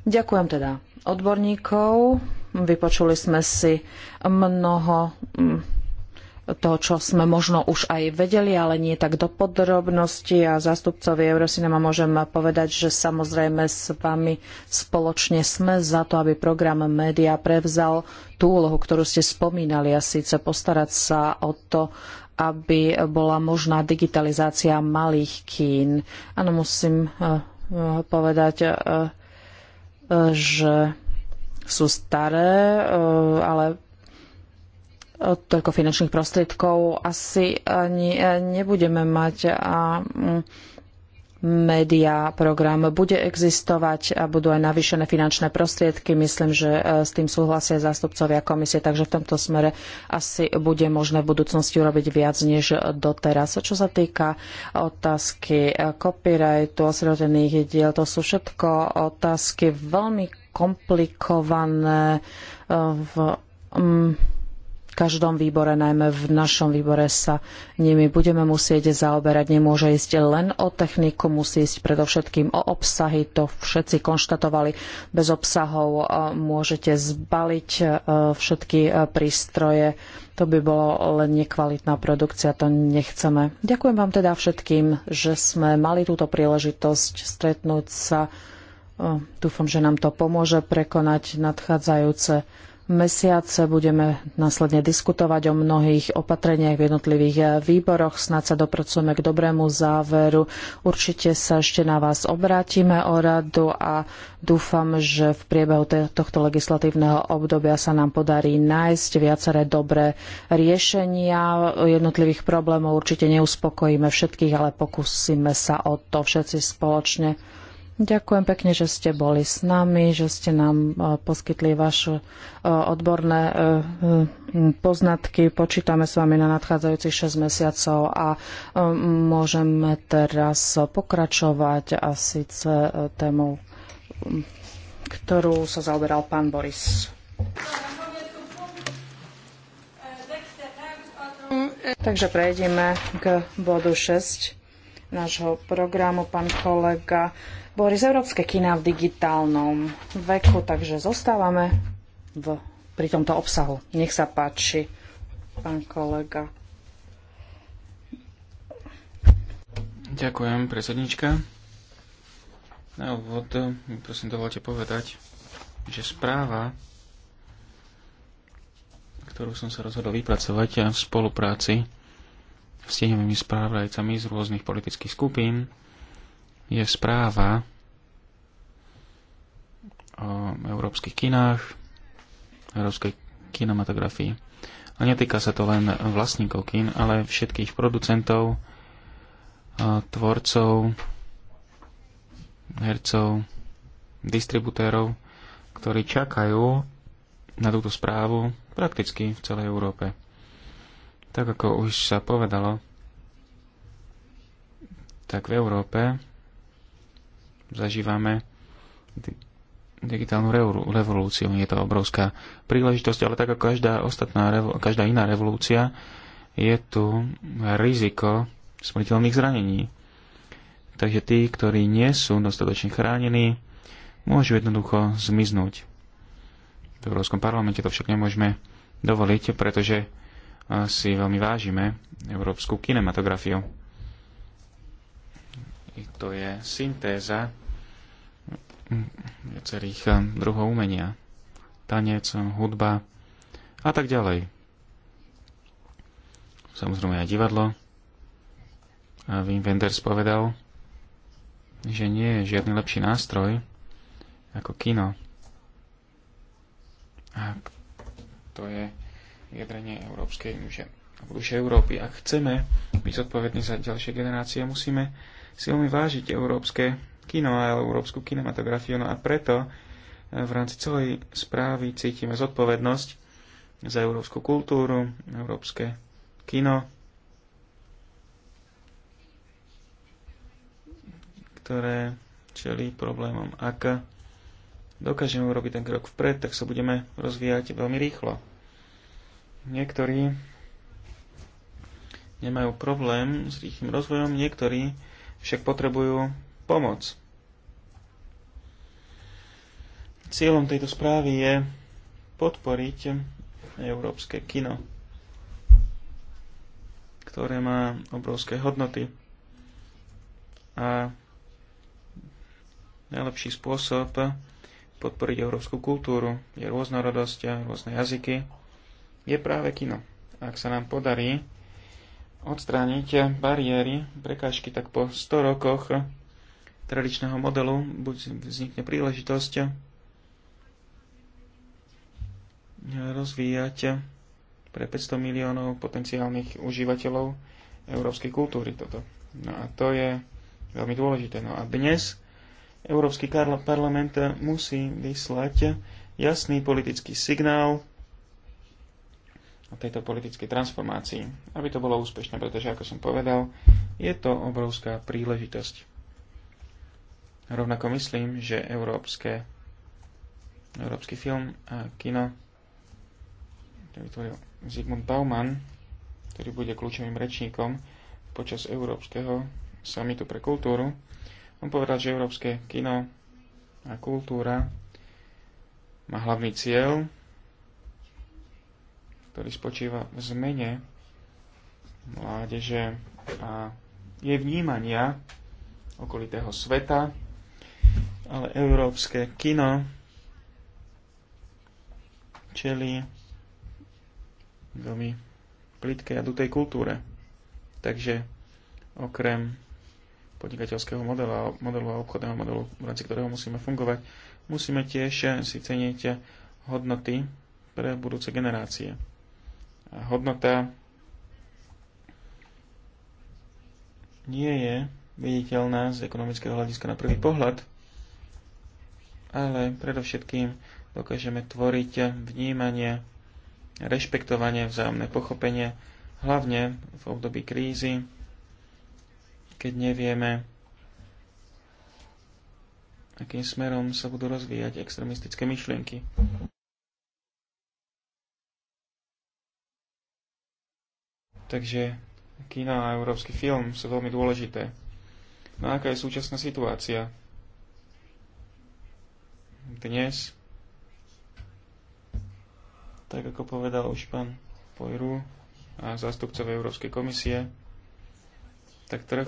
Ďakujem teda odborníkov. Vypočuli sme si mnoho mm, to, čo sme možno už aj vedeli, ale nie tak do podrobnosti a zástupcovi Eurosinema môžem povedať, že samozrejme s vami spoločne sme za to, aby program média prevzal tú úlohu, ktorú ste spomínali a síce postarať sa o to, aby bola možná digitalizácia malých kín. Áno, musím eh, povedať, eh, eh, že sú staré, ale toľko finančných prostriedkov asi ani e, nebudeme mať a mm, media program bude existovať a budú aj navýšené finančné prostriedky. Myslím, že e, s tým súhlasia zástupcovia komisie, takže v tomto smere asi bude možné v budúcnosti urobiť viac než doteraz. Čo sa týka otázky e, copyrightu, osrodených diel, to sú všetko otázky veľmi komplikované v um, každom výbore, najmä v našom výbore sa nimi budeme musieť zaoberať. Nemôže ísť len o techniku, musí ísť predovšetkým o obsahy. To všetci konštatovali. Bez obsahov e, môžete zbaliť e, všetky e, prístroje. To by bolo len nekvalitná produkcia, to nechceme. Ďakujem vám teda všetkým, že sme mali túto príležitosť stretnúť sa. Dúfam, že nám to pomôže prekonať nadchádzajúce mesiace budeme následne diskutovať o mnohých opatreniach v jednotlivých eh, výboroch. Snad sa dopracujeme k dobrému záveru. Určite sa ešte na vás obrátime o radu a dúfam, že v priebehu tohto legislatívneho obdobia sa nám podarí nájsť viaceré dobré riešenia jednotlivých problémov. Určite neuspokojíme všetkých, ale pokúsime sa o to všetci spoločne. Ďakujem pekne, že ste boli s nami, že ste nám e, poskytli vaše e, odborné e, poznatky. Počítame s vami na nadchádzajúcich 6 mesiacov a môžeme teraz pokračovať a síce témou, ktorú sa zaoberal pán Boris. Takže prejdeme k bodu 6 nášho programu pán kolega Boris Európske kina v digitálnom veku, takže zostávame v, pri tomto obsahu. Nech sa páči, pán kolega. Ďakujem, predsednička. Na úvod, prosím, dovolte povedať, že správa, ktorú som sa rozhodol vypracovať v spolupráci s tieňovými správajcami z rôznych politických skupín je správa o európskych kinách, európskej kinematografii. A netýka sa to len vlastníkov kín, ale všetkých producentov, tvorcov, hercov, distributérov, ktorí čakajú na túto správu prakticky v celej Európe. Tak ako už sa povedalo, tak v Európe zažívame digitálnu revolúciu. Je to obrovská príležitosť, ale tak ako každá, ostatná, každá iná revolúcia, je tu riziko smrteľných zranení. Takže tí, ktorí nie sú dostatočne chránení, môžu jednoducho zmiznúť. V Európskom parlamente to však nemôžeme dovoliť, pretože si veľmi vážime európsku kinematografiu. I to je syntéza viacerých eh, druhov umenia. Tanec, hudba a tak ďalej. Samozrejme aj divadlo. A Wim Wenders povedal, že nie je žiadny lepší nástroj ako kino. A to je Jedrenie Európskej v duše Európy. Ak chceme byť zodpovední za ďalšie generácie, musíme si veľmi vážiť európske kino a európsku kinematografiu. No a preto eh, v rámci celej správy cítime zodpovednosť za európsku kultúru, európske kino, ktoré čelí problémom. Ak dokážeme urobiť ten krok vpred, tak sa budeme rozvíjať veľmi rýchlo. Niektorí nemajú problém s rýchlym rozvojom, niektorí však potrebujú pomoc. Cieľom tejto správy je podporiť európske kino, ktoré má obrovské hodnoty. A najlepší spôsob podporiť európsku kultúru je rôznorodosť a rôzne jazyky je práve kino. Ak sa nám podarí odstrániť bariéry, prekážky, tak po 100 rokoch tradičného modelu buď vznikne príležitosť rozvíjať pre 500 miliónov potenciálnych užívateľov európskej kultúry toto. No a to je veľmi dôležité. No a dnes Európsky parlament musí vyslať jasný politický signál tejto politickej transformácii, aby to bolo úspešné, pretože, ako som povedal, je to obrovská príležitosť. Rovnako myslím, že európske, európsky film a kino, ktorý vytvoril Zygmunt Bauman, ktorý bude kľúčovým rečníkom počas Európskeho samitu pre kultúru, on povedal, že európske kino a kultúra má hlavný cieľ ktorý spočíva v zmene mládeže a jej vnímania okolitého sveta, ale európske kino čeli veľmi plitkej a dutej kultúre. Takže okrem podnikateľského modelu modelu a obchodného modelu, v rámci ktorého musíme fungovať, musíme tiež si ceniť hodnoty pre budúce generácie hodnota nie je viditeľná z ekonomického hľadiska na prvý pohľad, ale predovšetkým dokážeme tvoriť vnímanie, rešpektovanie, vzájomné pochopenie, hlavne v období krízy, keď nevieme, akým smerom sa budú rozvíjať extremistické myšlienky. Takže kina a európsky film sú veľmi dôležité. No aká je súčasná situácia? Dnes, tak ako povedal už pán Pojru a zástupcov Európskej komisie, tak trh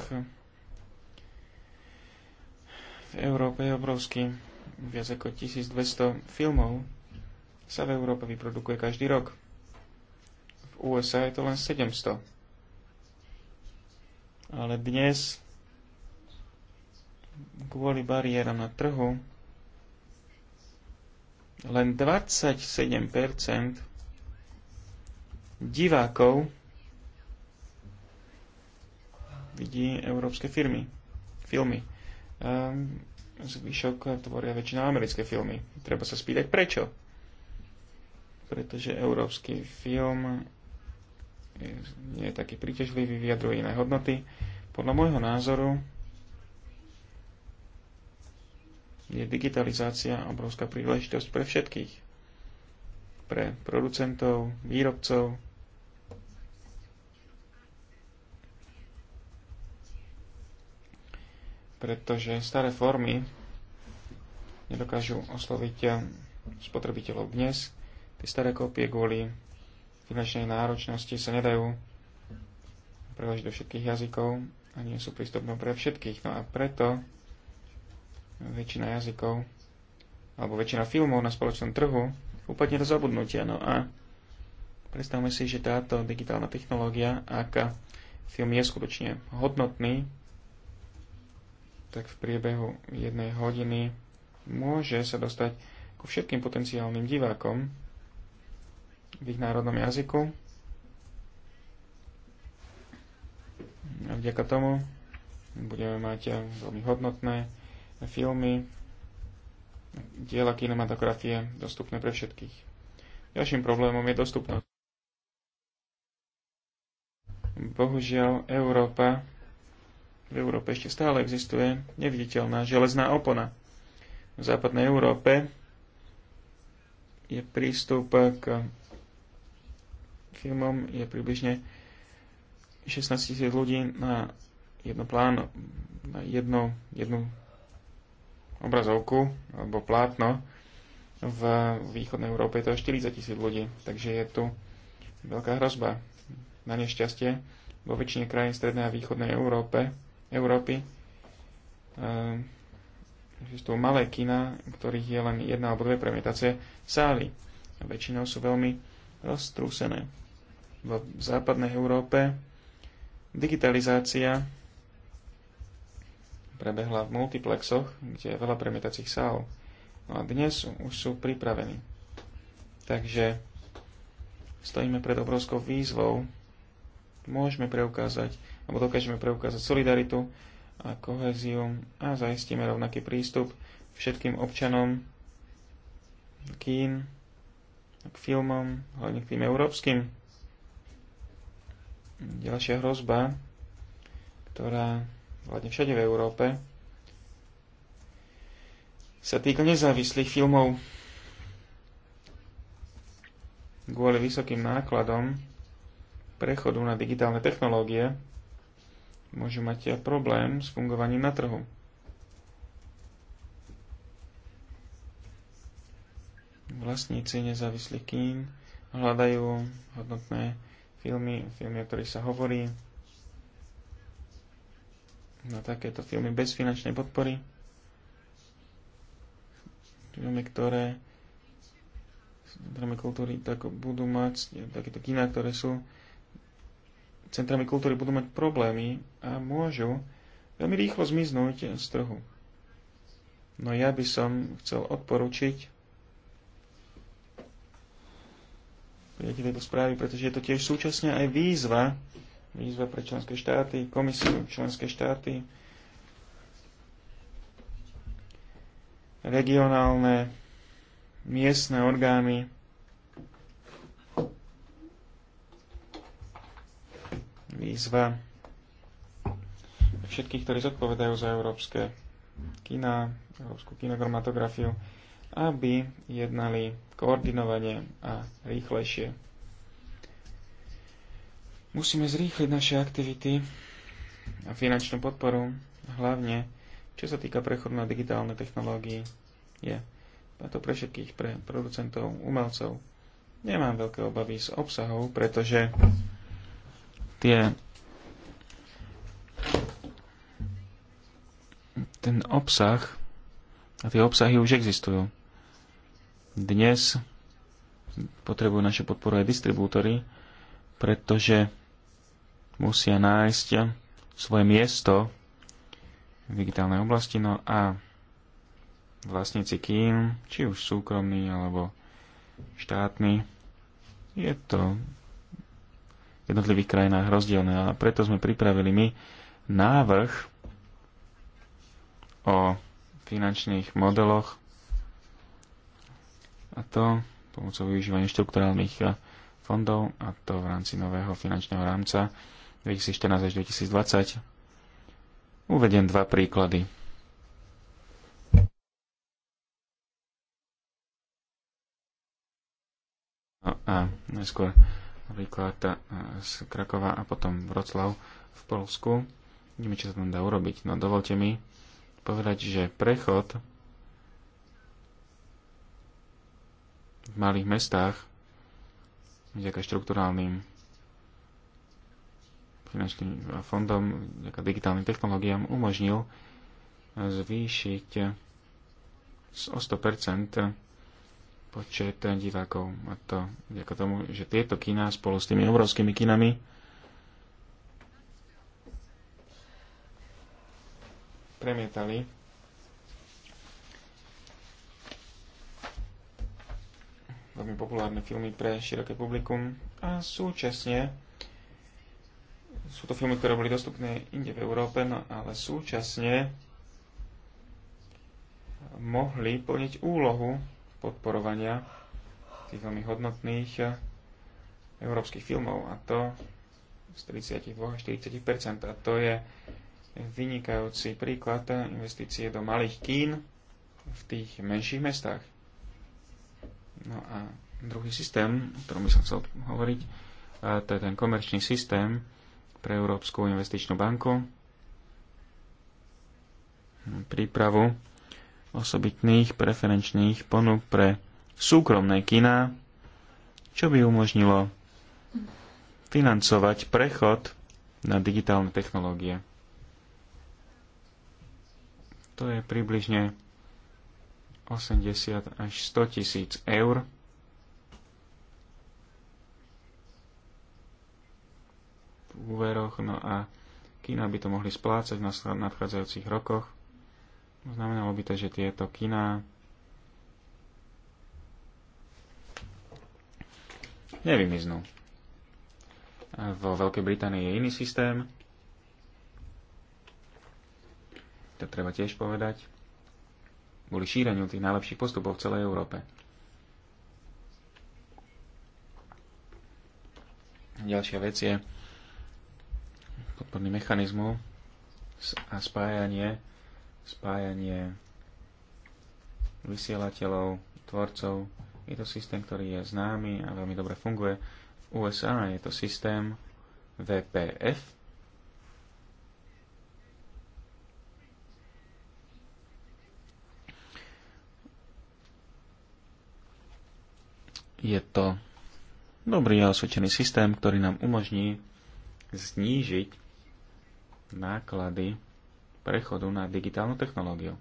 v Európe je obrovský. Viac ako 1200 filmov sa v Európe vyprodukuje každý rok. USA je to len 700. Ale dnes kvôli bariéram na trhu len 27% divákov vidí európske firmy, filmy. Ehm, zvyšok tvoria väčšina americké filmy. Treba sa spýtať prečo. Pretože európsky film nie je taký príťažlivý, vyjadruje iné hodnoty. Podľa môjho názoru je digitalizácia obrovská príležitosť pre všetkých. Pre producentov, výrobcov, pretože staré formy nedokážu osloviť spotrebiteľov dnes. Tie staré kópie kvôli finančnej náročnosti sa nedajú preložiť do všetkých jazykov a nie sú prístupné pre všetkých. No a preto väčšina jazykov alebo väčšina filmov na spoločnom trhu úplne do zabudnutia. No a predstavme si, že táto digitálna technológia, ak film je skutočne hodnotný, tak v priebehu jednej hodiny môže sa dostať ku všetkým potenciálnym divákom, v ich národnom jazyku. A vďaka tomu budeme mať veľmi hodnotné filmy, diela kinematografie dostupné pre všetkých. Ďalším problémom je dostupnosť. Bohužiaľ, Európa, v Európe ešte stále existuje neviditeľná železná opona. V západnej Európe je prístup k firmom je približne 16 tisíc ľudí na jedno plán, na jedno, jednu obrazovku alebo plátno. V východnej Európe je to 40 tisíc ľudí, takže je tu veľká hrozba. Na nešťastie vo väčšine krajín strednej a východnej Európe, Európy ehm, tu malé kina, ktorých je len jedna alebo dve premietacie sály. A väčšinou sú veľmi roztrúsené v západnej Európe digitalizácia prebehla v multiplexoch, kde je veľa premietacích sál. No a dnes už sú pripravení. Takže stojíme pred obrovskou výzvou. Môžeme preukázať, alebo dokážeme preukázať solidaritu a kohéziu a zaistíme rovnaký prístup všetkým občanom kín, k filmom, hlavne k tým európskym ďalšia hrozba, ktorá vládne všade v Európe, sa týka nezávislých filmov. Kvôli vysokým nákladom prechodu na digitálne technológie môžu mať aj problém s fungovaním na trhu. Vlastníci nezávislých kín hľadajú hodnotné filmy, filmy, o ktorých sa hovorí, na no, takéto filmy bez finančnej podpory, filmy, ktoré centrami kultúry tak budú mať, takéto kina, ktoré sú centrami kultúry budú mať problémy a môžu veľmi rýchlo zmiznúť z trhu. No ja by som chcel odporučiť prijatie tejto správy, pretože je to tiež súčasne aj výzva, výzva pre členské štáty, komisiu, členské štáty, regionálne, miestne orgány, výzva všetkých, ktorí zodpovedajú za európske kina, európsku kinogromatografiu aby jednali koordinovane a rýchlejšie. Musíme zrýchliť naše aktivity a finančnú podporu, hlavne čo sa týka prechodu na digitálne technológie. Je a to pre všetkých, pre producentov, umelcov. Nemám veľké obavy s obsahov, pretože tie ten obsah a tie obsahy už existujú. Dnes potrebujú naše podporu aj distribútory, pretože musia nájsť svoje miesto v digitálnej oblasti. No a vlastníci kým, či už súkromní alebo štátni, je to v jednotlivých krajinách rozdielne. A preto sme pripravili my návrh o finančných modeloch a to pomocou využívania štrukturálnych eh, fondov a to v rámci nového finančného rámca 2014 až 2020. Uvediem dva príklady. No a najskôr napríklad eh, z Krakova a potom Vroclav v Polsku. Vidíme, čo sa tam dá urobiť. No dovolte mi povedať, že prechod v malých mestách, vďaka štruktúrálnym finančným fondom, vďaka digitálnym technológiám umožnil zvýšiť o 100% počet divákov. A to vďaka tomu, že tieto kina spolu s tými obrovskými kinami premietali veľmi populárne filmy pre široké publikum a súčasne sú to filmy, ktoré boli dostupné inde v Európe, no ale súčasne mohli plniť úlohu podporovania tých veľmi hodnotných európskych filmov a to z 32 až 40 a to je vynikajúci príklad investície do malých kín v tých menších mestách. No a druhý systém, o ktorom by som chcel hovoriť, e, to je ten komerčný systém pre Európsku investičnú banku, prípravu osobitných preferenčných ponúk pre súkromné kina, čo by umožnilo financovať prechod na digitálne technológie. To je približne 80 až 100 tisíc eur. v úveroch, no a kina by to mohli splácať v nadchádzajúcich rokoch. Znamenalo by to, že tieto kina nevymiznú. Vo Veľkej Británii je iný systém, to treba tiež povedať kvôli šíreniu tých najlepších postupov v celej Európe. Ďalšia vec je podporný mechanizmu a spájanie, spájanie vysielateľov, tvorcov. Je to systém, ktorý je známy a veľmi dobre funguje. V USA je to systém VPF, Je to dobrý a osvedčený systém, ktorý nám umožní znížiť náklady prechodu na digitálnu technológiu.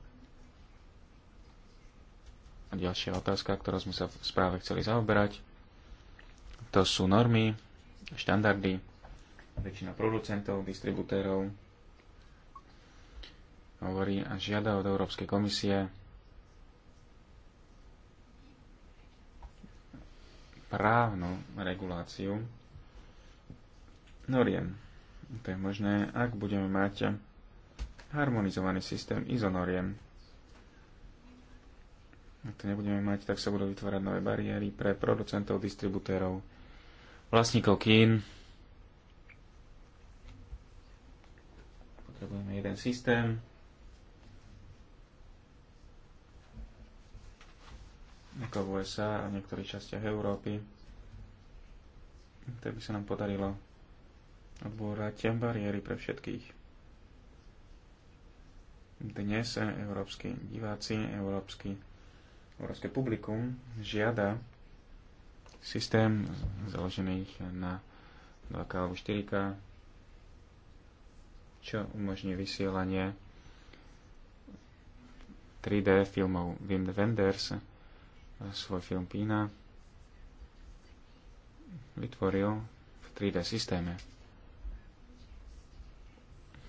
A ďalšia otázka, ktorou sme sa v správe chceli zaoberať, to sú normy, štandardy, väčšina producentov, distributérov hovorí a žiada od Európskej komisie právnu reguláciu noriem. To je možné, ak budeme mať harmonizovaný systém izonoriem. Ak to nebudeme mať, tak sa budú vytvárať nové bariéry pre producentov, distributérov, vlastníkov kín. Potrebujeme jeden systém, ako v USA a v niektorých častiach Európy. Tak by sa nám podarilo odbúrať bariéry pre všetkých. Dnes európsky diváci, európsky, európske publikum žiada systém založených na 2K alebo 4K, čo umožní vysielanie 3D filmov Wim Wenders svoj film Pína vytvoril v 3D systéme.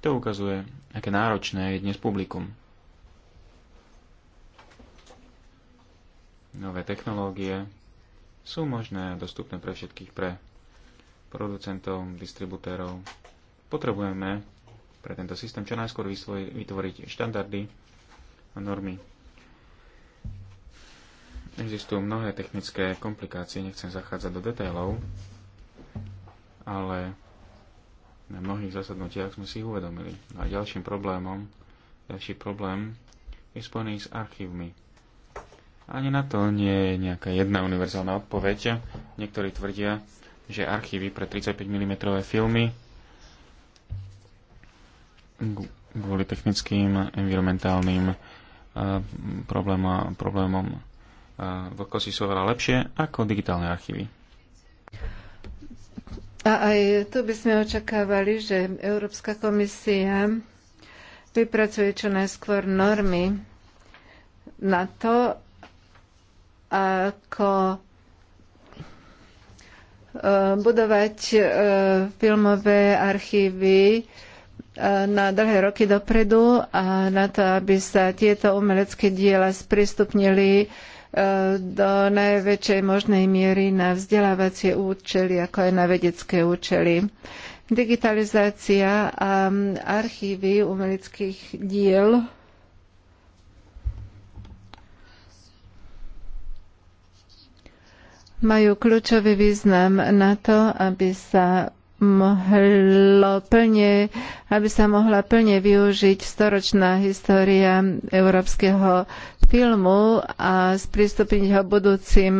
To ukazuje, aké náročné je dnes publikum. Nové technológie sú možné a dostupné pre všetkých, pre producentov, distributérov. Potrebujeme pre tento systém čo najskôr vytvoriť štandardy a normy Existujú mnohé technické komplikácie, nechcem zachádzať do detailov, ale na mnohých zasadnutiach sme si ich uvedomili. No a ďalším problémom, ďalší problém je spojený s archívmi. Ani na to nie je nejaká jedna univerzálna odpoveď. Niektorí tvrdia, že archívy pre 35 mm filmy kvôli technickým, environmentálnym eh, problémom, problémom vlkosi sú veľa lepšie ako digitálne archívy. A aj tu by sme očakávali, že Európska komisia vypracuje čo najskôr normy na to, ako eh, budovať eh, filmové archívy eh, na dlhé roky dopredu a na to, aby sa tieto umelecké diela sprístupnili do najväčšej možnej miery na vzdelávacie účely, ako aj na vedecké účely. Digitalizácia a archívy umeleckých diel majú kľúčový význam na to, aby sa mohlo plne, aby sa mohla plne využiť storočná história európskeho filmu a sprístupniť ho budúcim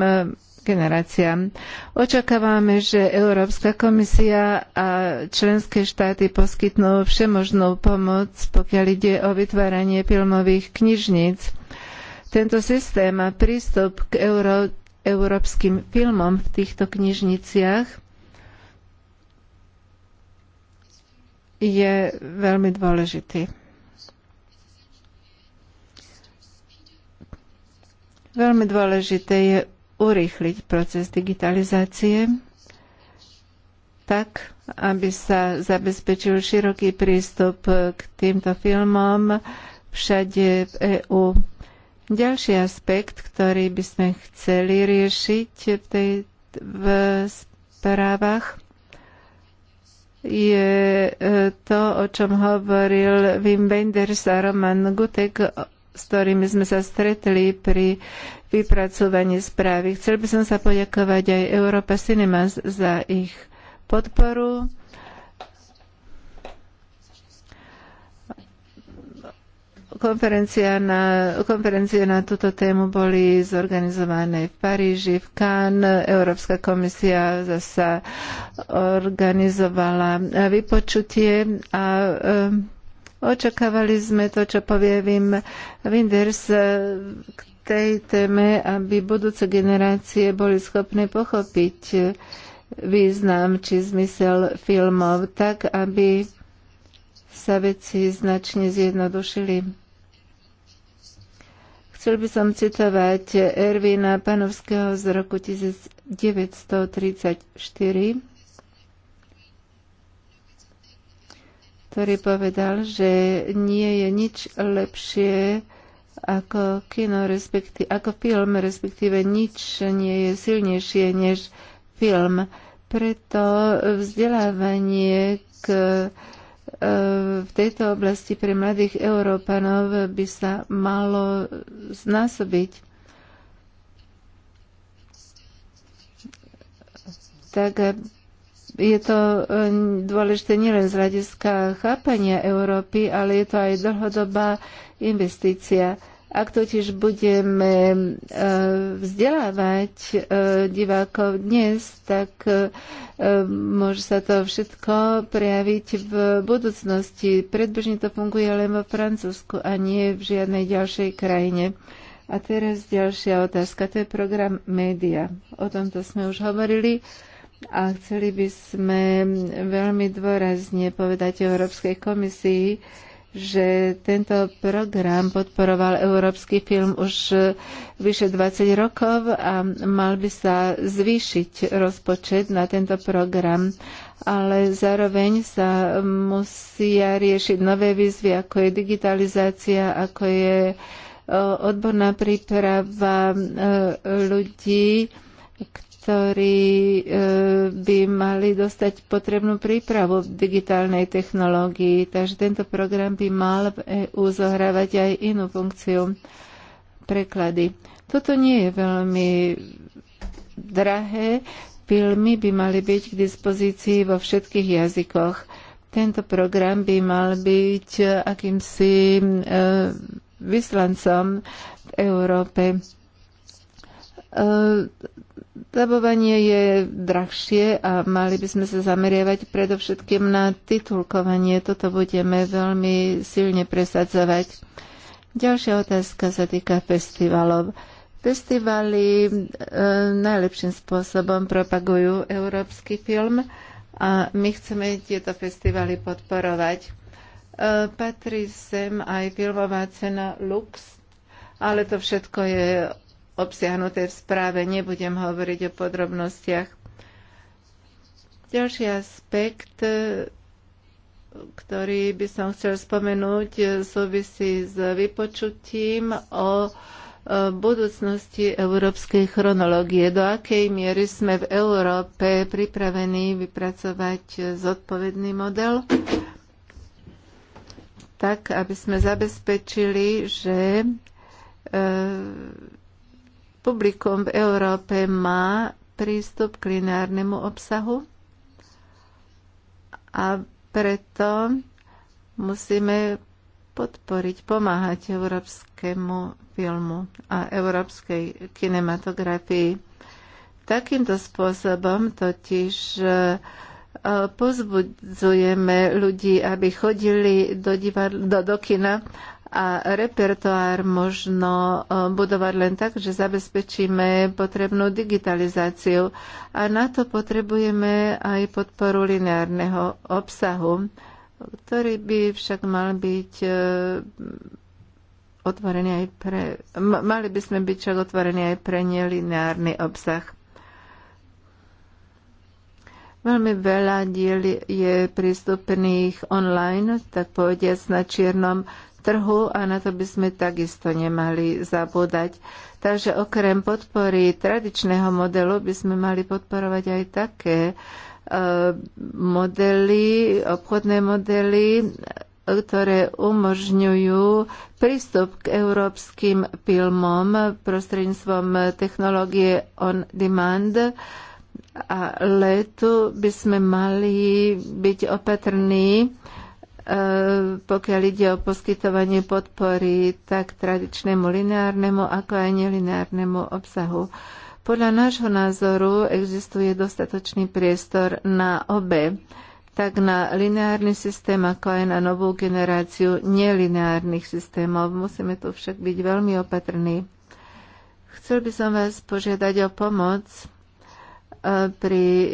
generáciám. Očakávame, že Európska komisia a členské štáty poskytnú všemožnú pomoc, pokiaľ ide o vytváranie filmových knižníc. Tento systém a prístup k euro európskym filmom v týchto knižniciach je veľmi dôležitý. Veľmi dôležité je urýchliť proces digitalizácie tak, aby sa zabezpečil široký prístup k týmto filmom všade v EÚ. Ďalší aspekt, ktorý by sme chceli riešiť v, tej, v správach, je e, to, o čom hovoril Wim Wenders a Roman Gutek, s ktorými sme sa stretli pri vypracovaní správy. Chcel by som sa poďakovať aj Europa Cinemas za ich podporu Konferencia na, konferencie na túto tému boli zorganizované v Paríži, v Cannes. Európska komisia zasa organizovala vypočutie a e, očakávali sme to, čo povie Wim Winders, e, k tej téme, aby budúce generácie boli schopné pochopiť význam či zmysel filmov, tak aby sa veci značne zjednodušili. Chcel by som citovať Ervina Panovského z roku 1934, ktorý povedal, že nie je nič lepšie ako kino, respektíve, ako film, respektíve nič nie je silnejšie než film. Preto vzdelávanie k E, v tejto oblasti pre mladých Európanov by sa malo znásobiť. Tak je to e, dôležité nielen z hľadiska chápania Európy, ale je to aj dlhodobá investícia ak totiž budeme e, vzdelávať e, divákov dnes, tak e, môže sa to všetko prejaviť v budúcnosti. Predbežne to funguje len vo Francúzsku a nie v žiadnej ďalšej krajine. A teraz ďalšia otázka, to je program média. O tomto sme už hovorili a chceli by sme veľmi dôrazne povedať Európskej komisii, že tento program podporoval európsky film už vyše 20 rokov a mal by sa zvýšiť rozpočet na tento program, ale zároveň sa musia riešiť nové výzvy, ako je digitalizácia, ako je e, odborná príprava e, ľudí, ktorí e, by mali dostať potrebnú prípravu v digitálnej technológii. Takže tento program by mal v EU zohrávať aj inú funkciu preklady. Toto nie je veľmi drahé. Filmy by mali byť k dispozícii vo všetkých jazykoch. Tento program by mal byť akýmsi e, vyslancom v Európe Zabovanie e, je drahšie a mali by sme sa zameriavať predovšetkým na titulkovanie. Toto budeme veľmi silne presadzovať. Ďalšia otázka sa týka festivalov. Festivaly e, najlepším spôsobom propagujú európsky film a my chceme tieto festivaly podporovať. E, patrí sem aj filmová cena Lux, ale to všetko je obsiahnuté v správe. Nebudem hovoriť o podrobnostiach. Ďalší aspekt, ktorý by som chcel spomenúť, súvisí s vypočutím o e, budúcnosti európskej chronológie. Do akej miery sme v Európe pripravení vypracovať zodpovedný model? tak, aby sme zabezpečili, že e, publikum v Európe má prístup k lineárnemu obsahu a preto musíme podporiť, pomáhať európskemu filmu a európskej kinematografii. Takýmto spôsobom totiž e, pozbudzujeme ľudí, aby chodili do, divadla do, do kina a repertoár možno e, budovať len tak, že zabezpečíme potrebnú digitalizáciu. A na to potrebujeme aj podporu lineárneho obsahu, ktorý by však mal byť e, otvorený aj pre... Mali by sme byť však otvorení aj pre nelineárny obsah. Veľmi veľa diel je prístupných online, tak povediať na čiernom trhu a na to by sme takisto nemali zabúdať. Takže okrem podpory tradičného modelu by sme mali podporovať aj také e, modely, obchodné modely, ktoré umožňujú prístup k európskym filmom prostredníctvom technológie on demand, ale tu by sme mali byť opatrní, E, pokiaľ ide o poskytovanie podpory tak tradičnému lineárnemu, ako aj nelineárnemu obsahu. Podľa nášho názoru existuje dostatočný priestor na obe, tak na lineárny systém, ako aj na novú generáciu nelineárnych systémov. Musíme tu však byť veľmi opatrní. Chcel by som vás požiadať o pomoc e, pri e,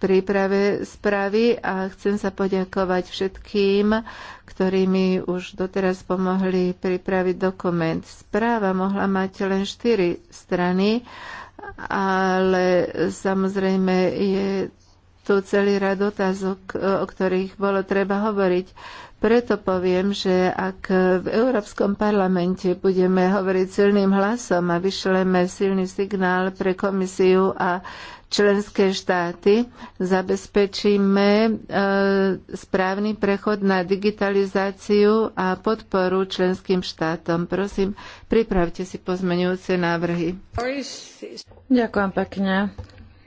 príprave správy a chcem sa poďakovať všetkým, ktorí mi už doteraz pomohli pripraviť dokument. Správa mohla mať len 4 strany, ale samozrejme je tu celý rad otázok, o ktorých bolo treba hovoriť. Preto poviem, že ak v Európskom parlamente budeme hovoriť silným hlasom a vyšleme silný signál pre komisiu a členské štáty zabezpečíme e, správny prechod na digitalizáciu a podporu členským štátom. Prosím, pripravte si pozmenujúce návrhy. Ďakujem pekne.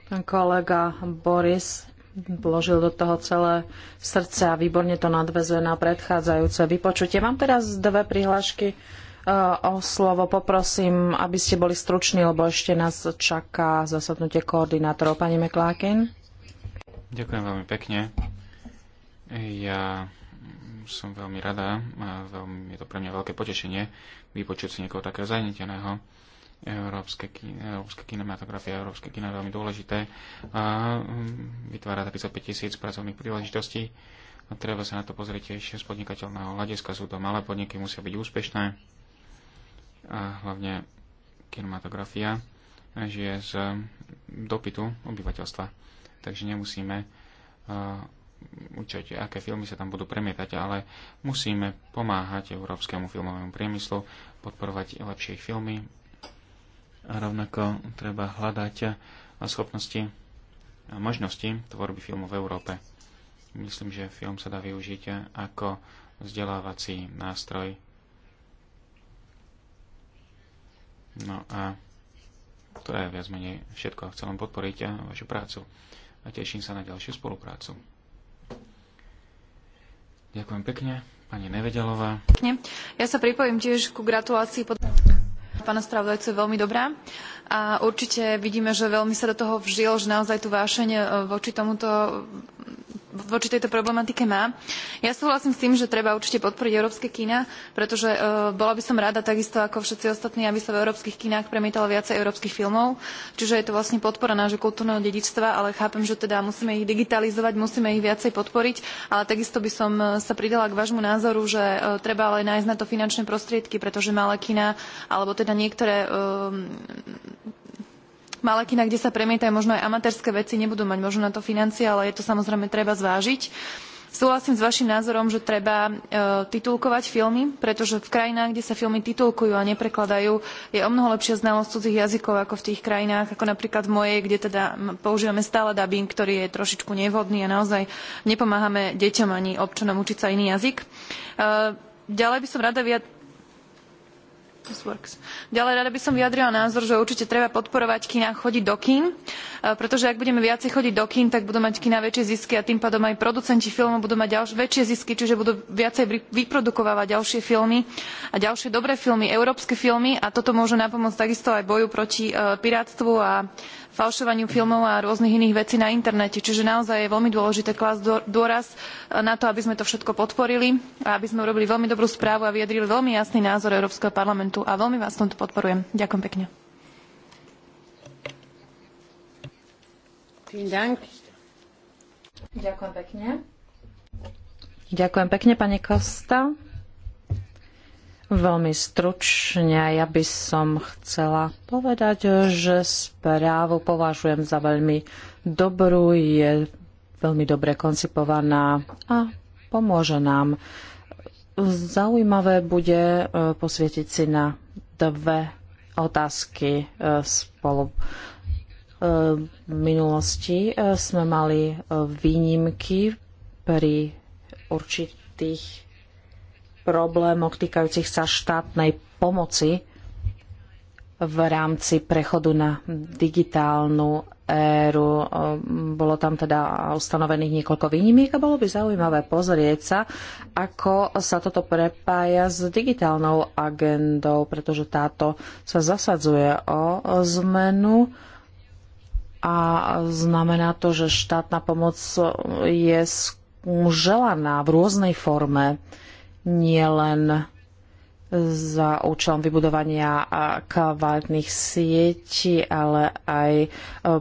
Pán kolega Boris vložil do toho celé srdce a výborne to nadvezuje na predchádzajúce vypočutie. Mám teraz dve prihlášky o slovo. Poprosím, aby ste boli struční, lebo ešte nás čaká zasadnutie koordinátorov. Pani Mekláken. Ďakujem veľmi pekne. Ja som veľmi rada a veľmi, je to pre mňa veľké potešenie vypočuť si niekoho takého zanieteného. Európske, európske kinematografie, európske kino je veľmi dôležité a mm, vytvára 35 tisíc pracovných príležitostí a treba sa na to pozrieť ešte z podnikateľného hľadiska. Sú to malé podniky, musia byť úspešné a hlavne kinematografia žije z dopytu obyvateľstva. Takže nemusíme učiť, uh, aké filmy sa tam budú premietať, ale musíme pomáhať európskemu filmovému priemyslu, podporovať lepšie ich filmy a rovnako treba hľadať uh, schopnosti a možnosti tvorby filmu v Európe. Myslím, že film sa dá využiť ako vzdelávací nástroj No a to je viac menej všetko. Chcem len podporiť a vašu prácu a teším sa na ďalšiu spoluprácu. Ďakujem pekne, pani Nevedelová. Ja sa pripojím tiež ku gratulácii pod pána spravodajcu je veľmi dobrá a určite vidíme, že veľmi sa do toho vžil, že naozaj tu vášeň e, voči tomuto voči tejto problematike má. Ja súhlasím s tým, že treba určite podporiť európske kína, pretože e, bola by som rada takisto ako všetci ostatní, aby sa v európskych kinách premietalo viacej európskych filmov. Čiže je to vlastne podpora nášho kultúrneho dedičstva, ale chápem, že teda musíme ich digitalizovať, musíme ich viacej podporiť, ale takisto by som e, sa pridala k vášmu názoru, že e, treba ale nájsť na to finančné prostriedky, pretože malé kina alebo teda niektoré malé kina, kde sa premietajú možno aj amatérske veci, nebudú mať možno na to financie, ale je to samozrejme treba zvážiť. Súhlasím s vašim názorom, že treba e, titulkovať filmy, pretože v krajinách, kde sa filmy titulkujú a neprekladajú, je omnoho lepšia znalosť cudzích jazykov ako v tých krajinách, ako napríklad v mojej, kde teda používame stále dubbing, ktorý je trošičku nevhodný a naozaj nepomáhame deťom ani občanom učiť sa iný jazyk. E, ďalej by som rada Ďalej rada by som vyjadrila názor, že určite treba podporovať kina chodiť do kín, e, pretože ak budeme viacej chodiť do kín, tak budú mať kina väčšie zisky a tým pádom aj producenti filmov budú mať väčšie zisky, čiže budú viacej vyprodukovať ďalšie filmy a ďalšie dobré filmy, európske filmy a toto môže napomôcť takisto aj boju proti e, pirátstvu a falšovaniu filmov a rôznych iných vecí na internete. Čiže naozaj je veľmi dôležité klásť dôraz eh, na to, aby sme to všetko podporili a aby sme urobili veľmi dobrú správu a vyjadrili veľmi jasný názor Európskeho parlamentu. A veľmi vás v tomto podporujem. Ďakujem pekne. Ďakujem pekne. Ďakujem pekne, pani Kosta. Veľmi stručne ja by som chcela povedať, že správu považujem za veľmi dobrú, je veľmi dobre koncipovaná a pomôže nám. Zaujímavé bude e, posvietiť si na dve otázky e, spolu. E, v minulosti sme mali výnimky pri určitých problémoch týkajúcich sa štátnej pomoci v rámci prechodu na digitálnu éru. Bolo tam teda ustanovených niekoľko výnimiek a bolo by zaujímavé pozrieť sa, ako sa toto prepája s digitálnou agendou, pretože táto sa zasadzuje o zmenu a znamená to, že štátna pomoc je želaná v rôznej forme nielen za účelom vybudovania kvalitných sietí, ale aj e,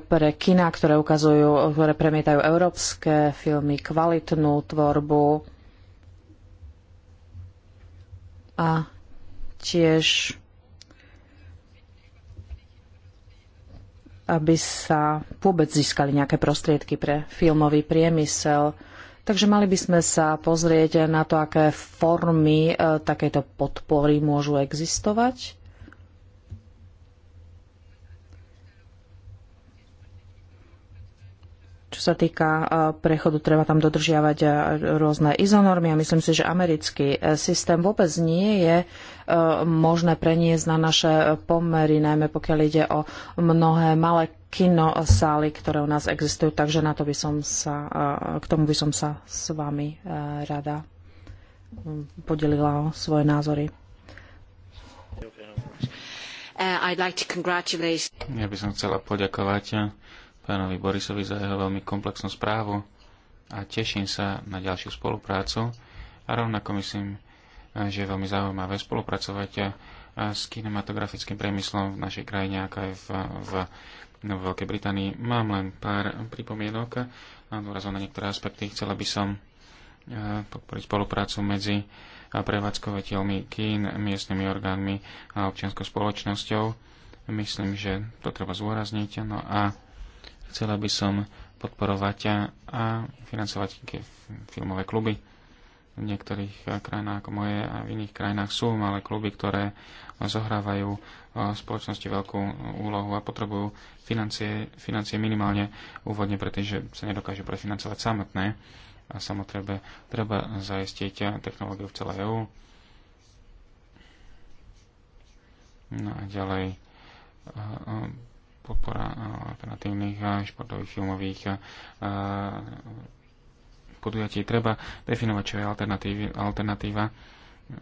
pre kina, ktoré ukazujú, ktoré premietajú európske filmy, kvalitnú tvorbu a tiež aby sa vôbec získali nejaké prostriedky pre filmový priemysel. Takže mali by sme sa pozrieť na to, aké formy e, takéto podpory môžu existovať. Čo sa týka e, prechodu, treba tam dodržiavať e, rôzne izonormy a myslím si, že americký e, systém vôbec nie je možné preniesť na naše pomery, najmä pokiaľ ide o mnohé malé kinosály, ktoré u nás existujú, takže na to by som sa, k tomu by som sa s vami rada podelila o svoje názory. Uh, ja by som chcela poďakovať pánovi Borisovi za jeho veľmi komplexnú správu a teším sa na ďalšiu spoluprácu a rovnako myslím, že je veľmi zaujímavé spolupracovať s kinematografickým priemyslom v našej krajine, ako aj v, v, v Veľkej Británii. Mám len pár pripomienok a dôrazov na niektoré aspekty. Chcela by som eh, podporiť spoluprácu medzi prevádzkovateľmi kín, miestnymi orgánmi a občianskou spoločnosťou. Myslím, že to treba zúrazniť. No a Chcela by som podporovať a financovať filmové kluby. V niektorých eh, krajinách ako moje a v iných krajinách sú malé kluby, ktoré eh, zohrávajú eh, v spoločnosti veľkú úlohu a potrebujú financie, financie minimálne úvodne, pretože sa nedokážu prefinancovať samotné a samotrebe treba zaistiť technológiu v celej EU. No a ďalej podpora eh, alternatívnych eh, športových filmových eh, podujatí. Treba definovať, čo je alternatíva.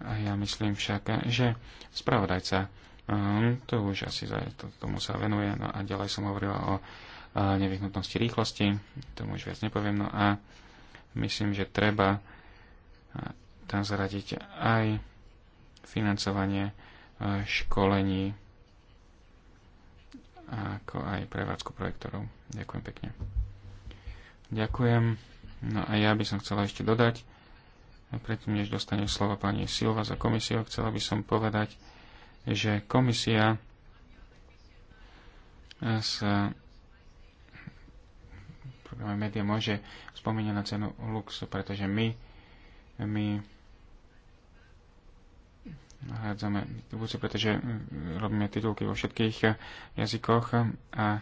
A ja myslím však, že spravodajca ehm, to už asi za, to, tomu sa venuje. No a ďalej som hovorila o nevyhnutnosti rýchlosti. Tomu už viac nepoviem. No a myslím, že treba tam zaradiť aj financovanie školení ako aj prevádzku projektorov. Ďakujem pekne. Ďakujem. No a ja by som chcela ešte dodať, a predtým, než dostane slova pani Silva za komisiu, chcela by som povedať, že komisia sa programe média môže spomínať na cenu Lux, pretože my, my Nahádzame distribúciu, pretože mm, robíme titulky vo všetkých eh, jazykoch eh, a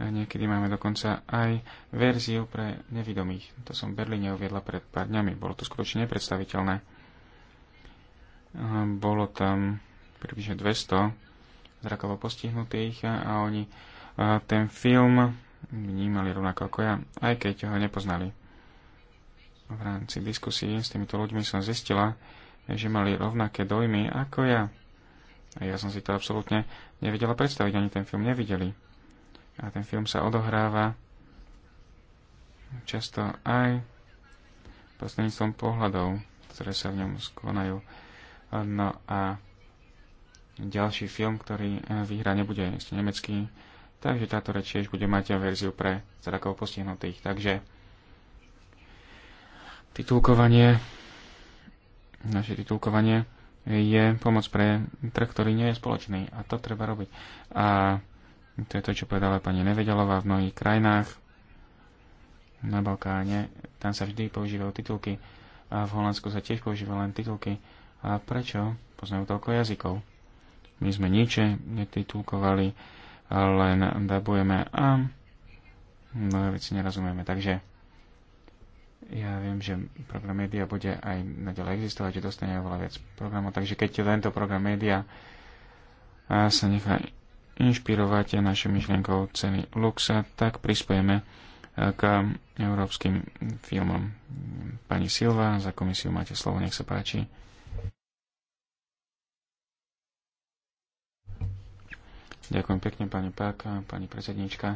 niekedy máme dokonca aj verziu pre nevidomých. To som v Berlíne uviedla pred pár dňami. Bolo to skutočne nepredstaviteľné. Eh, bolo tam približne 200 zrakovo postihnutých a oni ten film vnímali rovnako ako ja, aj keď ho nepoznali. V rámci diskusí s týmito ľuďmi som zistila, že mali rovnaké dojmy ako ja. A ja som si to absolútne nevedela predstaviť, ani ten film nevideli. A ten film sa odohráva často aj prostredníctvom pohľadov, ktoré sa v ňom skonajú. No a ďalší film, ktorý e, vyhrá, nebude ešte nemecký, takže táto reč tiež bude mať verziu pre zrakov postihnutých. Takže titulkovanie naše titulkovanie je pomoc pre trh, ktorý nie je spoločný. A to treba robiť. A to je to, čo povedala pani Nevedelová v mnohých krajinách na Balkáne. Tam sa vždy používajú titulky. A v Holandsku sa tiež používajú len titulky. A prečo? Poznajú toľko jazykov. My sme nič netitulkovali, len dabujeme a mnohé veci nerozumieme. Takže ja viem, že program media bude aj naďalej existovať, že dostane oveľa viac programov, takže keď tento program media sa nechá inšpirovať našou myšlienkou ceny Luxa, tak prispojeme k európskym filmom. Pani Silva, za komisiu máte slovo, nech sa páči. Ďakujem pekne, pani Páka, pani predsednička.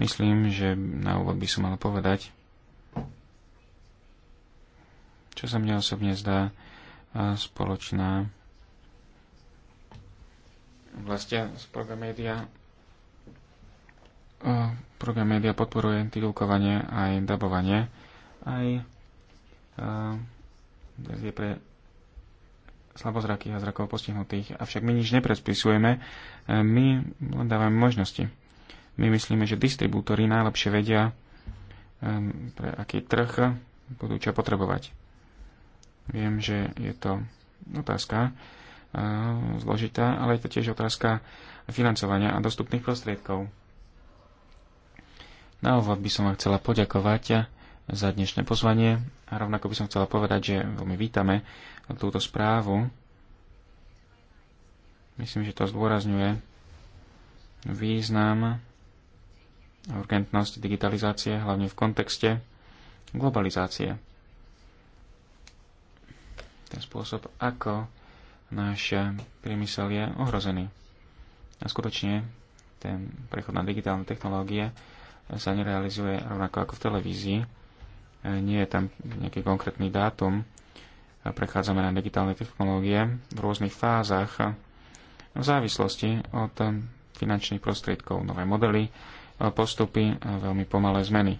Myslím, že na úvod by som mal povedať, čo sa mne osobne zdá e, spoločná vlastne program média e, program média podporuje titulkovanie aj dabovanie aj e, je pre slabozrakých a zrakov postihnutých. Avšak my nič neprespisujeme, my len dávame možnosti. My myslíme, že distribútory najlepšie vedia, pre aký trh budú čo potrebovať. Viem, že je to otázka e, zložitá, ale je to tiež otázka financovania a dostupných prostriedkov. Na úvod by som vám chcela poďakovať za dnešné pozvanie a rovnako by som chcela povedať, že veľmi vítame túto správu. Myslím, že to zdôrazňuje význam a urgentnosť digitalizácie, hlavne v kontexte globalizácie ten spôsob, ako náš priemysel je ohrozený. A skutočne ten prechod na digitálne technológie sa nerealizuje rovnako ako v televízii. Nie je tam nejaký konkrétny dátum. Prechádzame na digitálne technológie v rôznych fázach v závislosti od finančných prostriedkov, nové modely, postupy a veľmi pomalé zmeny.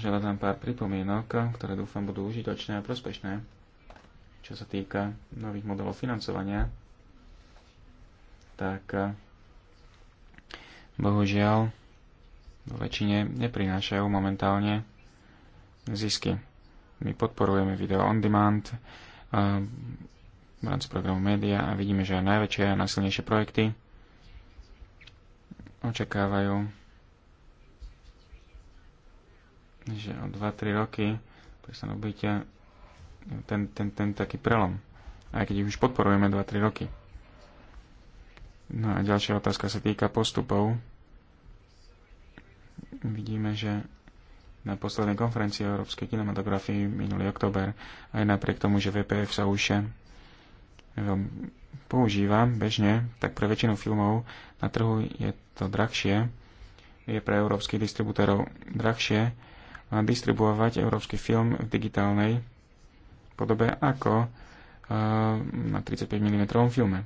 Želám vám pár pripomienok, ktoré dúfam budú užitočné a prospešné, čo sa týka nových modelov financovania. Tak eh, bohužiaľ vo väčšine neprinášajú momentálne zisky. My podporujeme video on demand eh, v rámci programu Media a vidíme, že aj najväčšie a najsilnejšie projekty očakávajú že o 2-3 roky prestanú byť eh, ten, ten, ten taký prelom, aj keď ich už podporujeme 2-3 roky. No a ďalšia otázka sa týka postupov. Vidíme, že na poslednej konferencii o európskej kinematografii minulý október, aj napriek tomu, že VPF sa už eh, používa bežne, tak pre väčšinu filmov na trhu je to drahšie, je pre európskych distribútorov drahšie distribuovať európsky film v digitálnej podobe ako eh, na 35 mm filme.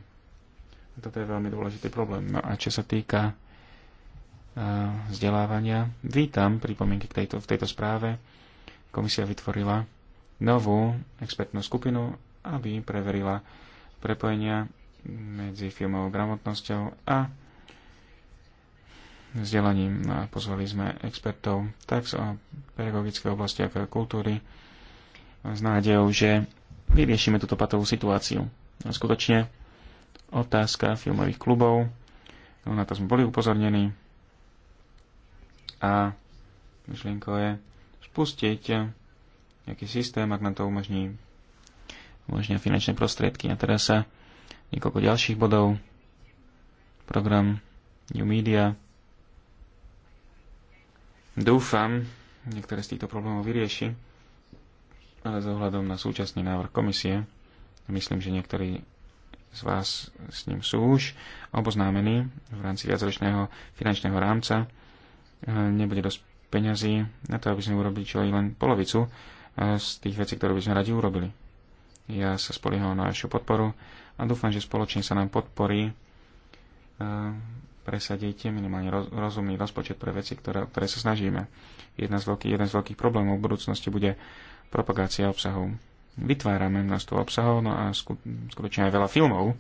Toto je veľmi dôležitý problém. No a čo sa týka eh, vzdelávania, vítam pripomienky k tejto, v tejto správe. Komisia vytvorila novú expertnú skupinu, aby preverila prepojenia medzi filmovou gramotnosťou a vzdelaním. Pozvali sme expertov tak z pedagogickej oblasti, ako aj kultúry, s nádejou, že vyriešime túto patovú situáciu. A skutočne otázka filmových klubov, na to sme boli upozornení a myšlienko je spustiť nejaký systém, ak nám to umožní umožnia finančné prostriedky. A teraz sa niekoľko ďalších bodov. Program New Media Dúfam, niektoré z týchto problémov vyrieši, ale zohľadom ohľadom na súčasný návrh komisie, myslím, že niektorí z vás s ním sú už oboznámení v rámci viacročného finančného rámca. E, nebude dosť peňazí na to, aby sme urobili čo len polovicu e, z tých vecí, ktoré by sme radi urobili. Ja sa spolieham na vašu podporu a dúfam, že spoločne sa nám podporí e, presadiť minimálne rozumný rozpočet pre veci, ktoré, ktoré sa snažíme. Jedna z veľký, jeden z veľkých problémov v budúcnosti bude propagácia obsahu. Vytvárame množstvo obsahov, no a skutočne aj veľa filmov,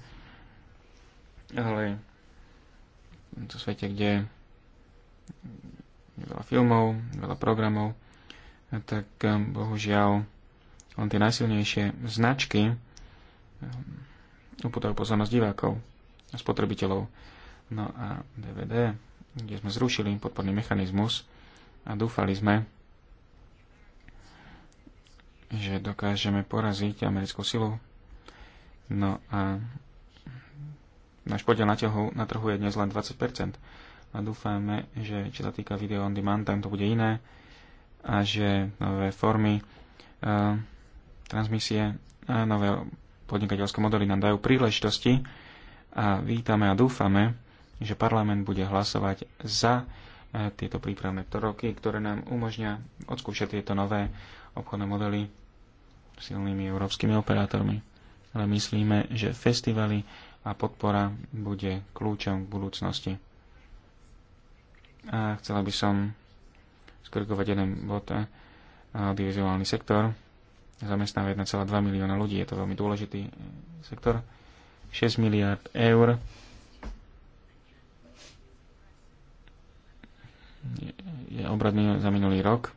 ale v svete, kde je veľa filmov, veľa programov, tak um, bohužiaľ len tie najsilnejšie značky um, upotajú pozornosť divákov a spotrebiteľov. No a DVD, kde sme zrušili podporný mechanizmus a dúfali sme, že dokážeme poraziť americkú silu. No a náš podiel na, tehu, na trhu je dnes len 20%. A dúfame, že čo sa týka video on demand, tam to bude iné a že nové formy uh, transmisie a nové podnikateľské modely nám dajú príležitosti a vítame a dúfame, že parlament bude hlasovať za e, tieto prípravné roky, ktoré nám umožňa odskúšať tieto nové obchodné modely silnými európskymi operátormi. Ale myslíme, že festivaly a podpora bude kľúčom k budúcnosti. A chcela by som skrkovať jeden bod e, audiovizuálny sektor. Zamestnáva 1,2 milióna ľudí, je to veľmi dôležitý e, sektor. 6 miliard eur je obradný za minulý rok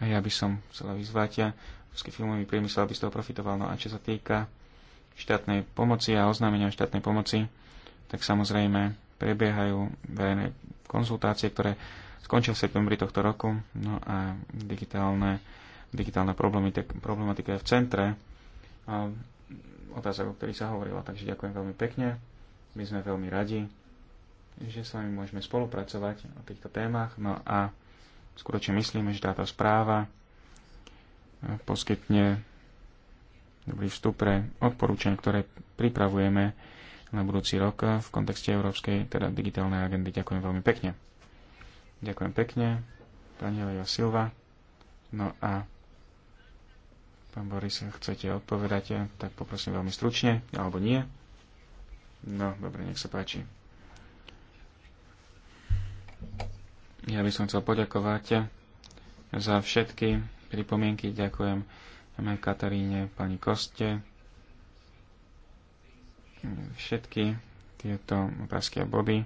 a ja by som chcela vyzvať ruský filmový priemysel, aby z toho profitoval. No a čo sa týka štátnej pomoci a oznámenia štátnej pomoci, tak samozrejme prebiehajú verejné konzultácie, ktoré skončia v septembri tohto roku. No a digitálne, digitálna problematika je v centre otázok, o ktorých sa hovorilo. Takže ďakujem veľmi pekne. My sme veľmi radi že s vami môžeme spolupracovať o týchto témach. No a skutočne myslíme, že táto správa e, poskytne dobrý vstup pre odporúčania, ktoré pripravujeme na budúci rok v kontexte európskej, teda digitálnej agendy. Ďakujem veľmi pekne. Ďakujem pekne, pani Eleva Silva. No a pán Boris, chcete odpovedať, tak poprosím veľmi stručne, alebo nie. No, dobre, nech sa páči. Ja by som chcel poďakovať za všetky pripomienky. Ďakujem aj Kataríne, pani Koste. Všetky tieto otázky a body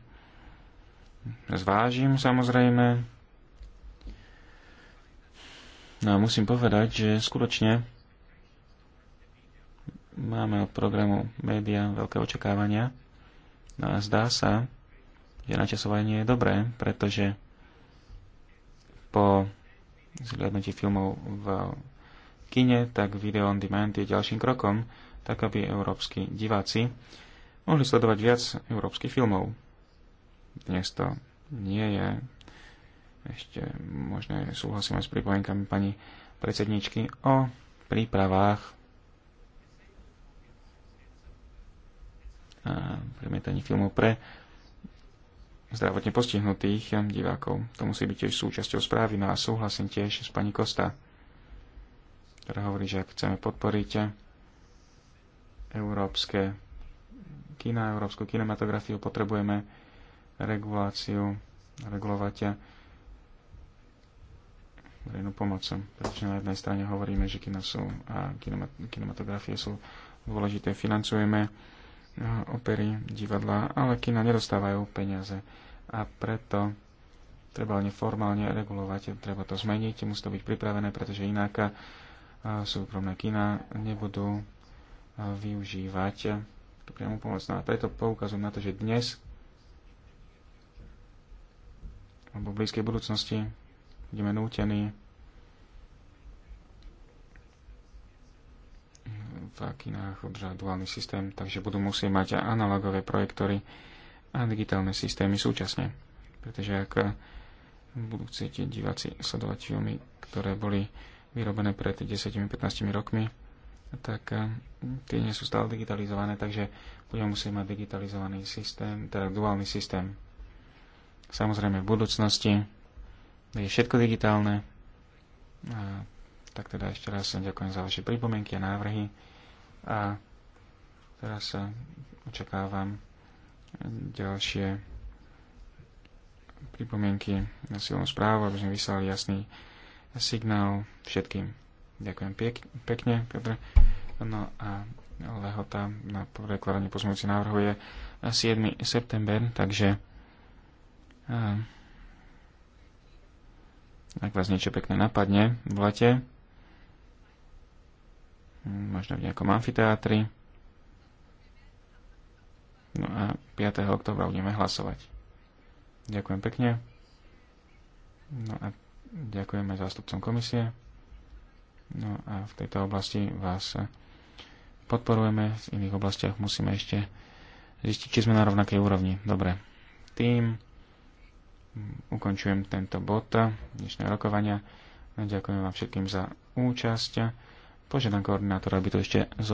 zvážim samozrejme. No a musím povedať, že skutočne máme od programu média veľké očakávania. No a zdá sa, že načasovanie je dobré, pretože po zhľadnutí filmov v kine, tak video on demand je ďalším krokom, tak aby európsky diváci mohli sledovať viac európskych filmov. Dnes to nie je ešte možno súhlasím aj s pripomienkami pani predsedničky o prípravách a premietaní filmov pre zdravotne postihnutých eh, divákov. To musí byť tiež súčasťou správy. No a súhlasím tiež s pani Kosta, ktorá hovorí, že ak chceme podporiť eh, európske kina, európsku kinematografiu, potrebujeme reguláciu, regulovať eh, verejnú pomocou. Pretože na jednej strane hovoríme, že kina sú a kinematografie sú dôležité, financujeme opery, divadla, ale kina nedostávajú peniaze a preto treba neformálne regulovať, treba to zmeniť, musí to byť pripravené, pretože inak súkromné kina nebudú využívať tú priamu pomoc. No a preto poukazujem na to, že dnes alebo v blízkej budúcnosti budeme nútení v kinách udržať duálny systém, takže budú musieť mať analogové projektory, a digitálne systémy súčasne. Pretože ak budú chcieť diváci sledovať filmy, ktoré boli vyrobené pred 10-15 rokmi, tak eh, tie nie sú stále digitalizované, takže budeme musieť mať digitalizovaný systém, teda duálny systém. Samozrejme v budúcnosti je všetko digitálne. A, tak teda ešte raz ďakujem za vaše pripomienky a návrhy a teraz sa eh, očakávam ďalšie pripomienky na silnú správu, aby sme vyslali jasný signál všetkým. Ďakujem piek- pekne, Petr. No a lehota na prekladanie pozmúci návrhu je 7. september, takže a, ak vás niečo pekné napadne v lete, možno v nejakom amfiteátri, No a 5. oktobra budeme hlasovať. Ďakujem pekne. No a ďakujeme zástupcom komisie. No a v tejto oblasti vás podporujeme, v iných oblastiach musíme ešte zistiť, či sme na rovnakej úrovni. Dobre, tým ukončujem tento bod dnešného rokovania. Ďakujem vám všetkým za účasť. Požiadam koordinátora, aby to ešte zostal.